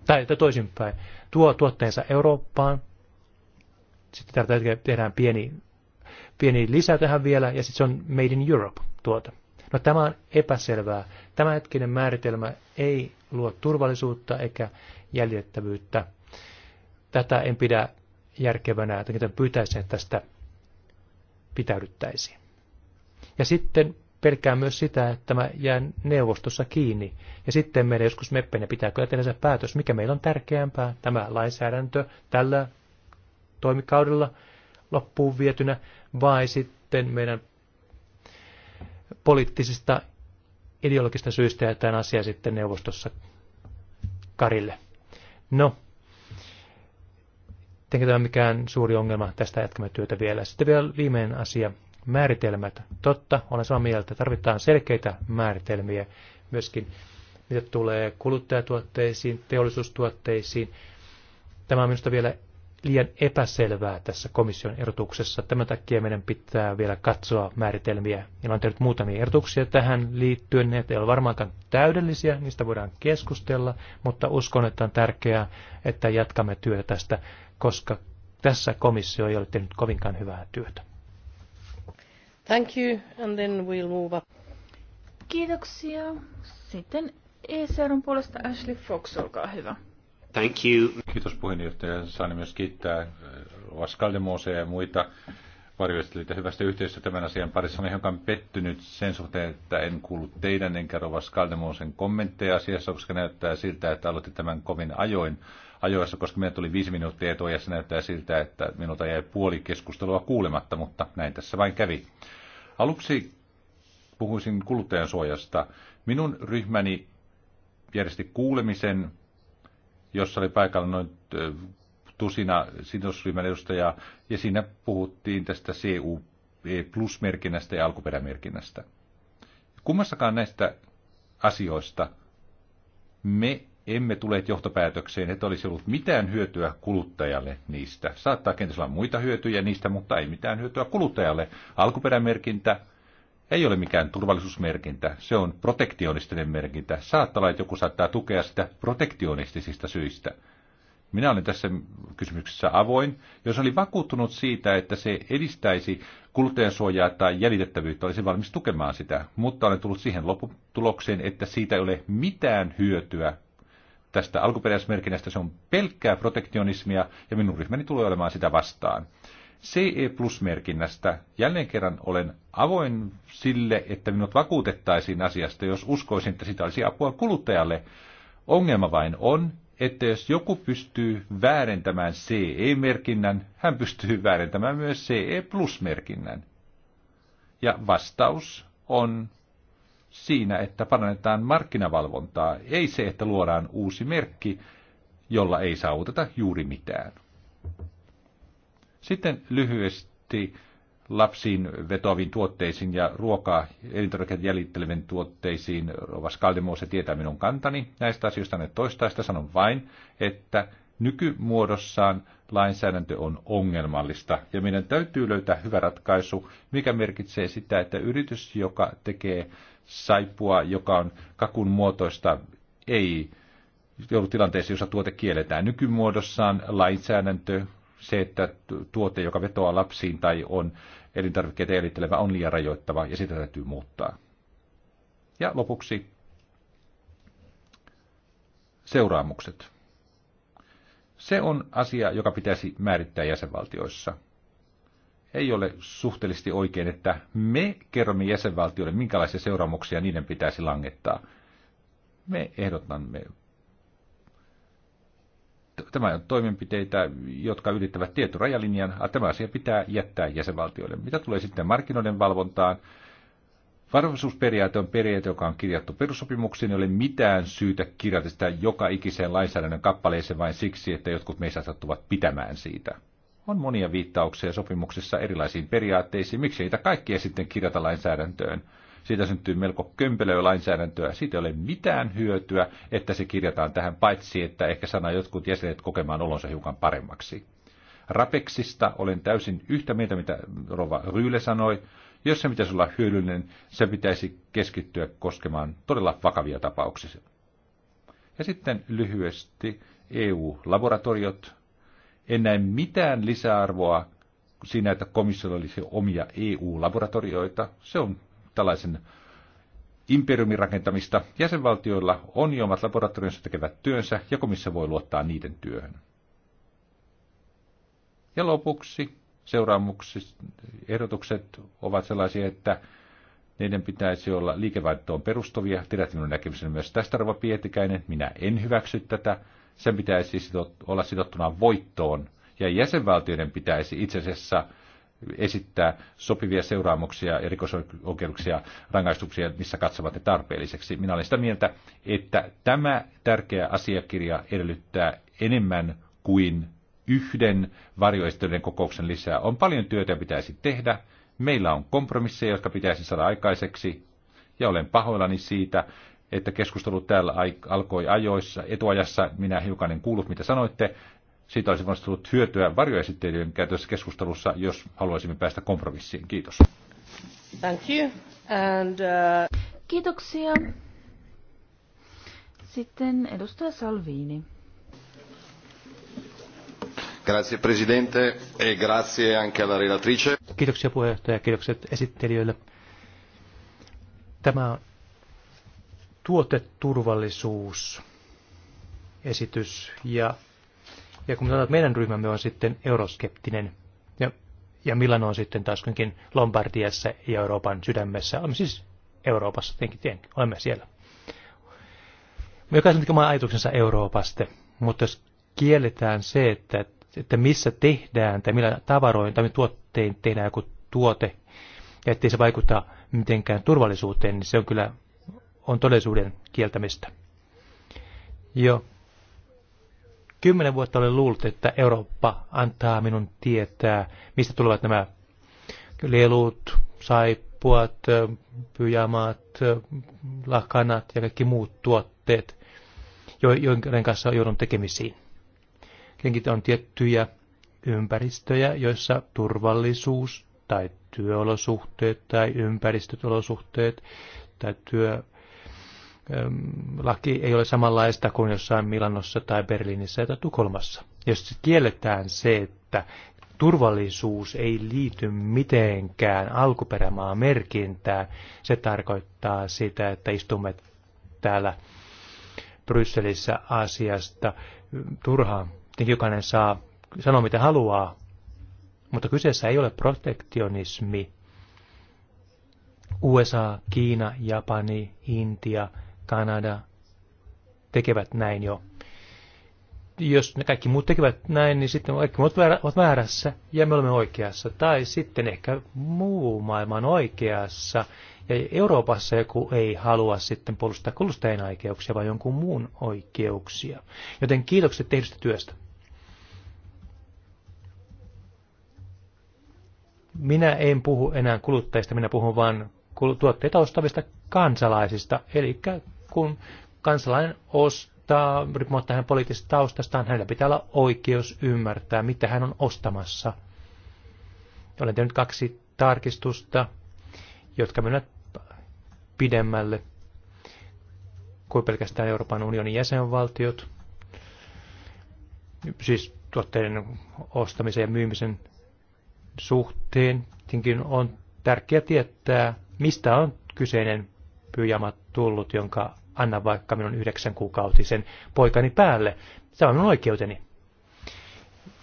Speaker 2: tai toisinpäin, tuo tuotteensa Eurooppaan, sitten että tehdään pieni, pieni lisä tähän vielä, ja sitten se on Made in Europe tuote. No tämä on epäselvää. Tämänhetkinen määritelmä ei luo turvallisuutta eikä jäljettävyyttä. Tätä en pidä järkevänä, että pyytäisin, että tästä pitäydyttäisiin. Ja sitten pelkään myös sitä, että mä jään neuvostossa kiinni. Ja sitten meidän joskus meppeinä pitää kyllä tehdä se päätös, mikä meillä on tärkeämpää, tämä lainsäädäntö tällä toimikaudella loppuun vietynä, vai sitten meidän poliittisista ideologista syistä ja tämän asia sitten neuvostossa karille. No, tietenkin tämä mikään suuri ongelma, tästä jatkamme työtä vielä. Sitten vielä viimeinen asia, määritelmät. Totta, olen samaa mieltä, tarvitaan selkeitä määritelmiä myöskin, mitä tulee kuluttajatuotteisiin, teollisuustuotteisiin. Tämä on minusta vielä liian epäselvää tässä komission erotuksessa. Tämän takia meidän pitää vielä katsoa määritelmiä. Meillä on tehnyt muutamia erotuksia tähän liittyen. Ne eivät ole varmaankaan täydellisiä, niistä voidaan keskustella, mutta uskon, että on tärkeää, että jatkamme työtä tästä, koska tässä komissio ei ole tehnyt kovinkaan hyvää
Speaker 1: työtä. Thank you, and then we'll move up. Kiitoksia. Sitten on e puolesta Ashley Fox, olkaa hyvä.
Speaker 4: Thank
Speaker 3: you. Kiitos puheenjohtaja. Saan myös kiittää äh, Vaskaldemosea ja muita varjoistelijoita hyvästä yhteistyöstä tämän asian parissa. Olen hiukan pettynyt sen suhteen, että en kuullut teidän enkä Rova kommentteja asiassa, koska näyttää siltä, että aloitti tämän kovin ajoin ajoissa, koska meillä tuli viisi minuuttia etua ja se näyttää siltä, että minulta jäi puoli keskustelua kuulematta, mutta näin tässä vain kävi. Aluksi puhuisin kuluttajansuojasta. Minun ryhmäni järjesti kuulemisen jossa oli paikalla noin tusina sidosryhmän edustajaa, ja siinä puhuttiin tästä CU e plus-merkinnästä ja alkuperämerkinnästä. Kummassakaan näistä asioista me emme tule johtopäätökseen, että olisi ollut mitään hyötyä kuluttajalle niistä. Saattaa kenties olla muita hyötyjä niistä, mutta ei mitään hyötyä kuluttajalle. Alkuperämerkintä ei ole mikään turvallisuusmerkintä, se on protektionistinen merkintä. Saattaa olla, että joku saattaa tukea sitä protektionistisista syistä. Minä olen tässä kysymyksessä avoin. Jos oli vakuuttunut siitä, että se edistäisi kuluttajansuojaa tai jäljitettävyyttä, olisin valmis tukemaan sitä. Mutta olen tullut siihen lopputulokseen, että siitä ei ole mitään hyötyä tästä alkuperäismerkinnästä. Se on pelkkää protektionismia ja minun ryhmäni tulee olemaan sitä vastaan. CE-plus-merkinnästä. Jälleen kerran olen avoin sille, että minut vakuutettaisiin asiasta, jos uskoisin, että sitä olisi apua kuluttajalle. Ongelma vain on, että jos joku pystyy väärentämään CE-merkinnän, hän pystyy väärentämään myös CE-plus-merkinnän. Ja vastaus on siinä, että parannetaan markkinavalvontaa, ei se, että luodaan uusi merkki, jolla ei saavuteta juuri mitään. Sitten lyhyesti lapsiin vetoaviin tuotteisiin ja ruokaa elintarvikkeet jäljitteleviin tuotteisiin. Rovas Kaldemose tietää minun kantani. Näistä asioista ne toistaista sanon vain, että nykymuodossaan lainsäädäntö on ongelmallista ja meidän täytyy löytää hyvä ratkaisu, mikä merkitsee sitä, että yritys, joka tekee saipua, joka on kakun muotoista, ei joudu tilanteeseen, jossa tuote kielletään. Nykymuodossaan lainsäädäntö se, että tuote, joka vetoaa lapsiin tai on elintarvikkeita erittelevä, on liian rajoittava ja sitä täytyy muuttaa. Ja lopuksi seuraamukset. Se on asia, joka pitäisi määrittää jäsenvaltioissa. Ei ole suhteellisesti oikein, että me kerromme jäsenvaltioille, minkälaisia seuraamuksia niiden pitäisi langettaa. Me ehdotamme tämä on toimenpiteitä, jotka ylittävät tietyn rajalinjan. Tämä asia pitää jättää jäsenvaltioille. Mitä tulee sitten markkinoiden valvontaan? Varovaisuusperiaate on periaate, joka on kirjattu perussopimuksiin, ei ole mitään syytä kirjata sitä joka ikiseen lainsäädännön kappaleeseen vain siksi, että jotkut meistä sattuvat pitämään siitä. On monia viittauksia sopimuksissa erilaisiin periaatteisiin, miksi niitä kaikkia sitten kirjata lainsäädäntöön. Siitä syntyy melko kömpelöä lainsäädäntöä. Siitä ei ole mitään hyötyä, että se kirjataan tähän, paitsi että ehkä sana jotkut jäsenet kokemaan olonsa hiukan paremmaksi. Rapeksista olen täysin yhtä mieltä, mitä Rova Ryyle sanoi. Jos se pitäisi olla hyödyllinen, se pitäisi keskittyä koskemaan todella vakavia tapauksia. Ja sitten lyhyesti EU-laboratoriot. En näe mitään lisäarvoa siinä, että komissiolla olisi omia EU-laboratorioita. Se on tällaisen imperiumin rakentamista. Jäsenvaltioilla on jo omat laboratorionsa tekevät työnsä ja komissio voi luottaa niiden työhön. Ja lopuksi seuraamukset, ehdotukset ovat sellaisia, että niiden pitäisi olla liikevaihtoon perustuvia. Tiedät minun näkemykseni myös tästä, Rova Pietikäinen. Minä en hyväksy tätä. Sen pitäisi olla sidottuna voittoon. Ja jäsenvaltioiden pitäisi itse asiassa esittää sopivia seuraamuksia ja rikosoikeuksia, rangaistuksia, missä katsovat ne tarpeelliseksi. Minä olen sitä mieltä, että tämä tärkeä asiakirja edellyttää enemmän kuin yhden varjoistelujen kokouksen lisää. On paljon työtä, jota pitäisi tehdä. Meillä on kompromisseja, jotka pitäisi saada aikaiseksi. Ja olen pahoillani siitä, että keskustelu täällä alkoi ajoissa, etuajassa. Minä hiukan en kuullut, mitä sanoitte, siitä olisi vastunut hyötyä varjoesittelyjen käytössä keskustelussa, jos haluaisimme päästä kompromissiin. Kiitos.
Speaker 1: Thank you. And, uh... Kiitoksia. Sitten edustaja Salvini.
Speaker 3: Grazie Presidente e grazie anche alla relatrice.
Speaker 2: Kiitoksia puheenjohtaja, kiitokset esittelijöille. Tämä tuoteturvallisuusesitys ja ja kun sanotaan, että meidän ryhmämme on sitten euroskeptinen, ja, ja Milano on sitten taas kuitenkin Lombardiassa ja Euroopan sydämessä, olemme siis Euroopassa, tietenkin, tietenkin olemme siellä. Me jokaisen tekee oman ajatuksensa Euroopasta, mutta jos kielletään se, että, että missä tehdään tai millä tavaroin tai tuottein tehdään joku tuote, ja ettei se vaikuta mitenkään turvallisuuteen, niin se on kyllä on todellisuuden kieltämistä. Joo, Kymmenen vuotta olen luullut, että Eurooppa antaa minun tietää, mistä tulevat nämä lelut, saippuat, pyjamat, lakanat ja kaikki muut tuotteet, joiden kanssa joudun tekemisiin. Kenkin on tiettyjä ympäristöjä, joissa turvallisuus tai työolosuhteet tai ympäristöolosuhteet tai työ laki ei ole samanlaista kuin jossain Milanossa tai Berliinissä tai Tukholmassa. Jos kielletään se, että turvallisuus ei liity mitenkään alkuperämaa merkintää, se tarkoittaa sitä, että istumme täällä Brysselissä asiasta turhaan. Tietenkin jokainen saa sanoa mitä haluaa, mutta kyseessä ei ole protektionismi. USA, Kiina, Japani, Intia – Kanada tekevät näin jo. Jos ne kaikki muut tekevät näin, niin sitten kaikki muut ovat väärässä ja me olemme oikeassa. Tai sitten ehkä muu maailma on oikeassa ja Euroopassa joku ei halua sitten puolustaa kuluttajien oikeuksia, vaan jonkun muun oikeuksia. Joten kiitokset tehdystä työstä. Minä en puhu enää kuluttajista, minä puhun vain tuotteita ostavista kansalaisista, eli kun kansalainen ostaa, riippumatta hänen poliittisesta taustastaan, hänellä pitää olla oikeus ymmärtää, mitä hän on ostamassa. Olen tehnyt kaksi tarkistusta, jotka menevät pidemmälle kuin pelkästään Euroopan unionin jäsenvaltiot. Siis tuotteiden ostamisen ja myymisen suhteen Tinkin on tärkeää tietää, mistä on kyseinen pyjama tullut, jonka anna vaikka minun yhdeksän kuukautisen poikani päälle. Tämä on minun oikeuteni.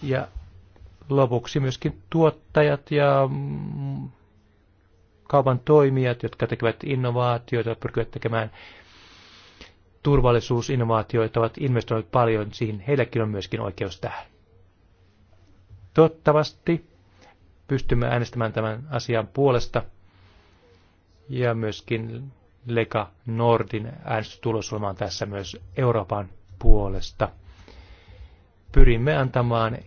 Speaker 2: Ja lopuksi myöskin tuottajat ja mm, kaupan toimijat, jotka tekevät innovaatioita, pyrkivät tekemään turvallisuusinnovaatioita, ovat investoineet paljon siihen. Heilläkin on myöskin oikeus tähän. Tottavasti pystymme äänestämään tämän asian puolesta ja myöskin Leka Nordin äänestystulos olemaan tässä myös Euroopan puolesta. Pyrimme antamaan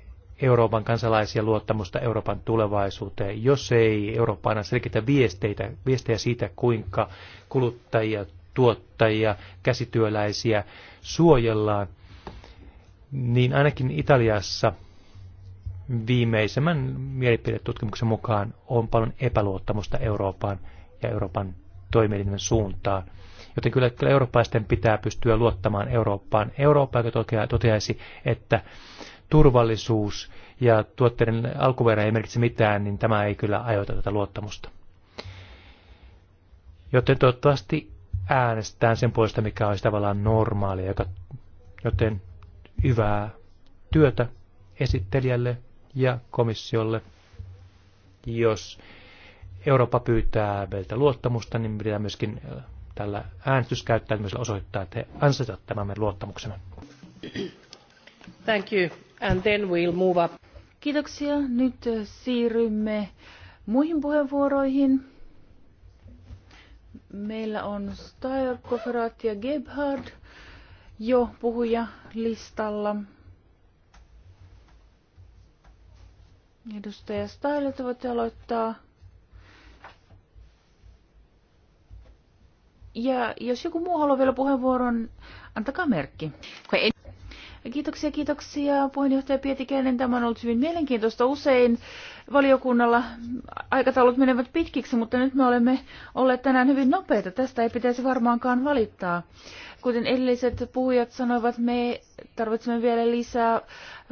Speaker 2: Euroopan kansalaisia luottamusta Euroopan tulevaisuuteen, jos ei Eurooppa anna selkeitä viesteitä, viestejä siitä, kuinka kuluttajia, tuottajia, käsityöläisiä suojellaan, niin ainakin Italiassa viimeisemmän mielipidetutkimuksen mukaan on paljon epäluottamusta Euroopan ja Euroopan toimielimen suuntaan. Joten kyllä, kyllä eurooppalaisten pitää pystyä luottamaan Eurooppaan. Eurooppa, joka toteaisi, että turvallisuus ja tuotteiden alkuperä ei merkitse mitään, niin tämä ei kyllä ajoita tätä luottamusta. Joten toivottavasti äänestetään sen puolesta, mikä olisi tavallaan normaalia, joka, joten hyvää työtä esittelijälle ja komissiolle. Jos Eurooppa pyytää meiltä luottamusta, niin pitää myöskin tällä äänestyskäyttäytymisellä osoittaa, että he ansaitsevat tämän meidän luottamuksemme.
Speaker 1: Thank you. And then we'll move up. Kiitoksia. Nyt siirrymme muihin puheenvuoroihin. Meillä on Steyr-Koferat ja Gebhard jo puhuja listalla. Edustaja Steyr, voitte aloittaa. Ja jos joku muu haluaa vielä puheenvuoron, antakaa merkki. Kiitoksia, kiitoksia puheenjohtaja Pietikäinen. Tämä on ollut hyvin mielenkiintoista. Usein valiokunnalla aikataulut menevät pitkiksi, mutta nyt me olemme olleet tänään hyvin nopeita. Tästä ei pitäisi varmaankaan valittaa. Kuten edelliset puhujat sanoivat, me tarvitsemme vielä lisää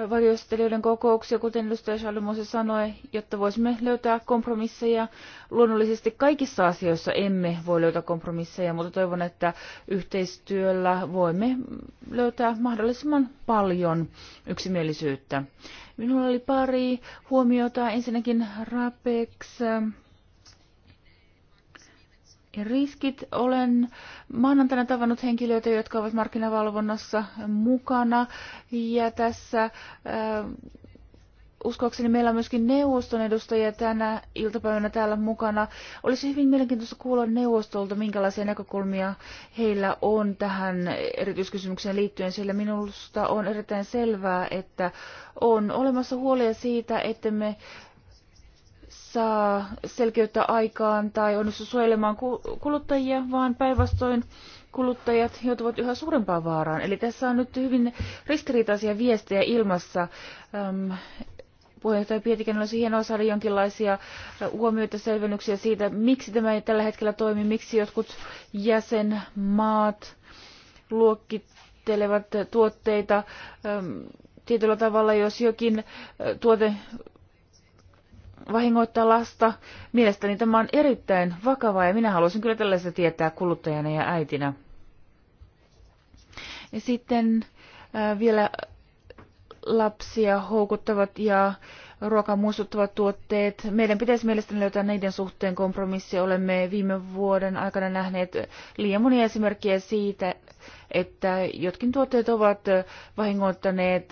Speaker 1: varjoistelijoiden kokouksia, kuten edustaja Shalimose sanoi, jotta voisimme löytää kompromisseja. Luonnollisesti kaikissa asioissa emme voi löytää kompromisseja, mutta toivon, että yhteistyöllä voimme löytää mahdollisimman paljon yksimielisyyttä. Minulla oli pari huomiota. Ensinnäkin RAPEX ja riskit. Olen maanantaina tavannut henkilöitä, jotka ovat markkinavalvonnassa mukana ja tässä äh, uskoakseni meillä on myöskin neuvoston edustajia tänä iltapäivänä täällä mukana. Olisi hyvin mielenkiintoista kuulla neuvostolta, minkälaisia näkökulmia heillä on tähän erityiskysymykseen liittyen, sillä minusta on erittäin selvää, että on olemassa huolia siitä, että me saa selkeyttä aikaan tai onnistu suojelemaan kuluttajia, vaan päinvastoin kuluttajat joutuvat yhä suurempaan vaaraan. Eli tässä on nyt hyvin ristiriitaisia viestejä ilmassa. Ähm, puheenjohtaja Pietikän olisi hienoa saada jonkinlaisia huomioita, selvennyksiä siitä, miksi tämä ei tällä hetkellä toimi, miksi jotkut jäsenmaat luokittelevat tuotteita ähm, tietyllä tavalla, jos jokin tuote vahingoittaa lasta. Mielestäni tämä on erittäin vakavaa ja minä haluaisin kyllä tällaista tietää kuluttajana ja äitinä. Ja sitten äh, vielä lapsia houkuttavat ja ruokaa muistuttavat tuotteet. Meidän pitäisi mielestäni löytää niiden suhteen kompromissi. Olemme viime vuoden aikana nähneet liian monia esimerkkejä siitä, että jotkin tuotteet ovat vahingoittaneet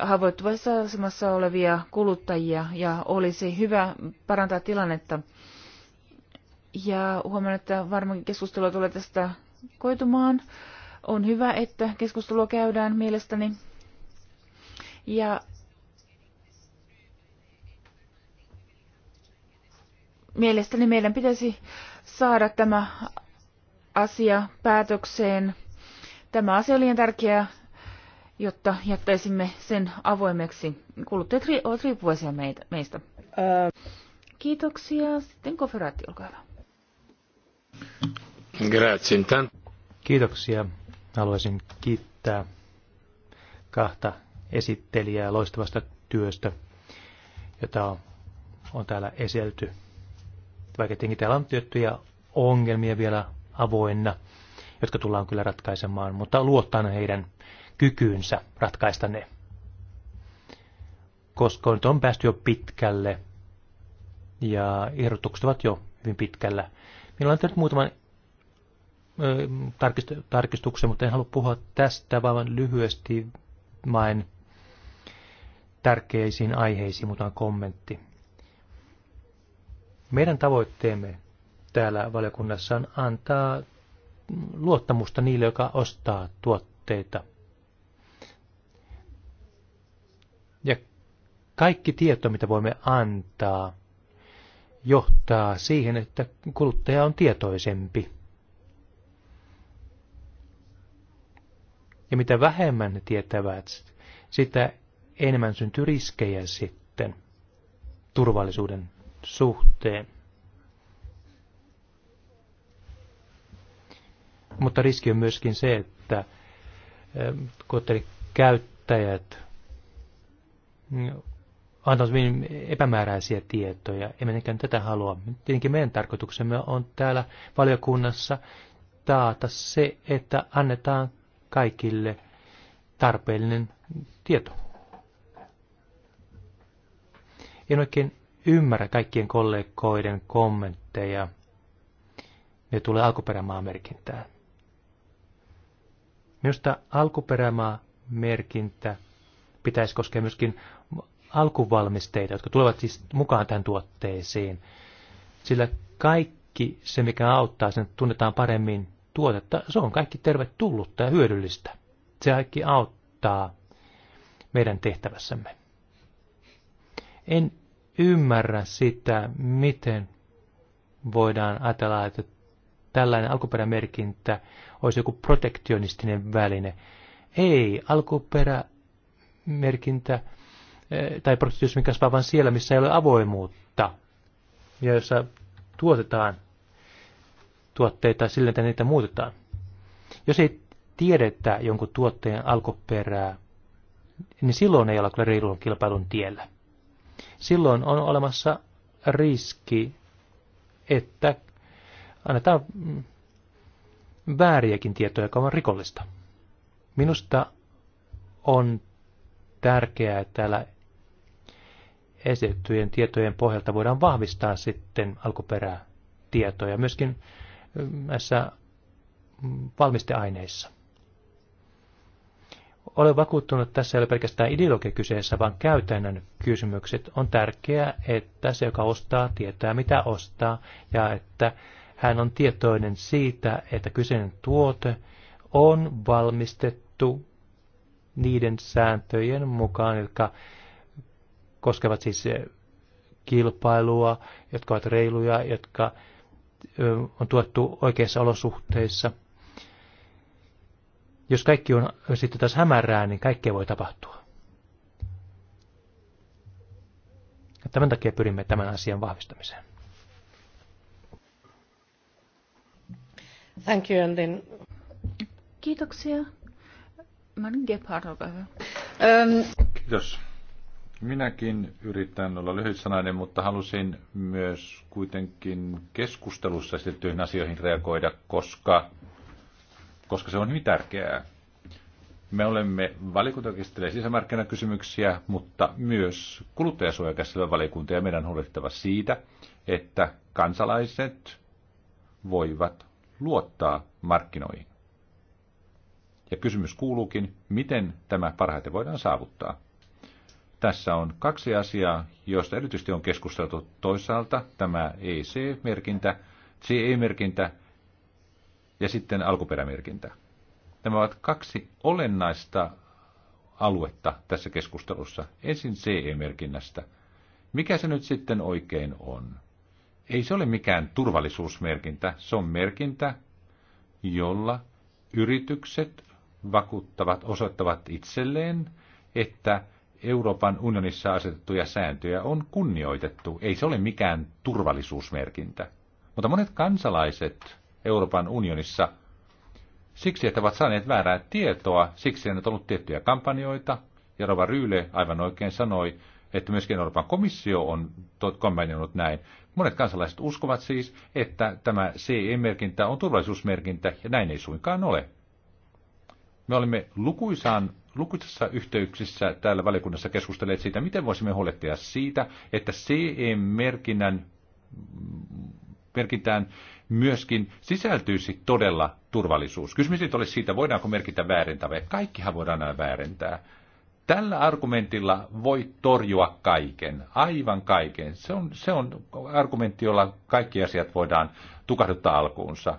Speaker 1: haavoittuvassa asemassa olevia kuluttajia ja olisi hyvä parantaa tilannetta. Ja huomaan, että varmaan keskustelua tulee tästä koitumaan. On hyvä, että keskustelua käydään mielestäni. Ja mielestäni meidän pitäisi saada tämä asia päätökseen. Tämä asia on liian tärkeä, jotta jättäisimme sen avoimeksi. Kuluttajat ovat riippuvaisia meistä. Ää... Kiitoksia. Sitten konferaatti, olkaa
Speaker 2: hyvä. Kiitoksia. Haluaisin kiittää kahta esittelijää loistavasta työstä, jota on täällä esitelty vaikka tietenkin täällä on tiettyjä ongelmia vielä avoinna, jotka tullaan kyllä ratkaisemaan, mutta luottaan heidän kykyynsä ratkaista ne. Koska nyt on päästy jo pitkälle ja ehdotukset ovat jo hyvin pitkällä. Meillä on tehnyt muutaman tarkistuksen, mutta en halua puhua tästä, vaan lyhyesti main tärkeisiin aiheisiin muutaman kommentti. Meidän tavoitteemme täällä valiokunnassa on antaa luottamusta niille, jotka ostaa tuotteita. Ja kaikki tieto, mitä voimme antaa, johtaa siihen, että kuluttaja on tietoisempi. Ja mitä vähemmän ne tietävät, sitä enemmän syntyy riskejä sitten turvallisuuden suhteen. Mutta riski on myöskin se, että eh, käyttäjät niin antavat hyvin epämääräisiä tietoja. Emme tietenkään tätä halua. Tietenkin meidän tarkoituksemme on täällä valiokunnassa taata se, että annetaan kaikille tarpeellinen tieto. En oikein ymmärrä kaikkien kollegoiden kommentteja. Ne tulee alkuperämaa merkintää. Minusta alkuperämaa merkintä pitäisi koskea myöskin alkuvalmisteita, jotka tulevat siis mukaan tähän tuotteeseen. Sillä kaikki se, mikä auttaa sen, tunnetaan paremmin tuotetta, se on kaikki tervetullutta ja hyödyllistä. Se kaikki auttaa meidän tehtävässämme. En ymmärrä sitä, miten voidaan ajatella, että tällainen alkuperämerkintä olisi joku protektionistinen väline. Ei, alkuperämerkintä eh, tai protektionismi kasvaa vain siellä, missä ei ole avoimuutta ja jossa tuotetaan tuotteita sillä, että niitä muutetaan. Jos ei tiedetä jonkun tuotteen alkuperää, niin silloin ei olla kyllä reilun kilpailun tiellä silloin on olemassa riski, että annetaan vääriäkin tietoja, joka on rikollista. Minusta on tärkeää, että täällä esitettyjen tietojen pohjalta voidaan vahvistaa sitten alkuperätietoja myöskin näissä valmisteaineissa olen vakuuttunut, että tässä ei ole pelkästään ideologia kyseessä, vaan käytännön kysymykset. On tärkeää, että se, joka ostaa, tietää mitä ostaa ja että hän on tietoinen siitä, että kyseinen tuote on valmistettu niiden sääntöjen mukaan, jotka koskevat siis eh, kilpailua, jotka ovat reiluja, jotka eh, on tuettu oikeissa olosuhteissa – jos kaikki on sitten taas hämärää, niin kaikkea voi tapahtua. Ja tämän takia pyrimme tämän asian vahvistamiseen.
Speaker 1: Thank you, andin. Kiitoksia. Manin Gebhard, olkaa hyvä. Um...
Speaker 3: Kiitos. Minäkin yritän olla lyhytsanainen, mutta halusin myös kuitenkin keskustelussa esitettyihin asioihin reagoida, koska koska se on hyvin tärkeää. Me olemme valiokunta käsittelee sisämarkkinakysymyksiä, mutta myös kuluttajasuoja käsittelevä valiokunta ja meidän on huolehtava siitä, että kansalaiset voivat luottaa markkinoihin. Ja kysymys kuuluukin, miten tämä parhaiten voidaan saavuttaa. Tässä on kaksi asiaa, joista erityisesti on keskusteltu. Toisaalta tämä EC-merkintä, CE-merkintä ja sitten alkuperämerkintä. Nämä ovat kaksi olennaista aluetta tässä keskustelussa. Ensin CE-merkinnästä. Mikä se nyt sitten oikein on? Ei se ole mikään turvallisuusmerkintä, se on merkintä, jolla yritykset vakuuttavat, osoittavat itselleen, että Euroopan unionissa asetettuja sääntöjä on kunnioitettu. Ei se ole mikään turvallisuusmerkintä. Mutta monet kansalaiset Euroopan unionissa siksi, että ovat saaneet väärää tietoa, siksi on ollut tiettyjä kampanjoita. Ja Rova Ryyle aivan oikein sanoi, että myöskin Euroopan komissio on kommentoinut näin. Monet kansalaiset uskovat siis, että tämä CE-merkintä on turvallisuusmerkintä, ja näin ei suinkaan ole. Me olemme lukuisaan lukuisissa yhteyksissä täällä valiokunnassa keskustelleet siitä, miten voisimme huolehtia siitä, että CE-merkinnän merkintään myöskin sisältyisi todella turvallisuus. Kysymys nyt olisi siitä, voidaanko merkitä väärentää vai kaikkihan voidaan aina väärentää. Tällä argumentilla voi torjua kaiken, aivan kaiken. Se on, se on argumentti, jolla kaikki asiat voidaan tukahduttaa alkuunsa.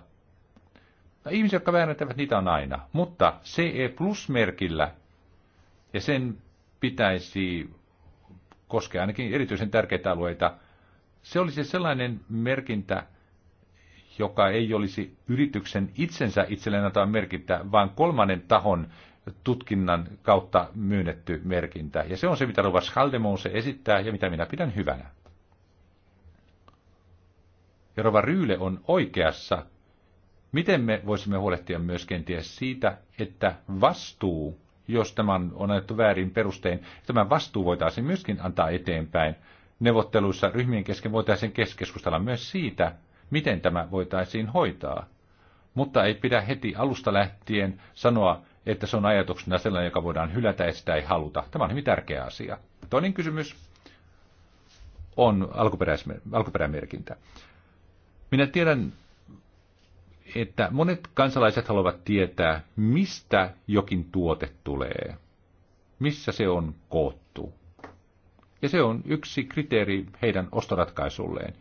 Speaker 3: No, ihmiset jotka väärentävät, niitä on aina. Mutta CE plus-merkillä, ja sen pitäisi koskea ainakin erityisen tärkeitä alueita, se olisi sellainen merkintä, joka ei olisi yrityksen itsensä itselleen antama merkintä, vaan kolmannen tahon tutkinnan kautta myönnetty merkintä. Ja se on se, mitä Rovas se esittää ja mitä minä pidän hyvänä. Ja Rova Ryyle on oikeassa. Miten me voisimme huolehtia myös kenties siitä, että vastuu, jos tämä on annettu väärin perustein, tämä vastuu voitaisiin myöskin antaa eteenpäin. Neuvotteluissa ryhmien kesken voitaisiin keskustella myös siitä, miten tämä voitaisiin hoitaa. Mutta ei pidä heti alusta lähtien sanoa, että se on ajatuksena sellainen, joka voidaan hylätä ja sitä ei haluta. Tämä on hyvin tärkeä asia. Toinen kysymys on alkuperämerkintä. Minä tiedän, että monet kansalaiset haluavat tietää, mistä jokin tuote tulee, missä se on koottu. Ja se on yksi kriteeri heidän ostoratkaisulleen.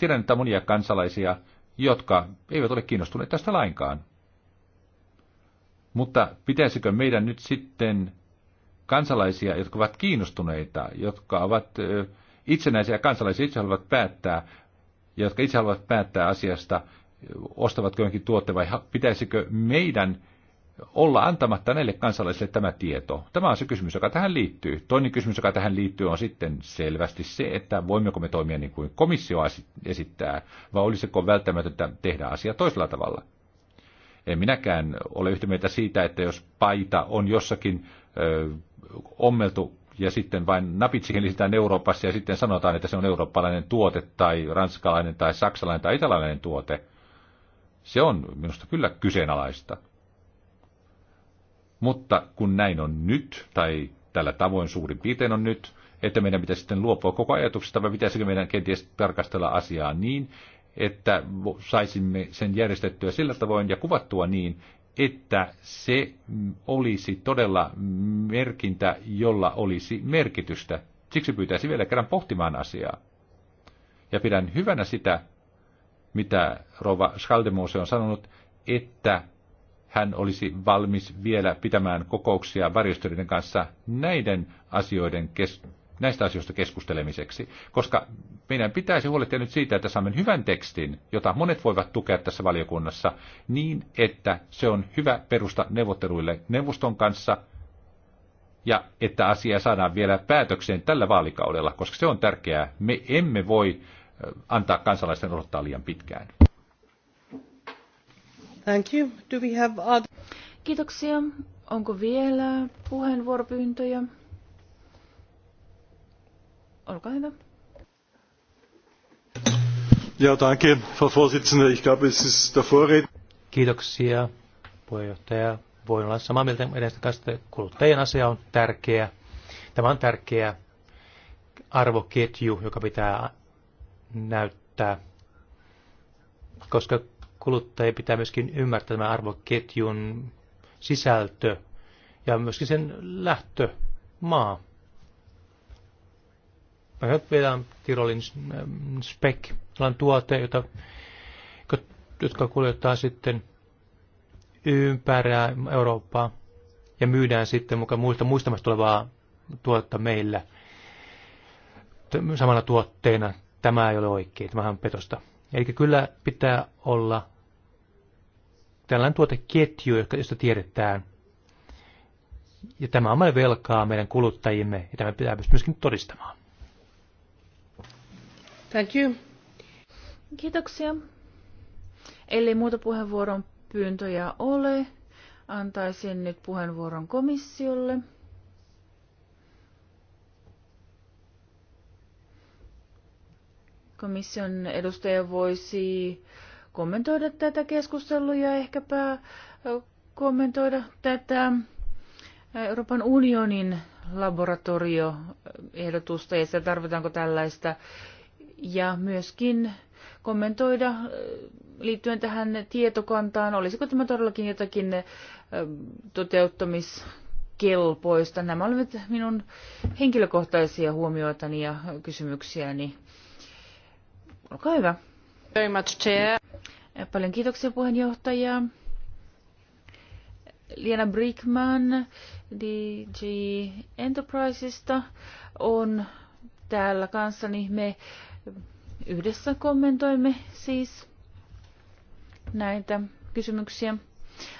Speaker 3: Tiedän, että monia kansalaisia, jotka eivät ole kiinnostuneet tästä lainkaan. Mutta pitäisikö meidän nyt sitten kansalaisia, jotka ovat kiinnostuneita, jotka ovat itsenäisiä kansalaisia, itse haluavat päättää, ja jotka itse haluavat päättää asiasta, ostavatko jonkin tuotteen vai pitäisikö meidän olla antamatta näille kansalaisille tämä tieto? Tämä on se kysymys, joka tähän liittyy. Toinen kysymys, joka tähän liittyy, on sitten selvästi se, että voimmeko me toimia niin kuin komissio esittää, vai olisiko välttämätöntä tehdä asia toisella tavalla? En minäkään ole yhtä mieltä siitä, että jos paita on jossakin ö, ommeltu ja sitten vain napit siihen lisätään Euroopassa ja sitten sanotaan, että se on eurooppalainen tuote tai ranskalainen tai saksalainen tai italialainen tuote. Se on minusta kyllä kyseenalaista. Mutta kun näin on nyt, tai tällä tavoin suurin piirtein on nyt, että meidän pitäisi sitten luopua koko ajatuksesta, vai pitäisikö meidän kenties tarkastella asiaa niin, että saisimme sen järjestettyä sillä tavoin ja kuvattua niin, että se olisi todella merkintä, jolla olisi merkitystä. Siksi pyytäisi vielä kerran pohtimaan asiaa. Ja pidän hyvänä sitä, mitä Rova Schaldemose on sanonut, että hän olisi valmis vielä pitämään kokouksia varjostöiden kanssa näiden asioiden kes- näistä asioista keskustelemiseksi, koska meidän pitäisi huolehtia nyt siitä, että saamme hyvän tekstin, jota monet voivat tukea tässä valiokunnassa, niin että se on hyvä perusta neuvotteluille neuvoston kanssa ja että asia saadaan vielä päätökseen tällä vaalikaudella, koska se on tärkeää. Me emme voi antaa kansalaisten odottaa liian pitkään.
Speaker 1: Thank you. Do we have other... Kiitoksia. Onko vielä puheenvuoropyyntöjä? Olkaa hyvä.
Speaker 2: Ja,
Speaker 4: danke, Frau Vorsitzende. Ich glaube, es ist der Vorredner.
Speaker 2: Kiitoksia, puheenjohtaja. Voin olla samaa mieltä edestä kanssa, että kuluttajien asia on tärkeä. Tämä on tärkeä arvoketju, joka pitää näyttää, koska kuluttajien pitää myöskin ymmärtää tämän arvoketjun sisältö ja myöskin sen lähtömaa. Mä nyt vielä Tirolin spek, on tuote, jota, jotka kuljettaa sitten ympärää Eurooppaa ja myydään sitten mukaan muista muistamasta tulevaa tuotetta meillä samana tuotteena. Tämä ei ole oikein, tämähän on petosta. Eli kyllä pitää olla tällainen tuoteketju, josta tiedetään. Ja tämä on meidän velkaa meidän kuluttajimme, ja tämä pitää pystyä myöskin todistamaan.
Speaker 1: Thank you. Kiitoksia. Eli muuta puheenvuoron pyyntöjä ole, antaisin nyt puheenvuoron komissiolle. komission edustaja voisi kommentoida tätä keskustelua ja ehkäpä kommentoida tätä Euroopan unionin laboratorioehdotusta ja sitä tarvitaanko tällaista. Ja myöskin kommentoida liittyen tähän tietokantaan, olisiko tämä todellakin jotakin kelpoista. Nämä olivat minun henkilökohtaisia huomioitani ja kysymyksiäni. Olkaa hyvä. Very much, chair. Paljon kiitoksia puheenjohtaja. Liana Brickman DG Enterprisesta on täällä kanssani. Me yhdessä kommentoimme siis näitä kysymyksiä.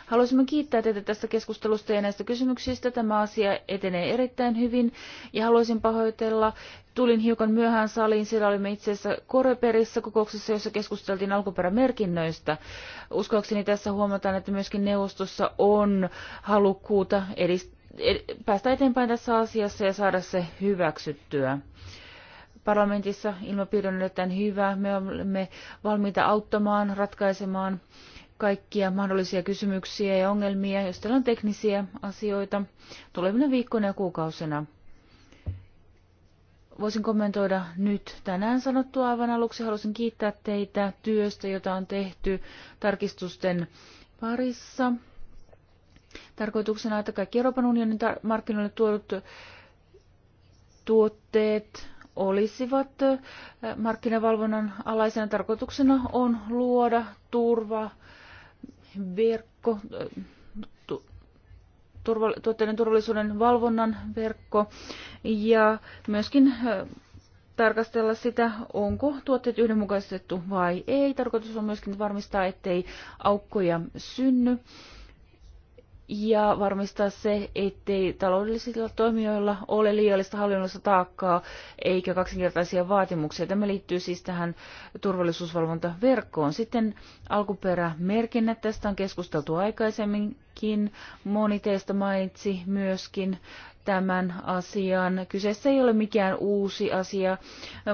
Speaker 1: Haluaisimme kiittää teitä tästä keskustelusta ja näistä kysymyksistä. Tämä asia etenee erittäin hyvin ja haluaisin pahoitella. Tulin hiukan myöhään saliin, siellä olimme itse asiassa Koreperissä kokouksessa, jossa keskusteltiin alkuperämerkinnöistä. Uskoakseni tässä huomataan, että myöskin neuvostossa on halukkuutta edistää päästä eteenpäin tässä asiassa ja saada se hyväksyttyä. Parlamentissa ilmapiiri on erittäin hyvä. Me olemme valmiita auttamaan, ratkaisemaan kaikkia mahdollisia kysymyksiä ja ongelmia, jos teillä on teknisiä asioita tulevina viikkoina ja kuukausina. Voisin kommentoida nyt tänään sanottua aivan aluksi. Haluaisin kiittää teitä työstä, jota on tehty tarkistusten parissa. Tarkoituksena, että kaikki Euroopan unionin markkinoille tuodut tuotteet olisivat markkinavalvonnan alaisena tarkoituksena on luoda turva verkko, turva, tuotteiden turvallisuuden valvonnan verkko ja myöskin tarkastella sitä, onko tuotteet yhdenmukaistettu vai ei. Tarkoitus on myöskin varmistaa, ettei aukkoja synny ja varmistaa se, ettei taloudellisilla toimijoilla ole liiallista hallinnollista taakkaa eikä kaksinkertaisia vaatimuksia. Tämä liittyy siis tähän turvallisuusvalvontaverkkoon. Sitten alkuperämerkinnät, tästä on keskusteltu aikaisemminkin. Moni teistä mainitsi myöskin tämän asian. Kyseessä ei ole mikään uusi asia.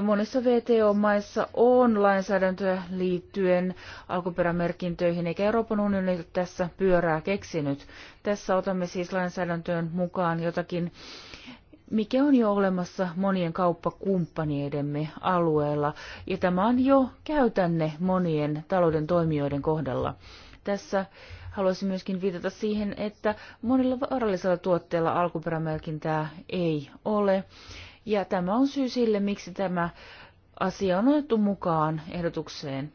Speaker 1: Monissa VTO-maissa on lainsäädäntöä liittyen alkuperämerkintöihin, eikä Euroopan unioni tässä pyörää keksinyt. Tässä otamme siis lainsäädäntöön mukaan jotakin, mikä on jo olemassa monien kauppakumppaniedemme alueella, ja tämä on jo käytänne monien talouden toimijoiden kohdalla. Tässä Haluaisin myöskin viitata siihen, että monilla vaarallisilla tuotteilla alkuperämerkintää ei ole. Ja tämä on syy sille, miksi tämä asia on otettu mukaan ehdotukseen.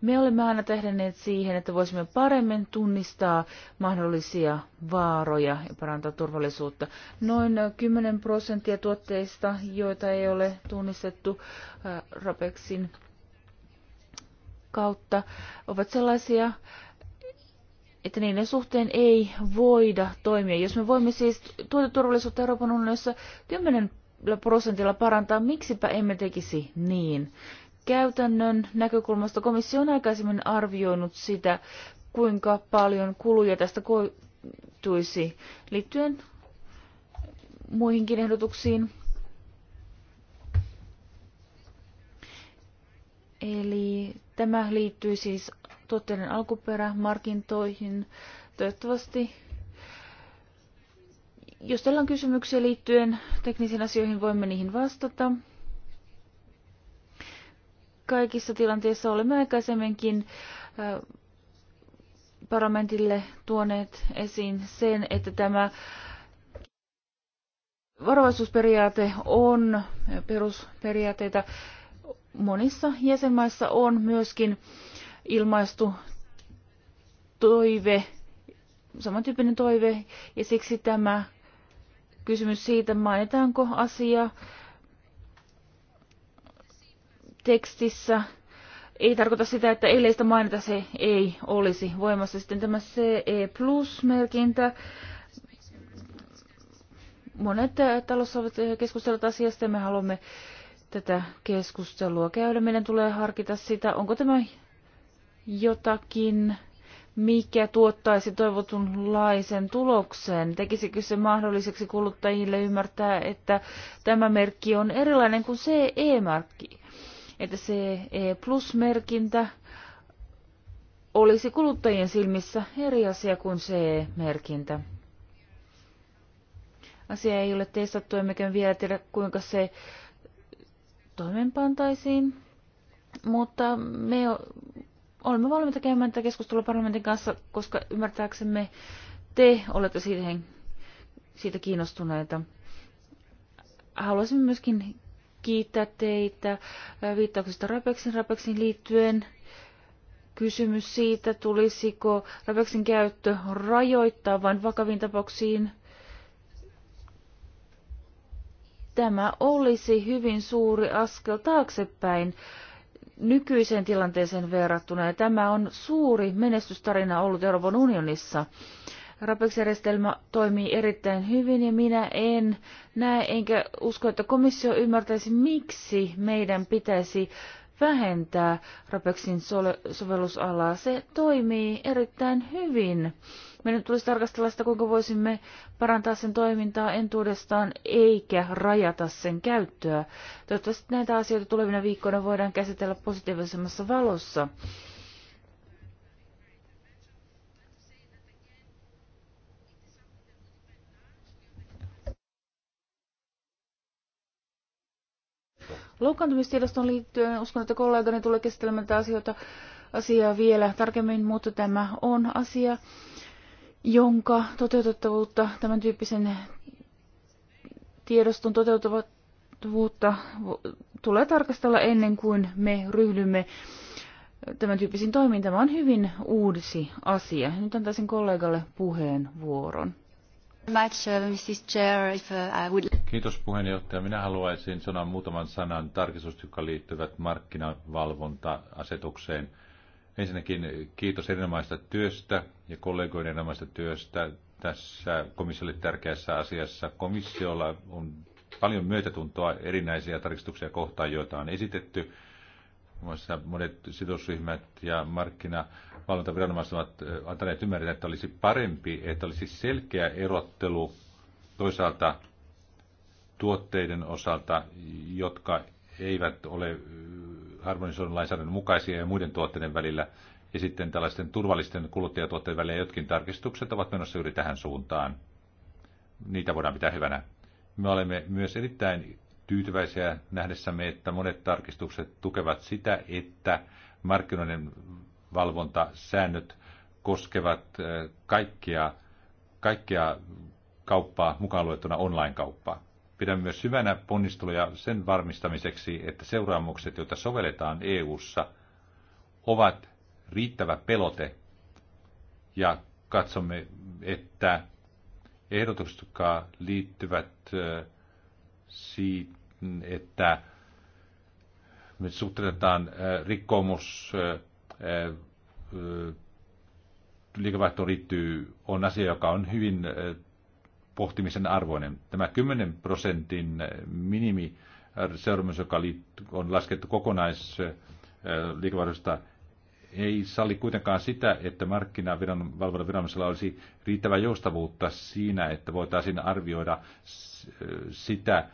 Speaker 1: Me olemme aina tehneet siihen, että voisimme paremmin tunnistaa mahdollisia vaaroja ja parantaa turvallisuutta. Noin 10 prosenttia tuotteista, joita ei ole tunnistettu äh, Rapexin kautta, ovat sellaisia, että niiden suhteen ei voida toimia. Jos me voimme siis tuoteturvallisuutta Euroopan unionissa 10 prosentilla parantaa, miksipä emme tekisi niin? Käytännön näkökulmasta komissio on aikaisemmin arvioinut sitä, kuinka paljon kuluja tästä koituisi liittyen muihinkin ehdotuksiin. Eli tämä liittyy siis tuotteiden markintoihin Toivottavasti, jos teillä on kysymyksiä liittyen teknisiin asioihin, voimme niihin vastata. Kaikissa tilanteissa olemme aikaisemminkin äh, parlamentille tuoneet esiin sen, että tämä varovaisuusperiaate on perusperiaatteita. Monissa jäsenmaissa on myöskin ilmaistu toive, samantyyppinen toive, ja siksi tämä kysymys siitä, mainitaanko asia tekstissä, ei tarkoita sitä, että ellei sitä mainita, se ei olisi voimassa. Sitten tämä CE Plus-merkintä. Monet talossa ovat keskustelleet asiasta ja me haluamme tätä keskustelua käydä. Meidän tulee harkita sitä, onko tämä jotakin, mikä tuottaisi toivotunlaisen tuloksen? Tekisikö se mahdolliseksi kuluttajille ymmärtää, että tämä merkki on erilainen kuin CE-merkki? Että CE-plus-merkintä olisi kuluttajien silmissä eri asia kuin CE-merkintä. Asia ei ole testattu, emmekä vielä tiedä, kuinka se toimeenpantaisiin, mutta me olemme valmiita käymään tätä keskustelua parlamentin kanssa, koska ymmärtääksemme te olette siihen, siitä kiinnostuneita. Haluaisin myöskin kiittää teitä äh, viittauksista Rapexin, Rapexin liittyen kysymys siitä, tulisiko Rapexin käyttö rajoittaa vain vakaviin tapauksiin. Tämä olisi hyvin suuri askel taaksepäin nykyiseen tilanteeseen verrattuna. Ja tämä on suuri menestystarina ollut Euroopan unionissa. RAPEX-järjestelmä toimii erittäin hyvin ja minä en näe enkä usko, että komissio ymmärtäisi, miksi meidän pitäisi vähentää Rapexin sovellusalaa. Se toimii erittäin hyvin. Meidän tulisi tarkastella sitä, kuinka voisimme parantaa sen toimintaa entuudestaan eikä rajata sen käyttöä. Toivottavasti näitä asioita tulevina viikkoina voidaan käsitellä positiivisemmassa valossa. loukkaantumistiedostoon liittyen. Uskon, että kollegani tulee käsittelemään tätä asioita, asiaa vielä tarkemmin, mutta tämä on asia, jonka toteutettavuutta, tämän tyyppisen tiedoston toteutuvuutta tulee tarkastella ennen kuin me ryhdymme tämän tyyppisiin toimiin. Tämä on hyvin uusi asia. Nyt antaisin kollegalle puheenvuoron. Uh, uh,
Speaker 3: kiitos puheenjohtaja. Minä haluaisin sanoa muutaman sanan tarkistusta, jotka liittyvät markkinavalvonta-asetukseen. Ensinnäkin kiitos erinomaista työstä ja kollegoiden erinomaista työstä tässä komissiolle tärkeässä asiassa. Komissiolla on paljon myötätuntoa erinäisiä tarkistuksia kohtaan, joita on esitetty. Muun muassa monet sidosryhmät ja markkina valvontaviranomaiset ovat antaneet ymmärtää, että olisi parempi, että olisi selkeä erottelu toisaalta tuotteiden osalta, jotka eivät ole harmonisoidun lainsäädännön mukaisia ja muiden tuotteiden välillä, ja sitten tällaisten turvallisten kuluttajatuotteiden välillä jotkin tarkistukset ovat menossa juuri tähän suuntaan. Niitä voidaan pitää hyvänä. Me olemme myös erittäin tyytyväisiä nähdessämme, että monet tarkistukset tukevat sitä, että markkinoiden valvontasäännöt koskevat eh, kaikkia, kaikkia kauppaa mukaan luettuna online-kauppaa. Pidän myös hyvänä ponnisteluja sen varmistamiseksi, että seuraamukset, joita sovelletaan EU:ssa, ovat riittävä pelote ja katsomme, että ehdotukset, jotka liittyvät eh, siihen, että me suhteutetaan eh, rikkomus liikevaihtoon liittyy, on asia, joka on hyvin pohtimisen arvoinen. Tämä 10 prosentin minimi seuraamus, joka on laskettu kokonaisliikevaihdosta, ei salli kuitenkaan sitä, että viranomaisella olisi riittävä joustavuutta siinä, että voitaisiin arvioida sitä,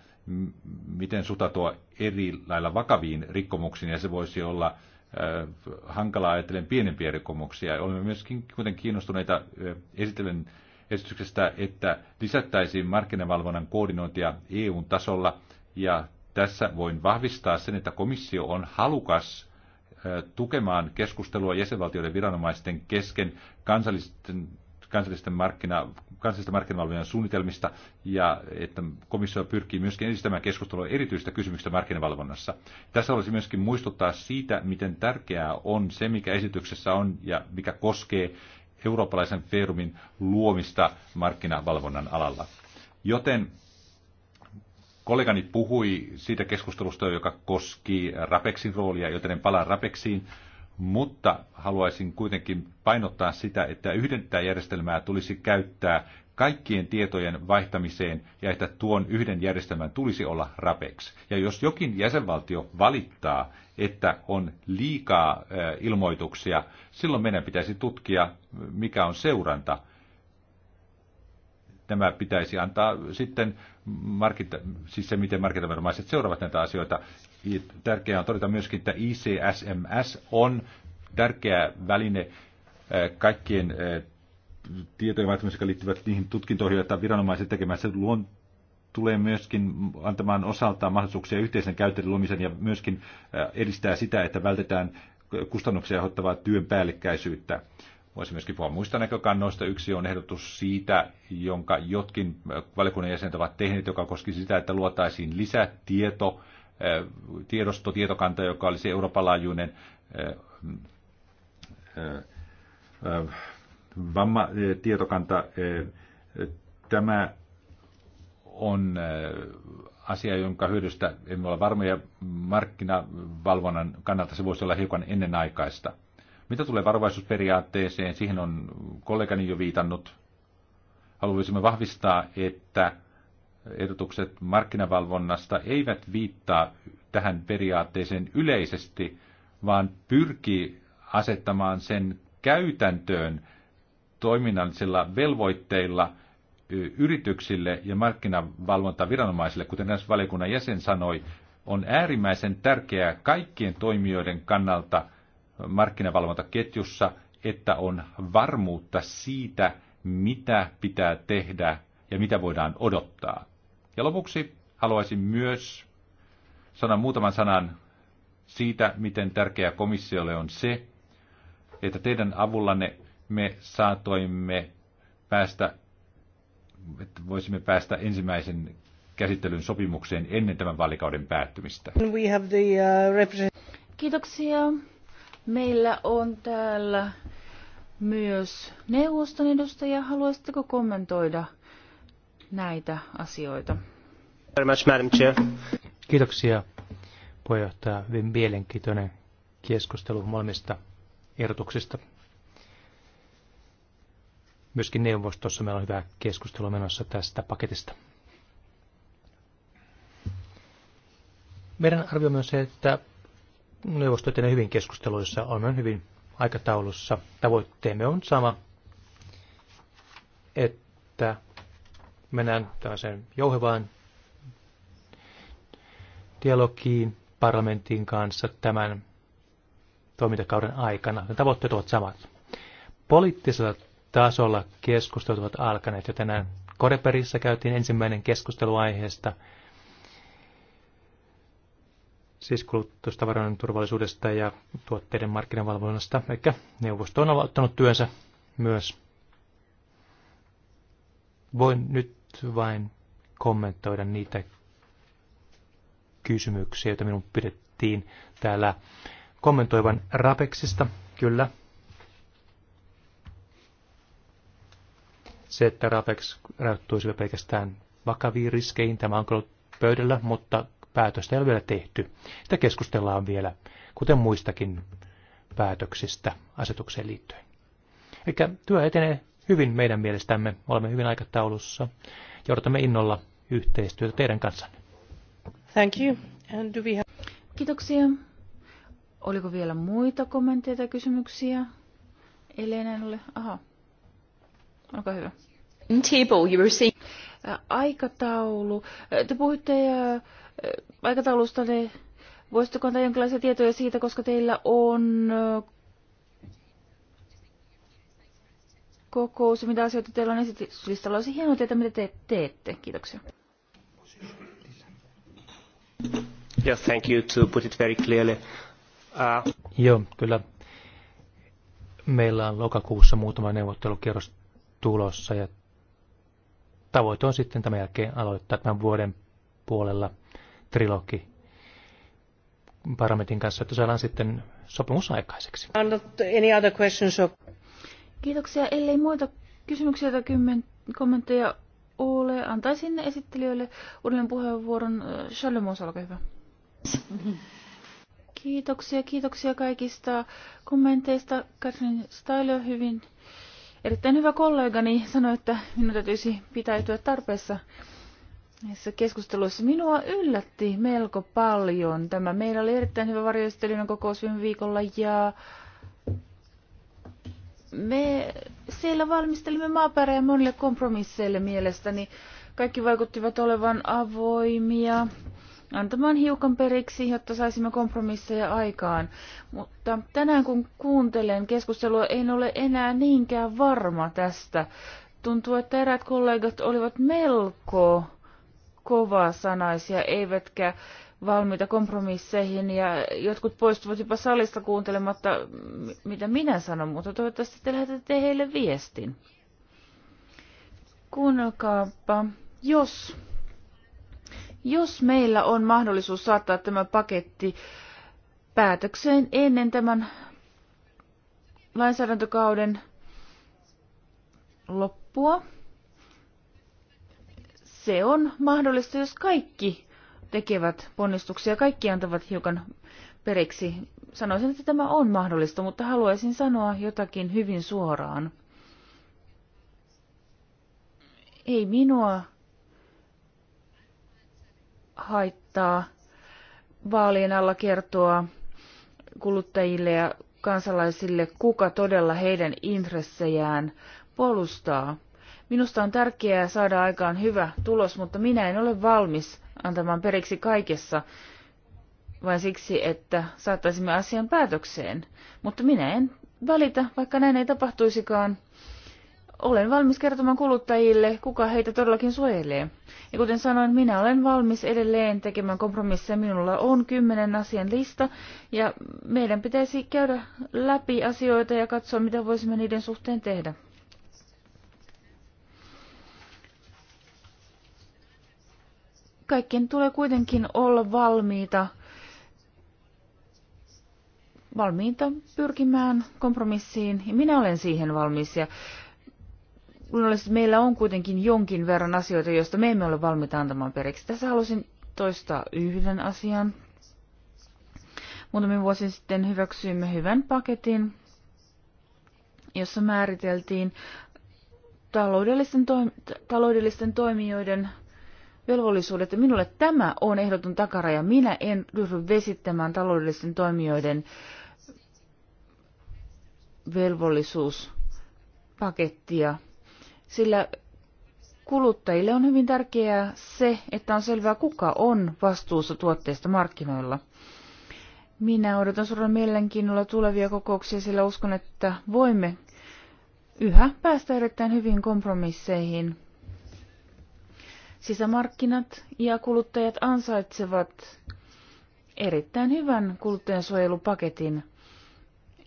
Speaker 3: miten suhtautua eri lailla vakaviin rikkomuksiin, ja se voisi olla Äh, hankalaa ajatellen pienempiä rikomuksia. Olemme myöskin kuten kiinnostuneita äh, esitellen esityksestä, että lisättäisiin markkinavalvonnan koordinointia EUn tasolla ja tässä voin vahvistaa sen, että komissio on halukas äh, tukemaan keskustelua jäsenvaltioiden viranomaisten kesken kansallisten kansallisten, markkina, kansallisten markkinavalvojen suunnitelmista ja että komissio pyrkii myöskin edistämään keskustelua erityistä kysymyksistä markkinavalvonnassa. Tässä olisi myöskin muistuttaa siitä, miten tärkeää on se, mikä esityksessä on ja mikä koskee eurooppalaisen foorumin luomista markkinavalvonnan alalla. Joten kollegani puhui siitä keskustelusta, joka koski Rapexin roolia, joten en palaa Rapexiin, mutta haluaisin kuitenkin painottaa sitä, että yhdentää järjestelmää tulisi käyttää kaikkien tietojen vaihtamiseen ja että tuon yhden järjestelmän tulisi olla RAPEX. Ja jos jokin jäsenvaltio valittaa, että on liikaa eh, ilmoituksia, silloin meidän pitäisi tutkia, mikä on seuranta. Tämä pitäisi antaa sitten, siis se miten markkinaviranomaiset seuraavat näitä asioita, Tärkeää on todeta myöskin, että ICSMS on tärkeä väline eh, kaikkien eh, tietojen vaihtamiseen, jotka liittyvät niihin tutkintoihin, joita viranomaiset tekemään. Se luon, tulee myöskin antamaan osaltaan mahdollisuuksia yhteisen käyttäjän luomisen ja myöskin eh, edistää sitä, että vältetään kustannuksia aiheuttavaa työn päällekkäisyyttä. Voisi myöskin puhua muista näkökannoista. Yksi on ehdotus siitä, jonka jotkin valiokunnan jäsenet ovat tehneet, joka koski sitä, että luotaisiin lisätieto tiedostotietokanta, joka olisi Euroopan laajuinen vammatietokanta. Tämä on asia, jonka hyödystä emme ole varmoja markkinavalvonnan kannalta se voisi olla hiukan ennenaikaista. Mitä tulee varovaisuusperiaatteeseen, siihen on kollegani jo viitannut. Haluaisimme vahvistaa, että ehdotukset markkinavalvonnasta eivät viittaa tähän periaatteeseen yleisesti, vaan pyrkii asettamaan sen käytäntöön toiminnallisilla velvoitteilla yrityksille ja markkinavalvontaviranomaisille, kuten näissä valiokunnan jäsen sanoi, on äärimmäisen tärkeää kaikkien toimijoiden kannalta markkinavalvontaketjussa, että on varmuutta siitä, mitä pitää tehdä ja mitä voidaan odottaa. Ja lopuksi haluaisin myös sanoa muutaman sanan siitä, miten tärkeää komissiolle on se, että teidän avullanne me saatoimme päästä, että voisimme päästä ensimmäisen käsittelyn sopimukseen ennen tämän vaalikauden päättymistä.
Speaker 1: Uh, Kiitoksia. Meillä on täällä myös neuvoston edustaja. Haluaisitteko kommentoida näitä asioita.
Speaker 2: Kiitoksia puheenjohtaja. Hyvin mielenkiintoinen keskustelu molemmista ehdotuksista. Myöskin neuvostossa meillä on hyvä keskustelu menossa tästä paketista. Meidän arvio on se, että neuvosto etenee hyvin keskusteluissa, on hyvin aikataulussa. Tavoitteemme on sama, että mennään tällaiseen jouhevaan dialogiin parlamentin kanssa tämän toimintakauden aikana. Ne tavoitteet ovat samat. Poliittisella tasolla keskustelut ovat alkaneet jo tänään. Koreperissä käytiin ensimmäinen keskustelu aiheesta, siis kulutustavaroiden turvallisuudesta ja tuotteiden markkinavalvonnasta, eikä neuvosto on aloittanut työnsä myös. Voin nyt vain kommentoida niitä kysymyksiä, joita minun pidettiin täällä kommentoivan Rapeksista, kyllä. Se, että Rapex rajoittuisi pelkästään vakaviin riskeihin, tämä on ollut pöydällä, mutta päätöstä ei ole vielä tehty. Sitä keskustellaan vielä, kuten muistakin päätöksistä asetukseen liittyen. Eli työ etenee hyvin meidän mielestämme. Olemme hyvin aikataulussa ja odotamme innolla yhteistyötä teidän kanssanne.
Speaker 1: Thank you. And do we have... Kiitoksia. Oliko vielä muita kommentteja tai kysymyksiä? Ellei ole. Aha. Olkaa hyvä. Table, you were seeing... Aikataulu. Te puhuitte aikataulusta, ne... Niin voisitteko antaa jonkinlaisia tietoja siitä, koska teillä on kokous mitä asioita teillä on esityslistalla. Olisi hienoa tietää, mitä te teette. Kiitoksia.
Speaker 2: Yeah, thank you to put it very clearly. Uh... Joo, kyllä. Meillä on lokakuussa muutama neuvottelukierros tulossa ja tavoite on sitten tämän jälkeen aloittaa tämän vuoden puolella trilogi parametin kanssa, että saadaan sitten sopimus
Speaker 1: aikaiseksi. Any other questions? Kiitoksia. Ellei muita kysymyksiä tai kymmen, kommentteja ole, antaisin esittelijöille uudelleen puheenvuoron. Äh, Charlemont, olkaa hyvä. Kiitoksia, kiitoksia kaikista kommenteista. Katrin on hyvin, erittäin hyvä kollegani, sanoi, että minun täytyisi pitäytyä tarpeessa näissä keskusteluissa. Minua yllätti melko paljon tämä. Meillä oli erittäin hyvä varjoistelijan kokous viime viikolla ja me siellä valmistelimme maaperää monille kompromisseille mielestäni. Kaikki vaikuttivat olevan avoimia antamaan hiukan periksi, jotta saisimme kompromisseja aikaan. Mutta tänään kun kuuntelen keskustelua, en ole enää niinkään varma tästä. Tuntuu, että eräät kollegat olivat melko kovaa sanaisia, eivätkä valmiita kompromisseihin ja jotkut poistuvat jopa salista kuuntelematta, mitä minä sanon, mutta toivottavasti te lähetätte heille viestin. Kuunnelkaapa, jos, jos meillä on mahdollisuus saattaa tämä paketti päätökseen ennen tämän lainsäädäntökauden loppua, se on mahdollista, jos kaikki tekevät ponnistuksia. Kaikki antavat hiukan periksi. Sanoisin, että tämä on mahdollista, mutta haluaisin sanoa jotakin hyvin suoraan. Ei minua haittaa vaalien alla kertoa kuluttajille ja kansalaisille, kuka todella heidän intressejään puolustaa. Minusta on tärkeää saada aikaan hyvä tulos, mutta minä en ole valmis antamaan periksi kaikessa, vain siksi, että saattaisimme asian päätökseen. Mutta minä en välitä, vaikka näin ei tapahtuisikaan. Olen valmis kertomaan kuluttajille, kuka heitä todellakin suojelee. Ja kuten sanoin, minä olen valmis edelleen tekemään kompromisseja. Minulla on kymmenen asian lista, ja meidän pitäisi käydä läpi asioita ja katsoa, mitä voisimme niiden suhteen tehdä. Kaikkien tulee kuitenkin olla valmiita, valmiita pyrkimään kompromissiin, ja minä olen siihen valmis. Ja luonnollisesti meillä on kuitenkin jonkin verran asioita, joista me emme ole valmiita antamaan periksi. Tässä halusin toistaa yhden asian. Muutamia vuosi sitten hyväksyimme hyvän paketin, jossa määriteltiin taloudellisten, toim- taloudellisten toimijoiden velvollisuudet. Minulle tämä on ehdoton takaraja. Minä en ryhdy vesittämään taloudellisten toimijoiden velvollisuuspakettia, sillä kuluttajille on hyvin tärkeää se, että on selvää, kuka on vastuussa tuotteista markkinoilla. Minä odotan suurella mielenkiinnolla tulevia kokouksia, sillä uskon, että voimme yhä päästä erittäin hyvin kompromisseihin Sisämarkkinat ja kuluttajat ansaitsevat erittäin hyvän kuluttajansuojelupaketin,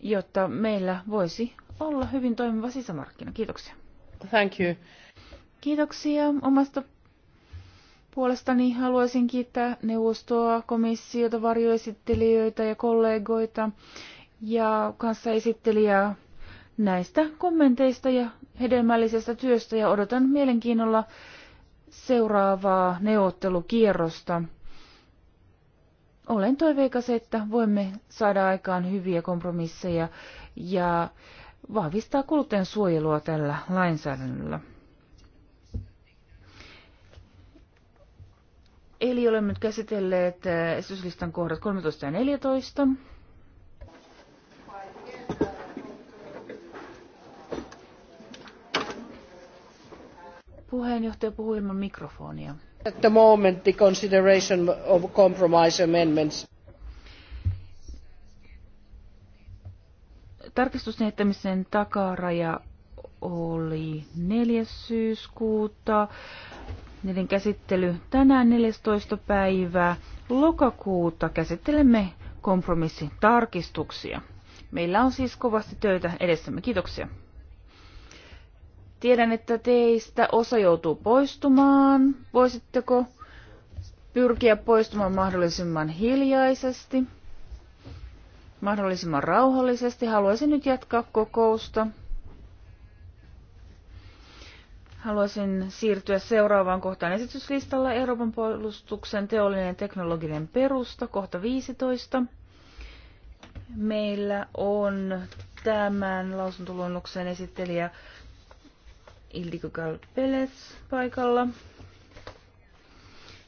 Speaker 1: jotta meillä voisi olla hyvin toimiva sisämarkkina. Kiitoksia. Thank you. Kiitoksia omasta puolestani. Haluaisin kiittää neuvostoa, komissiota, varjoesittelijöitä ja kollegoita ja kanssaesittelijää näistä kommenteista ja hedelmällisestä työstä ja odotan mielenkiinnolla seuraavaa neuvottelukierrosta. Olen toiveikas, että voimme saada aikaan hyviä kompromisseja ja vahvistaa kuluttajan suojelua tällä lainsäädännöllä. Eli olemme nyt käsitelleet esityslistan kohdat 13 ja 14. Puheenjohtaja puhuu ilman mikrofonia. At the moment the consideration
Speaker 4: of compromise amendments.
Speaker 1: Tarkistusneittämisen takaraja oli 4. syyskuuta. Niiden käsittely tänään 14. päivää lokakuuta käsittelemme kompromissitarkistuksia. Meillä on siis kovasti töitä edessämme. Kiitoksia. Tiedän, että teistä osa joutuu poistumaan. Voisitteko pyrkiä poistumaan mahdollisimman hiljaisesti, mahdollisimman rauhallisesti? Haluaisin nyt jatkaa kokousta. Haluaisin siirtyä seuraavaan kohtaan esityslistalla Euroopan puolustuksen teollinen ja teknologinen perusta, kohta 15. Meillä on tämän lausuntoluonnoksen esittelijä Ildiko Galpeles paikalla.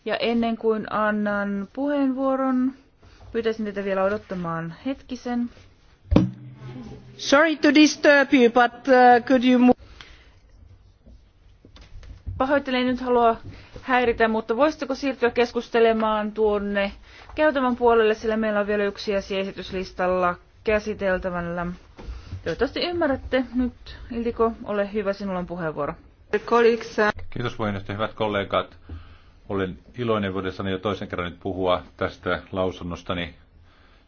Speaker 1: Ja ennen kuin annan puheenvuoron, pyytäisin teitä vielä odottamaan hetkisen. Sorry to disturb you, but uh, could you move? Pahoittelen, nyt halua häiritä, mutta voisitteko siirtyä keskustelemaan tuonne käytävän puolelle, sillä meillä on vielä yksi asia esityslistalla käsiteltävällä. Toivottavasti ymmärrätte nyt. Iltiko, ole hyvä, sinulla on puheenvuoro. Uh,
Speaker 3: Kiitos puheenjohtaja, hyvät kollegat. Olen iloinen voidessani jo toisen kerran nyt puhua tästä lausunnostani,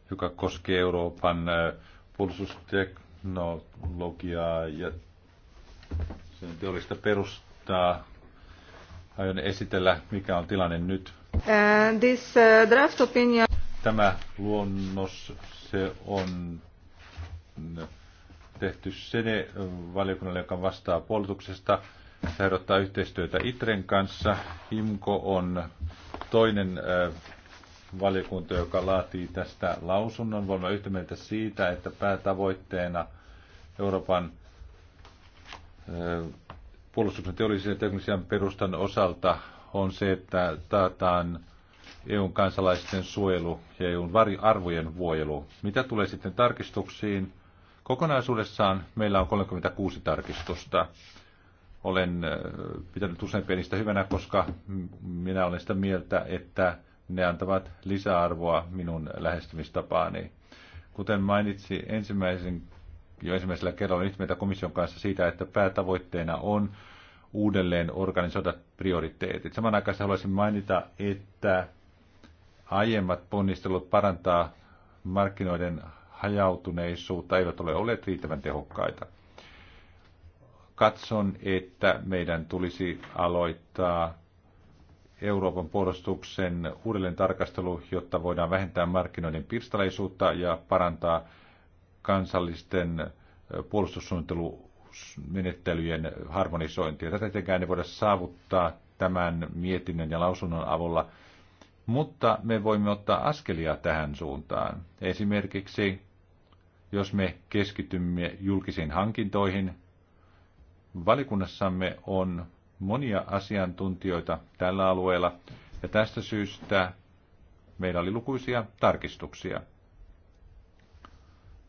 Speaker 3: joka koskee Euroopan uh, puolustusteknologiaa ja sen teollista perustaa. Aion esitellä, mikä on tilanne nyt.
Speaker 4: And uh, this
Speaker 1: draft opinion.
Speaker 3: Tämä luonnos, se on tehty Sene valiokunnalle, joka vastaa puolustuksesta. Se ehdottaa yhteistyötä ITREN kanssa. HIMKO on toinen valiokunta, joka laatii tästä lausunnon. Voimme yhtä mieltä siitä, että päätavoitteena Euroopan puolustuksen teollisen ja teknisen perustan osalta on se, että taataan EUn kansalaisten suojelu ja EUn arvojen vuojelu. Mitä tulee sitten tarkistuksiin, Kokonaisuudessaan meillä on 36 tarkistusta. Olen pitänyt useimpia niistä hyvänä, koska minä olen sitä mieltä, että ne antavat lisäarvoa minun lähestymistapaani. Kuten mainitsi ensimmäisen, jo ensimmäisellä kerralla nyt meitä komission kanssa siitä, että päätavoitteena on uudelleen organisoida prioriteetit. Samanaikaisesti haluaisin mainita, että aiemmat ponnistelut parantaa markkinoiden hajautuneisuutta eivät ole olleet riittävän tehokkaita. Katson, että meidän tulisi aloittaa Euroopan puolustuksen uudelleen tarkastelu, jotta voidaan vähentää markkinoiden pirstaleisuutta ja parantaa kansallisten puolustussuunnittelumenettelyjen harmonisointia. Tätä tietenkään ei voida saavuttaa tämän mietinnön ja lausunnon avulla, mutta me voimme ottaa askelia tähän suuntaan. Esimerkiksi jos me keskitymme julkisiin hankintoihin. Valikunnassamme on monia asiantuntijoita tällä alueella, ja tästä syystä meillä oli lukuisia tarkistuksia.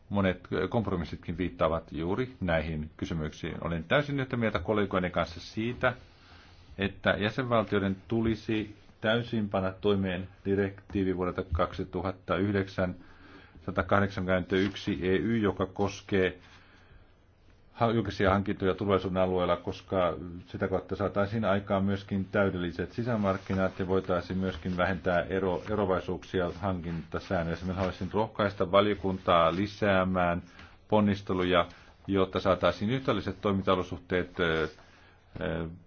Speaker 3: Monet kompromissitkin viittaavat juuri näihin kysymyksiin. Olen täysin yhtä mieltä kollegoiden kanssa siitä, että jäsenvaltioiden tulisi täysin panna toimeen direktiivi vuodelta 2009 181 EY, joka koskee julkisia hankintoja turvallisuuden alueella, koska sitä kautta saataisiin aikaan myöskin täydelliset sisämarkkinat ja voitaisiin myöskin vähentää ero, erovaisuuksia hankintasäännöissä. Minä haluaisin rohkaista valiokuntaa lisäämään ponnisteluja, jotta saataisiin yhtäläiset toimintaolosuhteet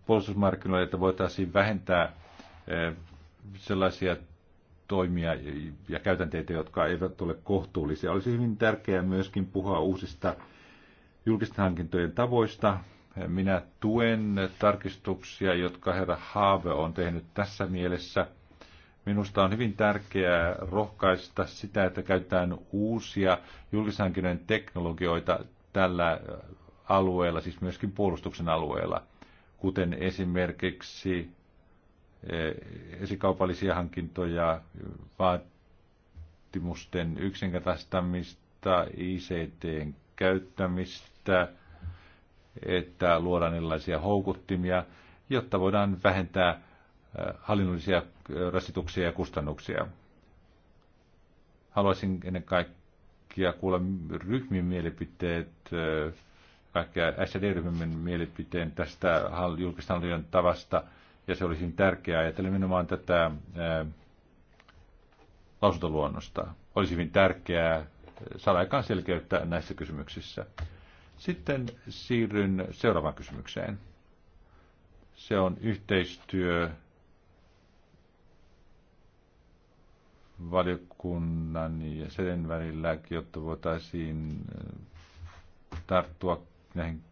Speaker 3: puolustusmarkkinoille, että voitaisiin vähentää sellaisia toimia ja käytänteitä, jotka eivät ole kohtuullisia. Olisi hyvin tärkeää myöskin puhua uusista julkisten hankintojen tavoista. Minä tuen tarkistuksia, jotka herra Haave on tehnyt tässä mielessä. Minusta on hyvin tärkeää rohkaista sitä, että käytetään uusia julkishankinnojen teknologioita tällä alueella, siis myöskin puolustuksen alueella, kuten esimerkiksi Eh, esikaupallisia hankintoja, vaatimusten yksinkertaistamista, ICTn käyttämistä, että luodaan erilaisia houkuttimia, jotta voidaan vähentää eh, hallinnollisia eh, rasituksia ja kustannuksia. Haluaisin ennen kaikkea kuulla ryhmien mielipiteet, vaikka SD-ryhmän mielipiteen tästä julkishallinnon tavasta – ja se olisi tärkeää ajatella nimenomaan tätä ää, lausuntoluonnosta. Olisi hyvin tärkeää saada aikaan selkeyttä näissä kysymyksissä. Sitten siirryn seuraavaan kysymykseen. Se on yhteistyö valiokunnan ja sen välillä, jotta voitaisiin tarttua näihin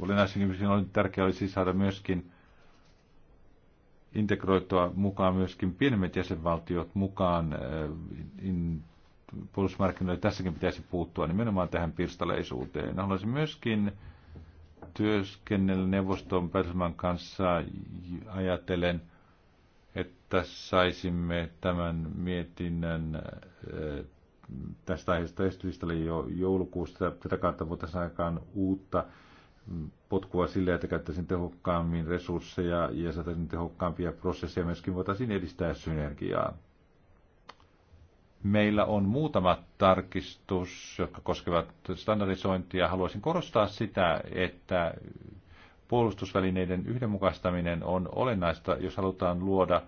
Speaker 3: olennaisiin kysymyksiin. Oli tärkeää olisi saada myöskin integroitua mukaan myöskin pienemmät jäsenvaltiot mukaan äh, puolustusmarkkinoille. Tässäkin pitäisi puuttua nimenomaan tähän pirstaleisuuteen. Haluaisin myöskin työskennellä neuvoston Pärsman kanssa ajatellen, että saisimme tämän mietinnän äh, tästä aiheesta esityslistalle jo joulukuussa. Tätä kautta voitaisiin aikaan uutta mm, potkua sillä, että käyttäisin tehokkaammin resursseja ja saataisiin tehokkaampia prosesseja, myöskin voitaisiin edistää synergiaa. Meillä on muutama tarkistus, jotka koskevat standardisointia. Haluaisin korostaa sitä, että puolustusvälineiden yhdenmukaistaminen on olennaista, jos halutaan luoda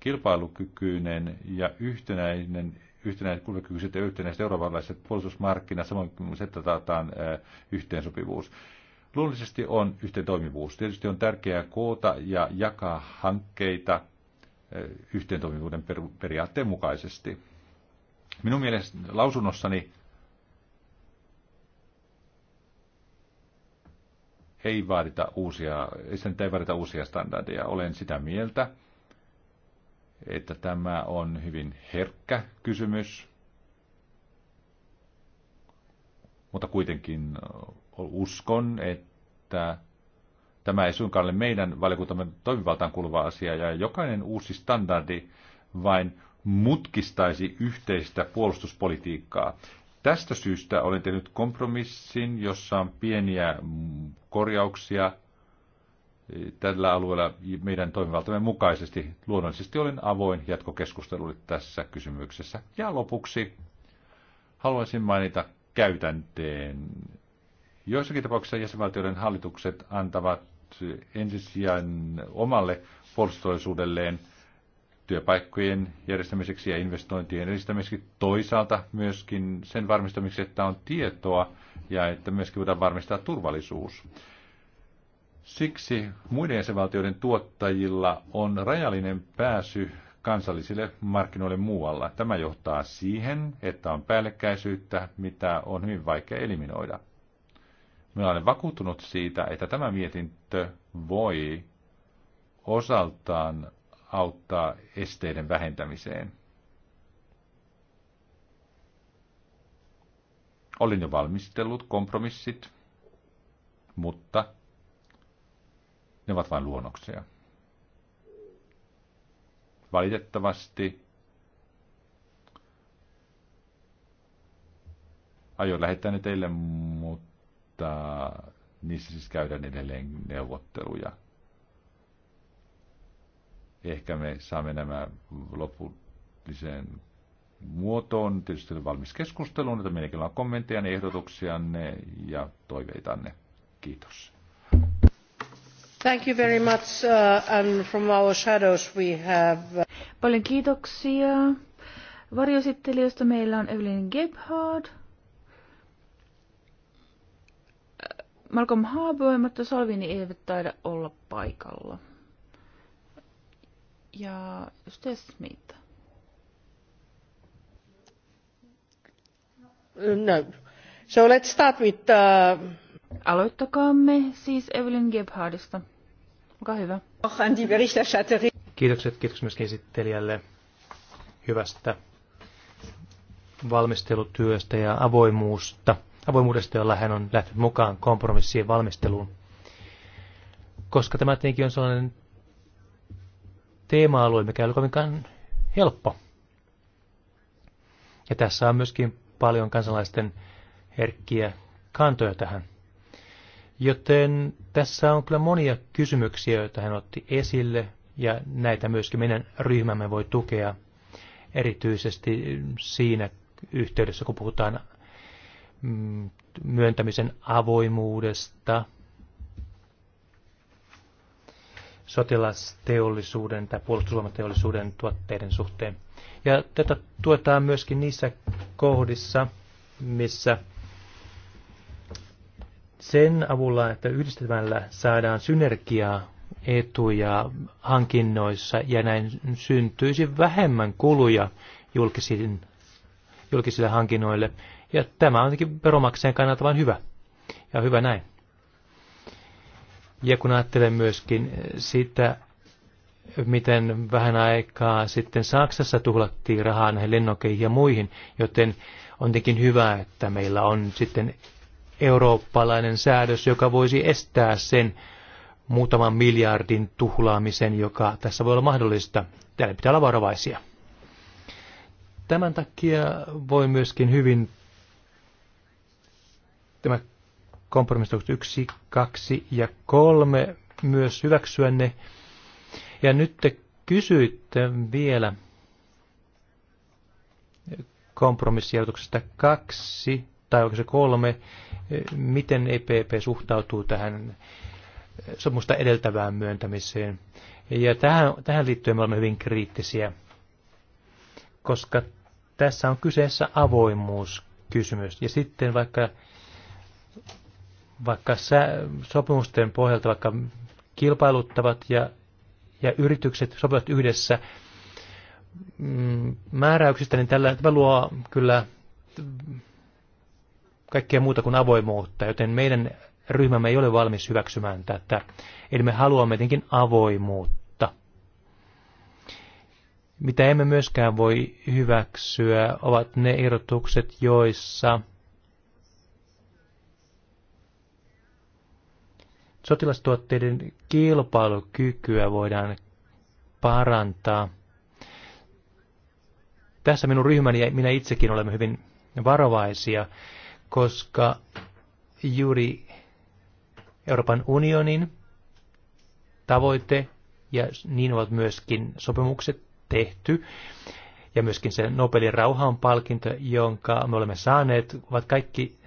Speaker 3: kilpailukykyinen ja yhtenäinen yhtenäiset kulmakykyiset ja yhtenäiset eurooppalaiset puolustusmarkkinat, samoin kuin se taataan yhteensopivuus. Luonnollisesti on yhteen toimivuus. Tietysti on tärkeää koota ja jakaa hankkeita eh, yhteen toimivuuden periaatteen mukaisesti. Minun mielestäni lausunnossani ei vaadita uusia, sen ei vaadita uusia standardeja. Olen sitä mieltä, että tämä on hyvin herkkä kysymys, mutta kuitenkin uskon, että tämä ei suinkaan ole meidän valiokuntamme toimivaltaan kuuluva asia, ja jokainen uusi standardi vain mutkistaisi yhteistä puolustuspolitiikkaa. Tästä syystä olen tehnyt kompromissin, jossa on pieniä korjauksia tällä alueella meidän toimivaltamme mukaisesti. Luonnollisesti olen avoin jatkokeskustelulle tässä kysymyksessä. Ja lopuksi haluaisin mainita käytänteen Joissakin tapauksissa jäsenvaltioiden hallitukset antavat ensisijain omalle puolustusteollisuudelleen työpaikkojen järjestämiseksi ja investointien edistämiseksi. Toisaalta myöskin sen varmistamiseksi, että on tietoa ja että myöskin voidaan varmistaa turvallisuus. Siksi muiden jäsenvaltioiden tuottajilla on rajallinen pääsy kansallisille markkinoille muualla. Tämä johtaa siihen, että on päällekkäisyyttä, mitä on hyvin vaikea eliminoida. Minä olen vakuuttunut siitä, että tämä mietintö voi osaltaan auttaa esteiden vähentämiseen. Olin jo valmistellut kompromissit, mutta ne ovat vain luonnoksia. Valitettavasti aion lähettää ne teille, mutta mutta niissä siis käydään edelleen neuvotteluja. Ehkä me saamme nämä lopulliseen muotoon. Tietysti olen valmis keskusteluun, että meillä on kommentteja, ehdotuksianne ja toiveitanne. Kiitos.
Speaker 1: Thank you very much. Uh, and from our shadows we have... Uh, Paljon kiitoksia. Varjosittelijoista meillä on Evelyn Gebhard, Malcolm Harbour, mutta Salvini eivät taida olla paikalla. Ja edustaja Smith. No. So let's start with... Uh... Aloittakaamme siis Evelyn Gebhardista. Olkaa hyvä.
Speaker 2: Kiitokset, kiitokset myöskin esittelijälle hyvästä valmistelutyöstä ja avoimuusta avoimuudesta, jolla hän on lähtenyt mukaan kompromissien valmisteluun. Koska tämä tietenkin on sellainen teema-alue, mikä ei ole kovinkaan helppo. Ja tässä on myöskin paljon kansalaisten herkkiä kantoja tähän. Joten tässä on kyllä monia kysymyksiä, joita hän otti esille, ja näitä myöskin meidän ryhmämme voi tukea erityisesti siinä yhteydessä, kun puhutaan Mm, myöntämisen avoimuudesta, sotilasteollisuuden tai puolustusvoimateollisuuden tuotteiden suhteen. Ja tätä tuetaan myöskin niissä kohdissa, missä sen avulla, että yhdistämällä saadaan synergiaa etuja hankinnoissa ja näin syntyisi vähemmän kuluja julkisille hankinnoille ja tämä on ainakin veromakseen kannalta vain hyvä. Ja hyvä näin. Ja kun ajattelen myöskin sitä, miten vähän aikaa sitten Saksassa tuhlattiin rahaa näihin lennokeihin ja muihin, joten on tietenkin hyvä, että meillä on sitten eurooppalainen säädös, joka voisi estää sen muutaman miljardin tuhlaamisen, joka tässä voi olla mahdollista. Täällä pitää olla varovaisia. Tämän takia voi myöskin hyvin tämä kompromissit 1, 2 ja 3 myös hyväksyä ne. Ja nyt te kysyitte vielä kompromissijärjestyksestä kaksi tai oikein se kolme, miten EPP suhtautuu tähän sopimusta edeltävään myöntämiseen. Ja tähän, tähän liittyen me olemme hyvin kriittisiä, koska tässä on kyseessä avoimuuskysymys. Ja sitten vaikka vaikka sä, sopimusten pohjalta vaikka kilpailuttavat ja, ja yritykset sopivat yhdessä mm, määräyksistä, niin tällä, tämä luo kyllä kaikkea muuta kuin avoimuutta, joten meidän ryhmämme ei ole valmis hyväksymään tätä. Eli me haluamme tietenkin avoimuutta. Mitä emme myöskään voi hyväksyä, ovat ne ehdotukset, joissa – sotilastuotteiden kilpailukykyä voidaan parantaa. Tässä minun ryhmäni ja minä itsekin olemme hyvin varovaisia, koska juuri Euroopan unionin tavoite ja niin ovat myöskin sopimukset tehty. Ja myöskin se Nobelin rauhan palkinto, jonka me olemme saaneet, ovat kaikki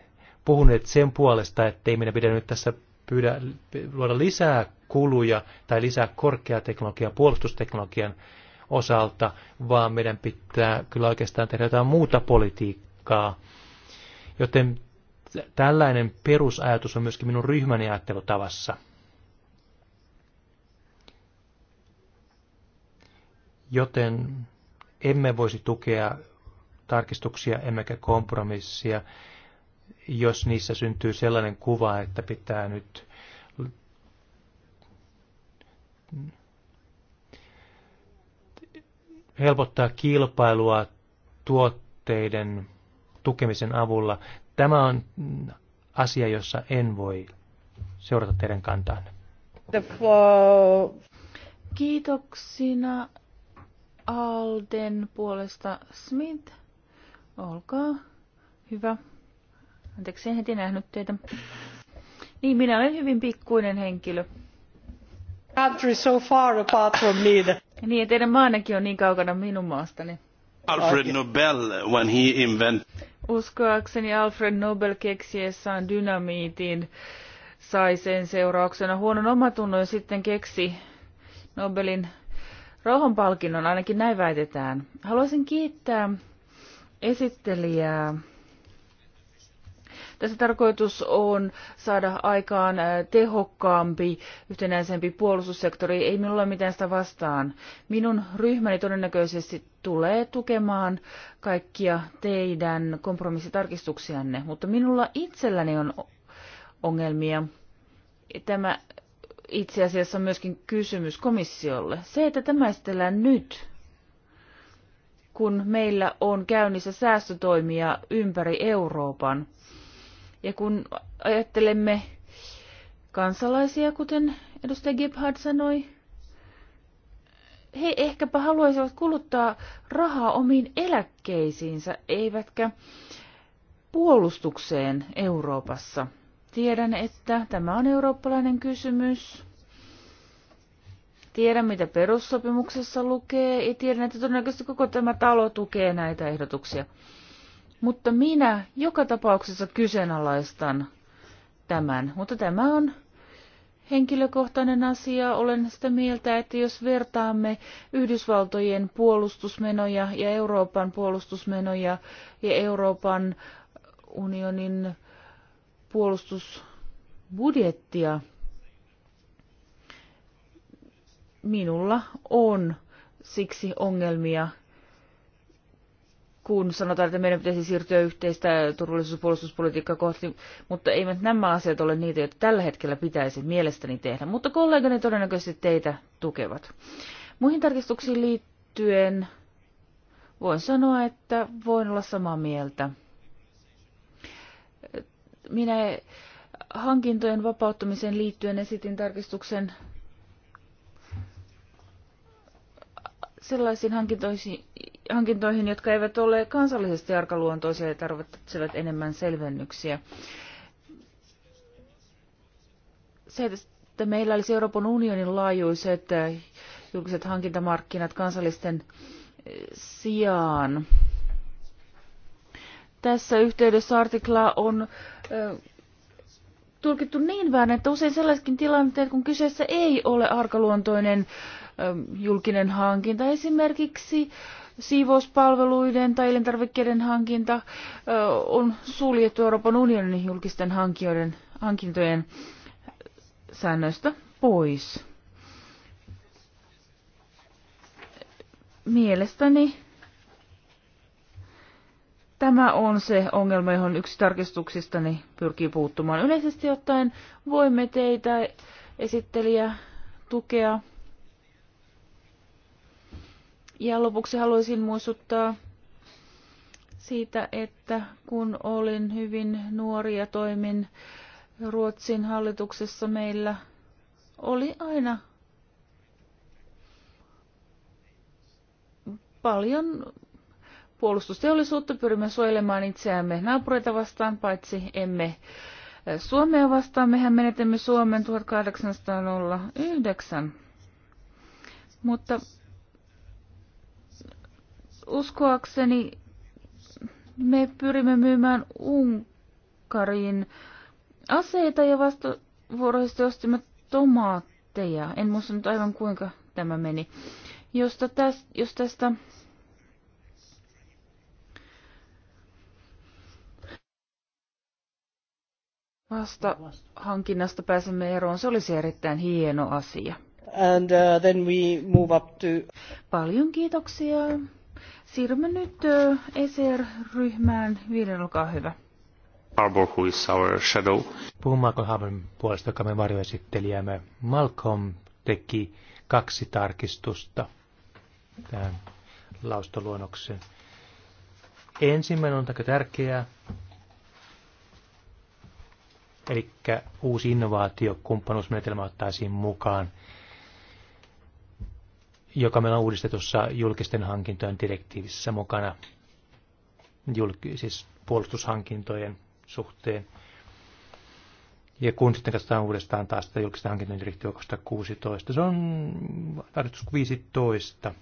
Speaker 2: puhuneet sen puolesta, ei meidän pidä nyt tässä pyydä luoda lisää kuluja tai lisää korkeateknologiaa puolustusteknologian osalta, vaan meidän pitää kyllä oikeastaan tehdä jotain muuta politiikkaa. Joten tällainen perusajatus on myöskin minun ryhmäni ajattelutavassa. Joten emme voisi tukea tarkistuksia emmekä kompromissia, jos niissä syntyy sellainen kuva, että pitää nyt helpottaa kilpailua tuotteiden tukemisen avulla. Tämä on asia, jossa en voi seurata teidän kantaan.
Speaker 1: Kiitoksina Alden puolesta Smith. Olkaa hyvä. Anteeksi, en heti nähnyt teitä. Niin, minä olen hyvin pikkuinen henkilö.
Speaker 4: Country so far apart from me.
Speaker 1: Niin, teidän maanakin on niin kaukana minun maastani.
Speaker 3: Alfred Nobel, when he invent...
Speaker 1: Uskoakseni Alfred Nobel keksiessään dynamiitin sai sen seurauksena huonon omatunnon ja sitten keksi Nobelin rauhanpalkinnon, ainakin näin väitetään. Haluaisin kiittää esittelijää tässä tarkoitus on saada aikaan äh, tehokkaampi, yhtenäisempi puolustussektori. Ei minulla ole mitään sitä vastaan. Minun ryhmäni todennäköisesti tulee tukemaan kaikkia teidän kompromissitarkistuksianne, mutta minulla itselläni on ongelmia. Tämä itse asiassa on myöskin kysymys komissiolle. Se, että tämä esitellään nyt, kun meillä on käynnissä säästötoimia ympäri Euroopan, ja kun ajattelemme kansalaisia, kuten edustaja Gebhard sanoi, he ehkäpä haluaisivat kuluttaa rahaa omiin eläkkeisiinsä, eivätkä puolustukseen Euroopassa. Tiedän, että tämä on eurooppalainen kysymys. Tiedän, mitä perussopimuksessa lukee, ja tiedän, että todennäköisesti koko tämä talo tukee näitä ehdotuksia. Mutta minä joka tapauksessa kyseenalaistan tämän. Mutta tämä on henkilökohtainen asia. Olen sitä mieltä, että jos vertaamme Yhdysvaltojen puolustusmenoja ja Euroopan puolustusmenoja ja Euroopan unionin puolustusbudjettia, minulla on siksi ongelmia kun sanotaan, että meidän pitäisi siirtyä yhteistä turvallisuus- ja puolustuspolitiikkaa kohti, mutta eivät nämä asiat ole niitä, joita tällä hetkellä pitäisi mielestäni tehdä, mutta kollegani todennäköisesti teitä tukevat. Muihin tarkistuksiin liittyen voin sanoa, että voin olla samaa mieltä. Minä hankintojen vapauttamiseen liittyen esitin tarkistuksen sellaisiin hankintoihin, jotka eivät ole kansallisesti arkaluontoisia ja tarvitsevat enemmän selvennyksiä. Se, että meillä olisi Euroopan unionin laajuiset äh, julkiset hankintamarkkinat kansallisten äh, sijaan. Tässä yhteydessä artiklaa on äh, tulkittu niin vähän, että usein sellaisetkin tilanteet, kun kyseessä ei ole arkaluontoinen äh, Ähm, julkinen hankinta, esimerkiksi siivouspalveluiden tai elintarvikkeiden hankinta äh, on suljettu Euroopan unionin julkisten hankijoiden, hankintojen säännöistä pois. Mielestäni tämä on se ongelma, johon yksi tarkistuksistani pyrkii puuttumaan. Yleisesti ottaen voimme teitä esittelijä tukea ja lopuksi haluaisin muistuttaa siitä, että kun olin hyvin nuori ja toimin Ruotsin hallituksessa, meillä oli aina paljon puolustusteollisuutta. Pyrimme suojelemaan itseämme naapureita vastaan, paitsi emme Suomea vastaan. Mehän menetimme Suomen 1809. Mutta uskoakseni me pyrimme myymään Unkarin aseita ja vastavuoroisesti ostimme tomaatteja. En muista nyt aivan kuinka tämä meni. Josta tästä, jos tästä vasta hankinnasta pääsemme eroon, se olisi erittäin hieno asia. And uh, then we move up to... Paljon kiitoksia. Siirrymme nyt ECR-ryhmään. Viiden, olkaa hyvä.
Speaker 3: Harbour, who
Speaker 2: is our shadow. Puhun Malcolm Harborin puolesta, joka me varjoesittelijämme. Malcolm teki kaksi tarkistusta tähän laustoluonnokseen. Ensimmäinen on aika tärkeää, eli uusi kumppanuusmenetelmä ottaisiin mukaan joka meillä on uudistetussa julkisten hankintojen direktiivissä mukana, julk- siis puolustushankintojen suhteen. Ja kun sitten katsotaan uudestaan taas sitä julkista hankintoindirektiiviä 2016, se on tarkoitus 15.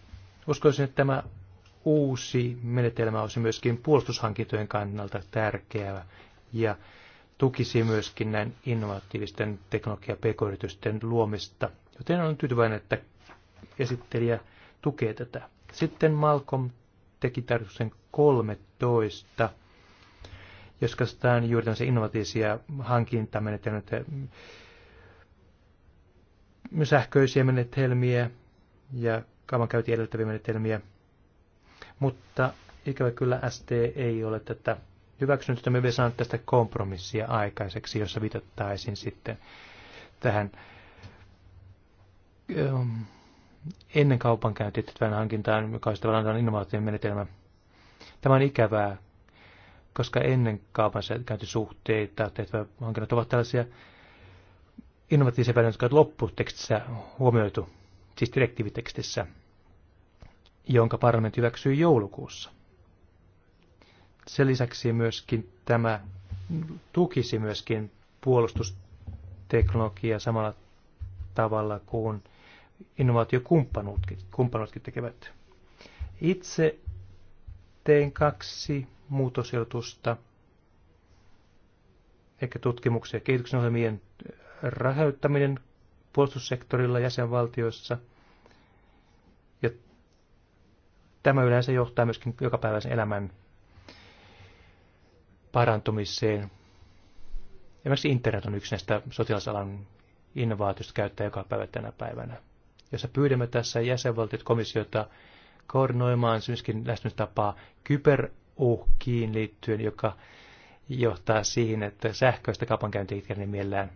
Speaker 2: Uskoisin, että tämä uusi menetelmä olisi myöskin puolustushankintojen kannalta tärkeä ja tukisi myöskin näin innovatiivisten teknologia- ja luomista. Joten olen tyytyväinen, että esittelijä tukee tätä. Sitten Malcolm teki tarkoituksen 13, jos katsotaan juuri tämmöisiä innovatiivisia hankintamenetelmiä, sähköisiä menetelmiä ja kaupankäyntiä edeltäviä menetelmiä. Mutta ikävä kyllä ST ei ole tätä hyväksynyt, että me emme saanut tästä kompromissia aikaiseksi, jossa viitattaisiin sitten tähän um, ennen kaupankäyntiä tehtävän hankintaan, joka on tavallaan innovaation menetelmä. Tämä on ikävää, koska ennen kaupankäyntisuhteita tehtävät hankinnat ovat tällaisia innovatiivisia välineitä, jotka on lopputekstissä huomioitu, siis direktiivitekstissä, jonka parlamentti hyväksyi joulukuussa. Sen lisäksi myöskin tämä tukisi myöskin puolustusteknologiaa samalla tavalla kuin innovaatiokumppanuutkin tekevät. Itse tein kaksi muutosjoitusta, eli tutkimuksen ja kehityksen ohjelmien rahoittaminen puolustussektorilla jäsenvaltioissa. Ja tämä yleensä johtaa myöskin jokapäiväisen elämän parantumiseen. Esimerkiksi internet on yksi näistä sotilasalan innovaatioista käyttää joka päivä tänä päivänä jossa pyydämme tässä jäsenvaltiot komissiota koordinoimaan myöskin lähestymistapaa kyberuhkiin liittyen, joka johtaa siihen, että sähköistä kaupankäyntiä itkään mielellään.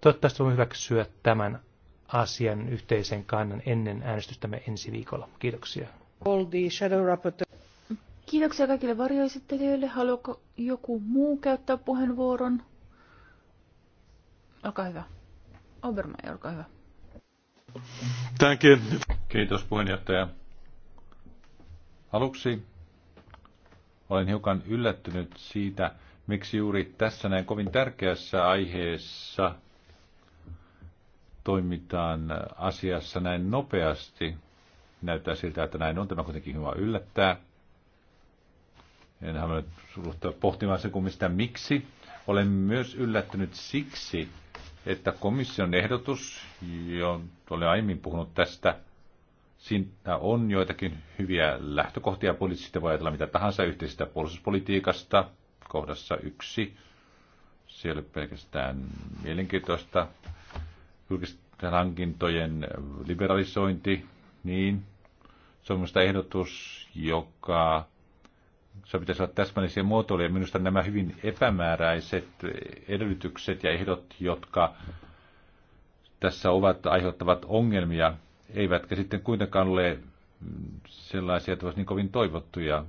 Speaker 2: Toivottavasti voimme hyväksyä tämän asian yhteisen kannan ennen äänestystämme ensi viikolla. Kiitoksia.
Speaker 1: Kiitoksia kaikille varjoesittelijöille. Haluatko joku muu käyttää puheenvuoron? Olkaa hyvä. Obermeier, olkaa hyvä.
Speaker 3: Thank you. Kiitos puheenjohtaja. Aluksi olen hiukan yllättynyt siitä, miksi juuri tässä näin kovin tärkeässä aiheessa toimitaan asiassa näin nopeasti. Näyttää siltä, että näin on. Tämä kuitenkin hyvä yllättää. En halua nyt pohtimaan se kummista miksi. Olen myös yllättynyt siksi, että komission ehdotus, jo olen aiemmin puhunut tästä, siinä on joitakin hyviä lähtökohtia. Poliittisesti voi ajatella mitä tahansa yhteisestä puolustuspolitiikasta, kohdassa yksi. Siellä pelkästään mielenkiintoista julkisten hankintojen liberalisointi, niin se on ehdotus, joka se pitäisi olla täsmällisiä muotoiluja. Minusta nämä hyvin epämääräiset edellytykset ja ehdot, jotka tässä ovat, aiheuttavat ongelmia, eivätkä sitten kuitenkaan ole sellaisia, että olisi niin kovin toivottuja,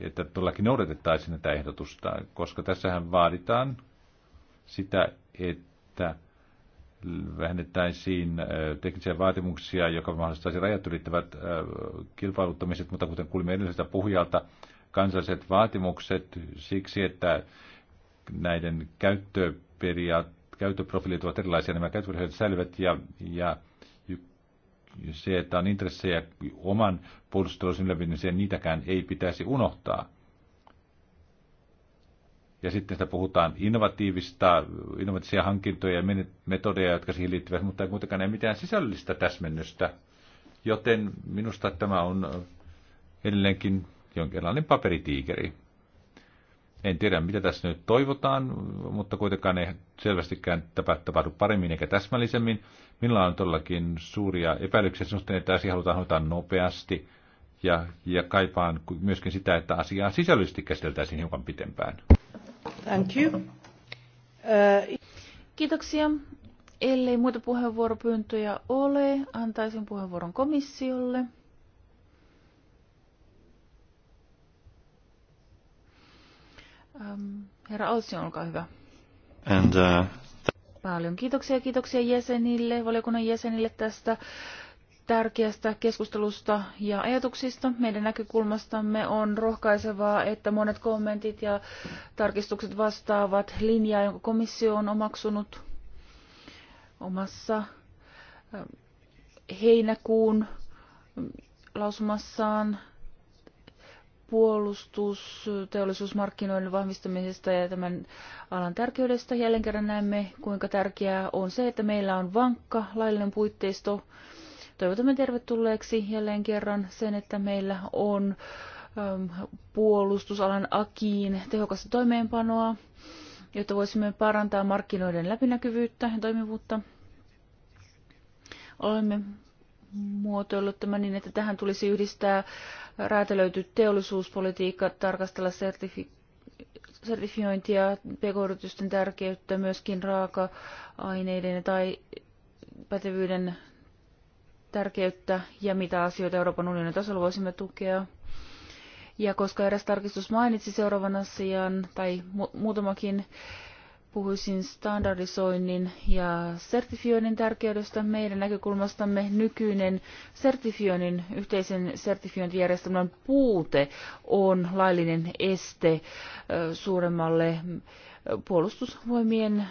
Speaker 3: että todellakin noudatettaisiin tätä ehdotusta, koska tässähän vaaditaan sitä, että vähennettäisiin äh, teknisiä vaatimuksia, joka mahdollistaisi rajat ylittävät äh, kilpailuttamiset, mutta kuten kuulimme edelliseltä puhujalta kansalliset vaatimukset siksi, että näiden käyttöprofiilit ovat erilaisia, nämä käyttöprofiilit säilyvät ja, ja se, että on intressejä oman puolustusteollisuuden ylläpitämiseen, niitäkään ei pitäisi unohtaa ja sitten sitä puhutaan innovatiivista, innovatiivisia hankintoja ja metodeja, jotka siihen liittyvät, mutta ei kuitenkaan ei mitään sisällöllistä täsmennystä. Joten minusta tämä on edelleenkin jonkinlainen paperitiikeri. En tiedä, mitä tässä nyt toivotaan, mutta kuitenkaan ei selvästikään tapahdu paremmin eikä täsmällisemmin. Minulla on todellakin suuria epäilyksiä suhteen, että asia halutaan hoitaa nopeasti ja, ja kaipaan myöskin sitä, että asiaa sisällöllisesti käsiteltäisiin hiukan pitempään.
Speaker 1: Uh, kiitoksia. Ellei muita puheenvuoropyyntöjä ole, antaisin puheenvuoron komissiolle. Ähm, herra Olsi, olkaa hyvä.
Speaker 4: And, uh...
Speaker 1: Paljon kiitoksia kiitoksia jäsenille, valiokunnan jäsenille tästä tärkeästä keskustelusta ja ajatuksista. Meidän näkökulmastamme on rohkaisevaa, että monet kommentit ja tarkistukset vastaavat linjaa, jonka komissio on omaksunut omassa eh, heinäkuun mm, lausumassaan puolustus, teollisuusmarkkinoiden vahvistamisesta ja tämän alan tärkeydestä. Jälleen kerran näemme, kuinka tärkeää on se, että meillä on vankka laillinen puitteisto Toivotamme tervetulleeksi jälleen kerran sen, että meillä on ähm, puolustusalan akiin tehokasta toimeenpanoa, jotta voisimme parantaa markkinoiden läpinäkyvyyttä ja toimivuutta. Olemme muotoillut tämän niin, että tähän tulisi yhdistää räätälöity teollisuuspolitiikka, tarkastella sertifikaatioita sertifiointia, pk-yritysten tärkeyttä, myöskin raaka-aineiden tai pätevyyden tärkeyttä ja mitä asioita Euroopan unionin tasolla voisimme tukea. Ja koska eräs tarkistus mainitsi seuraavan asian, tai mu- muutamakin, puhuisin standardisoinnin ja sertifioinnin tärkeydestä. Meidän näkökulmastamme nykyinen sertifioinnin, yhteisen sertifiointijärjestelmän puute on laillinen este suuremmalle puolustusvoimien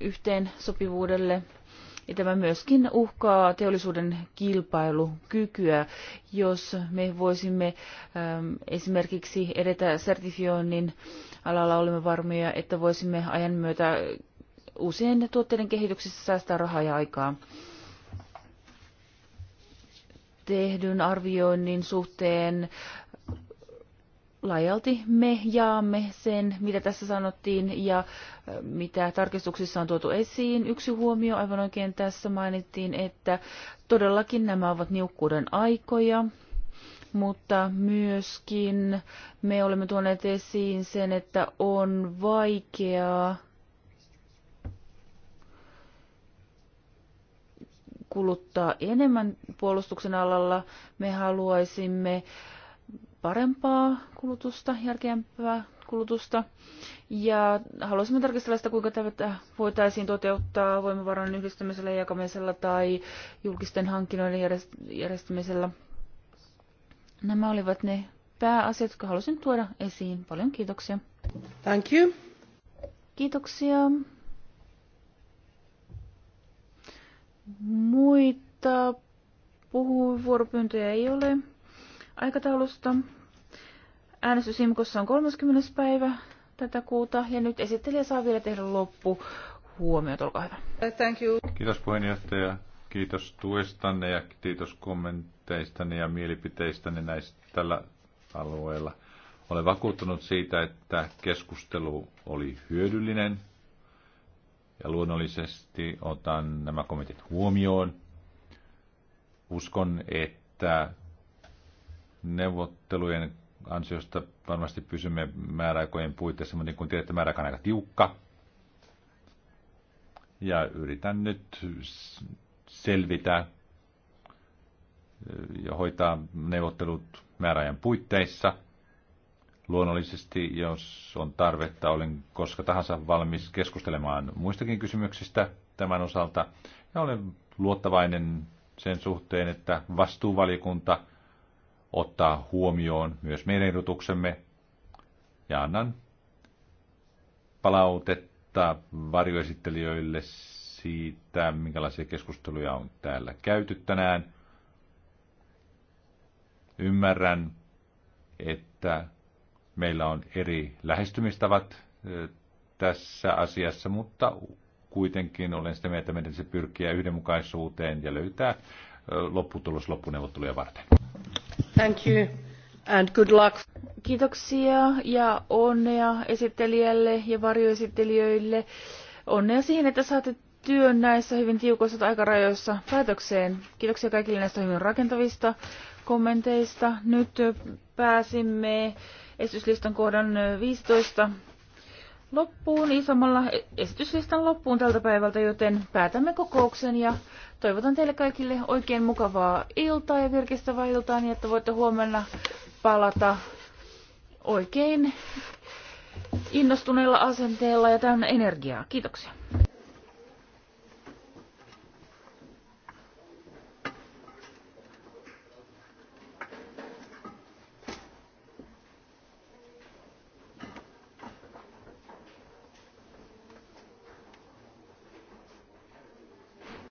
Speaker 1: yhteensopivuudelle ja tämä myöskin uhkaa teollisuuden kilpailukykyä, jos me voisimme äm, esimerkiksi edetä sertifioinnin alalla, olemme varmoja, että voisimme ajan myötä uusien tuotteiden kehityksessä säästää rahaa ja aikaa. Tehdyn arvioinnin suhteen laajalti me jaamme sen, mitä tässä sanottiin ja äh, mitä tarkistuksissa on tuotu esiin. Yksi huomio aivan oikein tässä mainittiin, että todellakin nämä ovat niukkuuden aikoja, mutta myöskin me olemme tuoneet esiin sen, että on vaikeaa kuluttaa enemmän puolustuksen alalla. Me haluaisimme äh, parempaa kulutusta, järkeämpää kulutusta. Ja haluaisimme tarkistella sitä, kuinka tätä voitaisiin toteuttaa voimavaran yhdistämisellä, jakamisella tai julkisten hankinnoiden järjestämisellä. Nämä olivat ne pääasiat, jotka halusin tuoda esiin. Paljon kiitoksia. Thank you. Kiitoksia. Muita puhuvuoropyyntöjä ei ole aikataulusta. Äänestys Imkossa on 30. päivä tätä kuuta ja nyt esittelijä saa vielä tehdä loppu. Huomiot, olkaa hyvä. Thank you.
Speaker 3: Kiitos puheenjohtaja. Kiitos tuestanne ja kiitos kommenteistanne ja mielipiteistanne näistä tällä alueella. Olen vakuuttunut siitä, että keskustelu oli hyödyllinen ja luonnollisesti otan nämä kommentit huomioon. Uskon, että neuvottelujen ansiosta varmasti pysymme määräaikojen puitteissa, mutta niin kuin tiedätte, määräaika on aika tiukka. Ja yritän nyt selvitä ja hoitaa neuvottelut määräajan puitteissa. Luonnollisesti, jos on tarvetta, olen koska tahansa valmis keskustelemaan muistakin kysymyksistä tämän osalta. Ja olen luottavainen sen suhteen, että vastuuvaliokunta – ottaa huomioon myös meidän edutuksemme ja annan palautetta varjoesittelijöille siitä, minkälaisia keskusteluja on täällä käyty tänään. Ymmärrän, että meillä on eri lähestymistavat tässä asiassa, mutta kuitenkin olen sitä mieltä, että meidän se pyrkiä yhdenmukaisuuteen ja löytää lopputulos loppuneuvotteluja varten.
Speaker 1: Thank you and good luck. Kiitoksia ja onnea esittelijälle ja varjoesittelijöille. Onnea siihen, että saatte työn näissä hyvin tiukoissa aikarajoissa päätökseen. Kiitoksia kaikille näistä hyvin rakentavista kommenteista. Nyt pääsimme esityslistan kohdan 15 loppuun, isommalla esityslistan loppuun tältä päivältä, joten päätämme kokouksen ja Toivotan teille kaikille oikein mukavaa iltaa ja virkistävää iltaa niin, että voitte huomenna palata oikein innostuneella asenteella ja täynnä energiaa. Kiitoksia.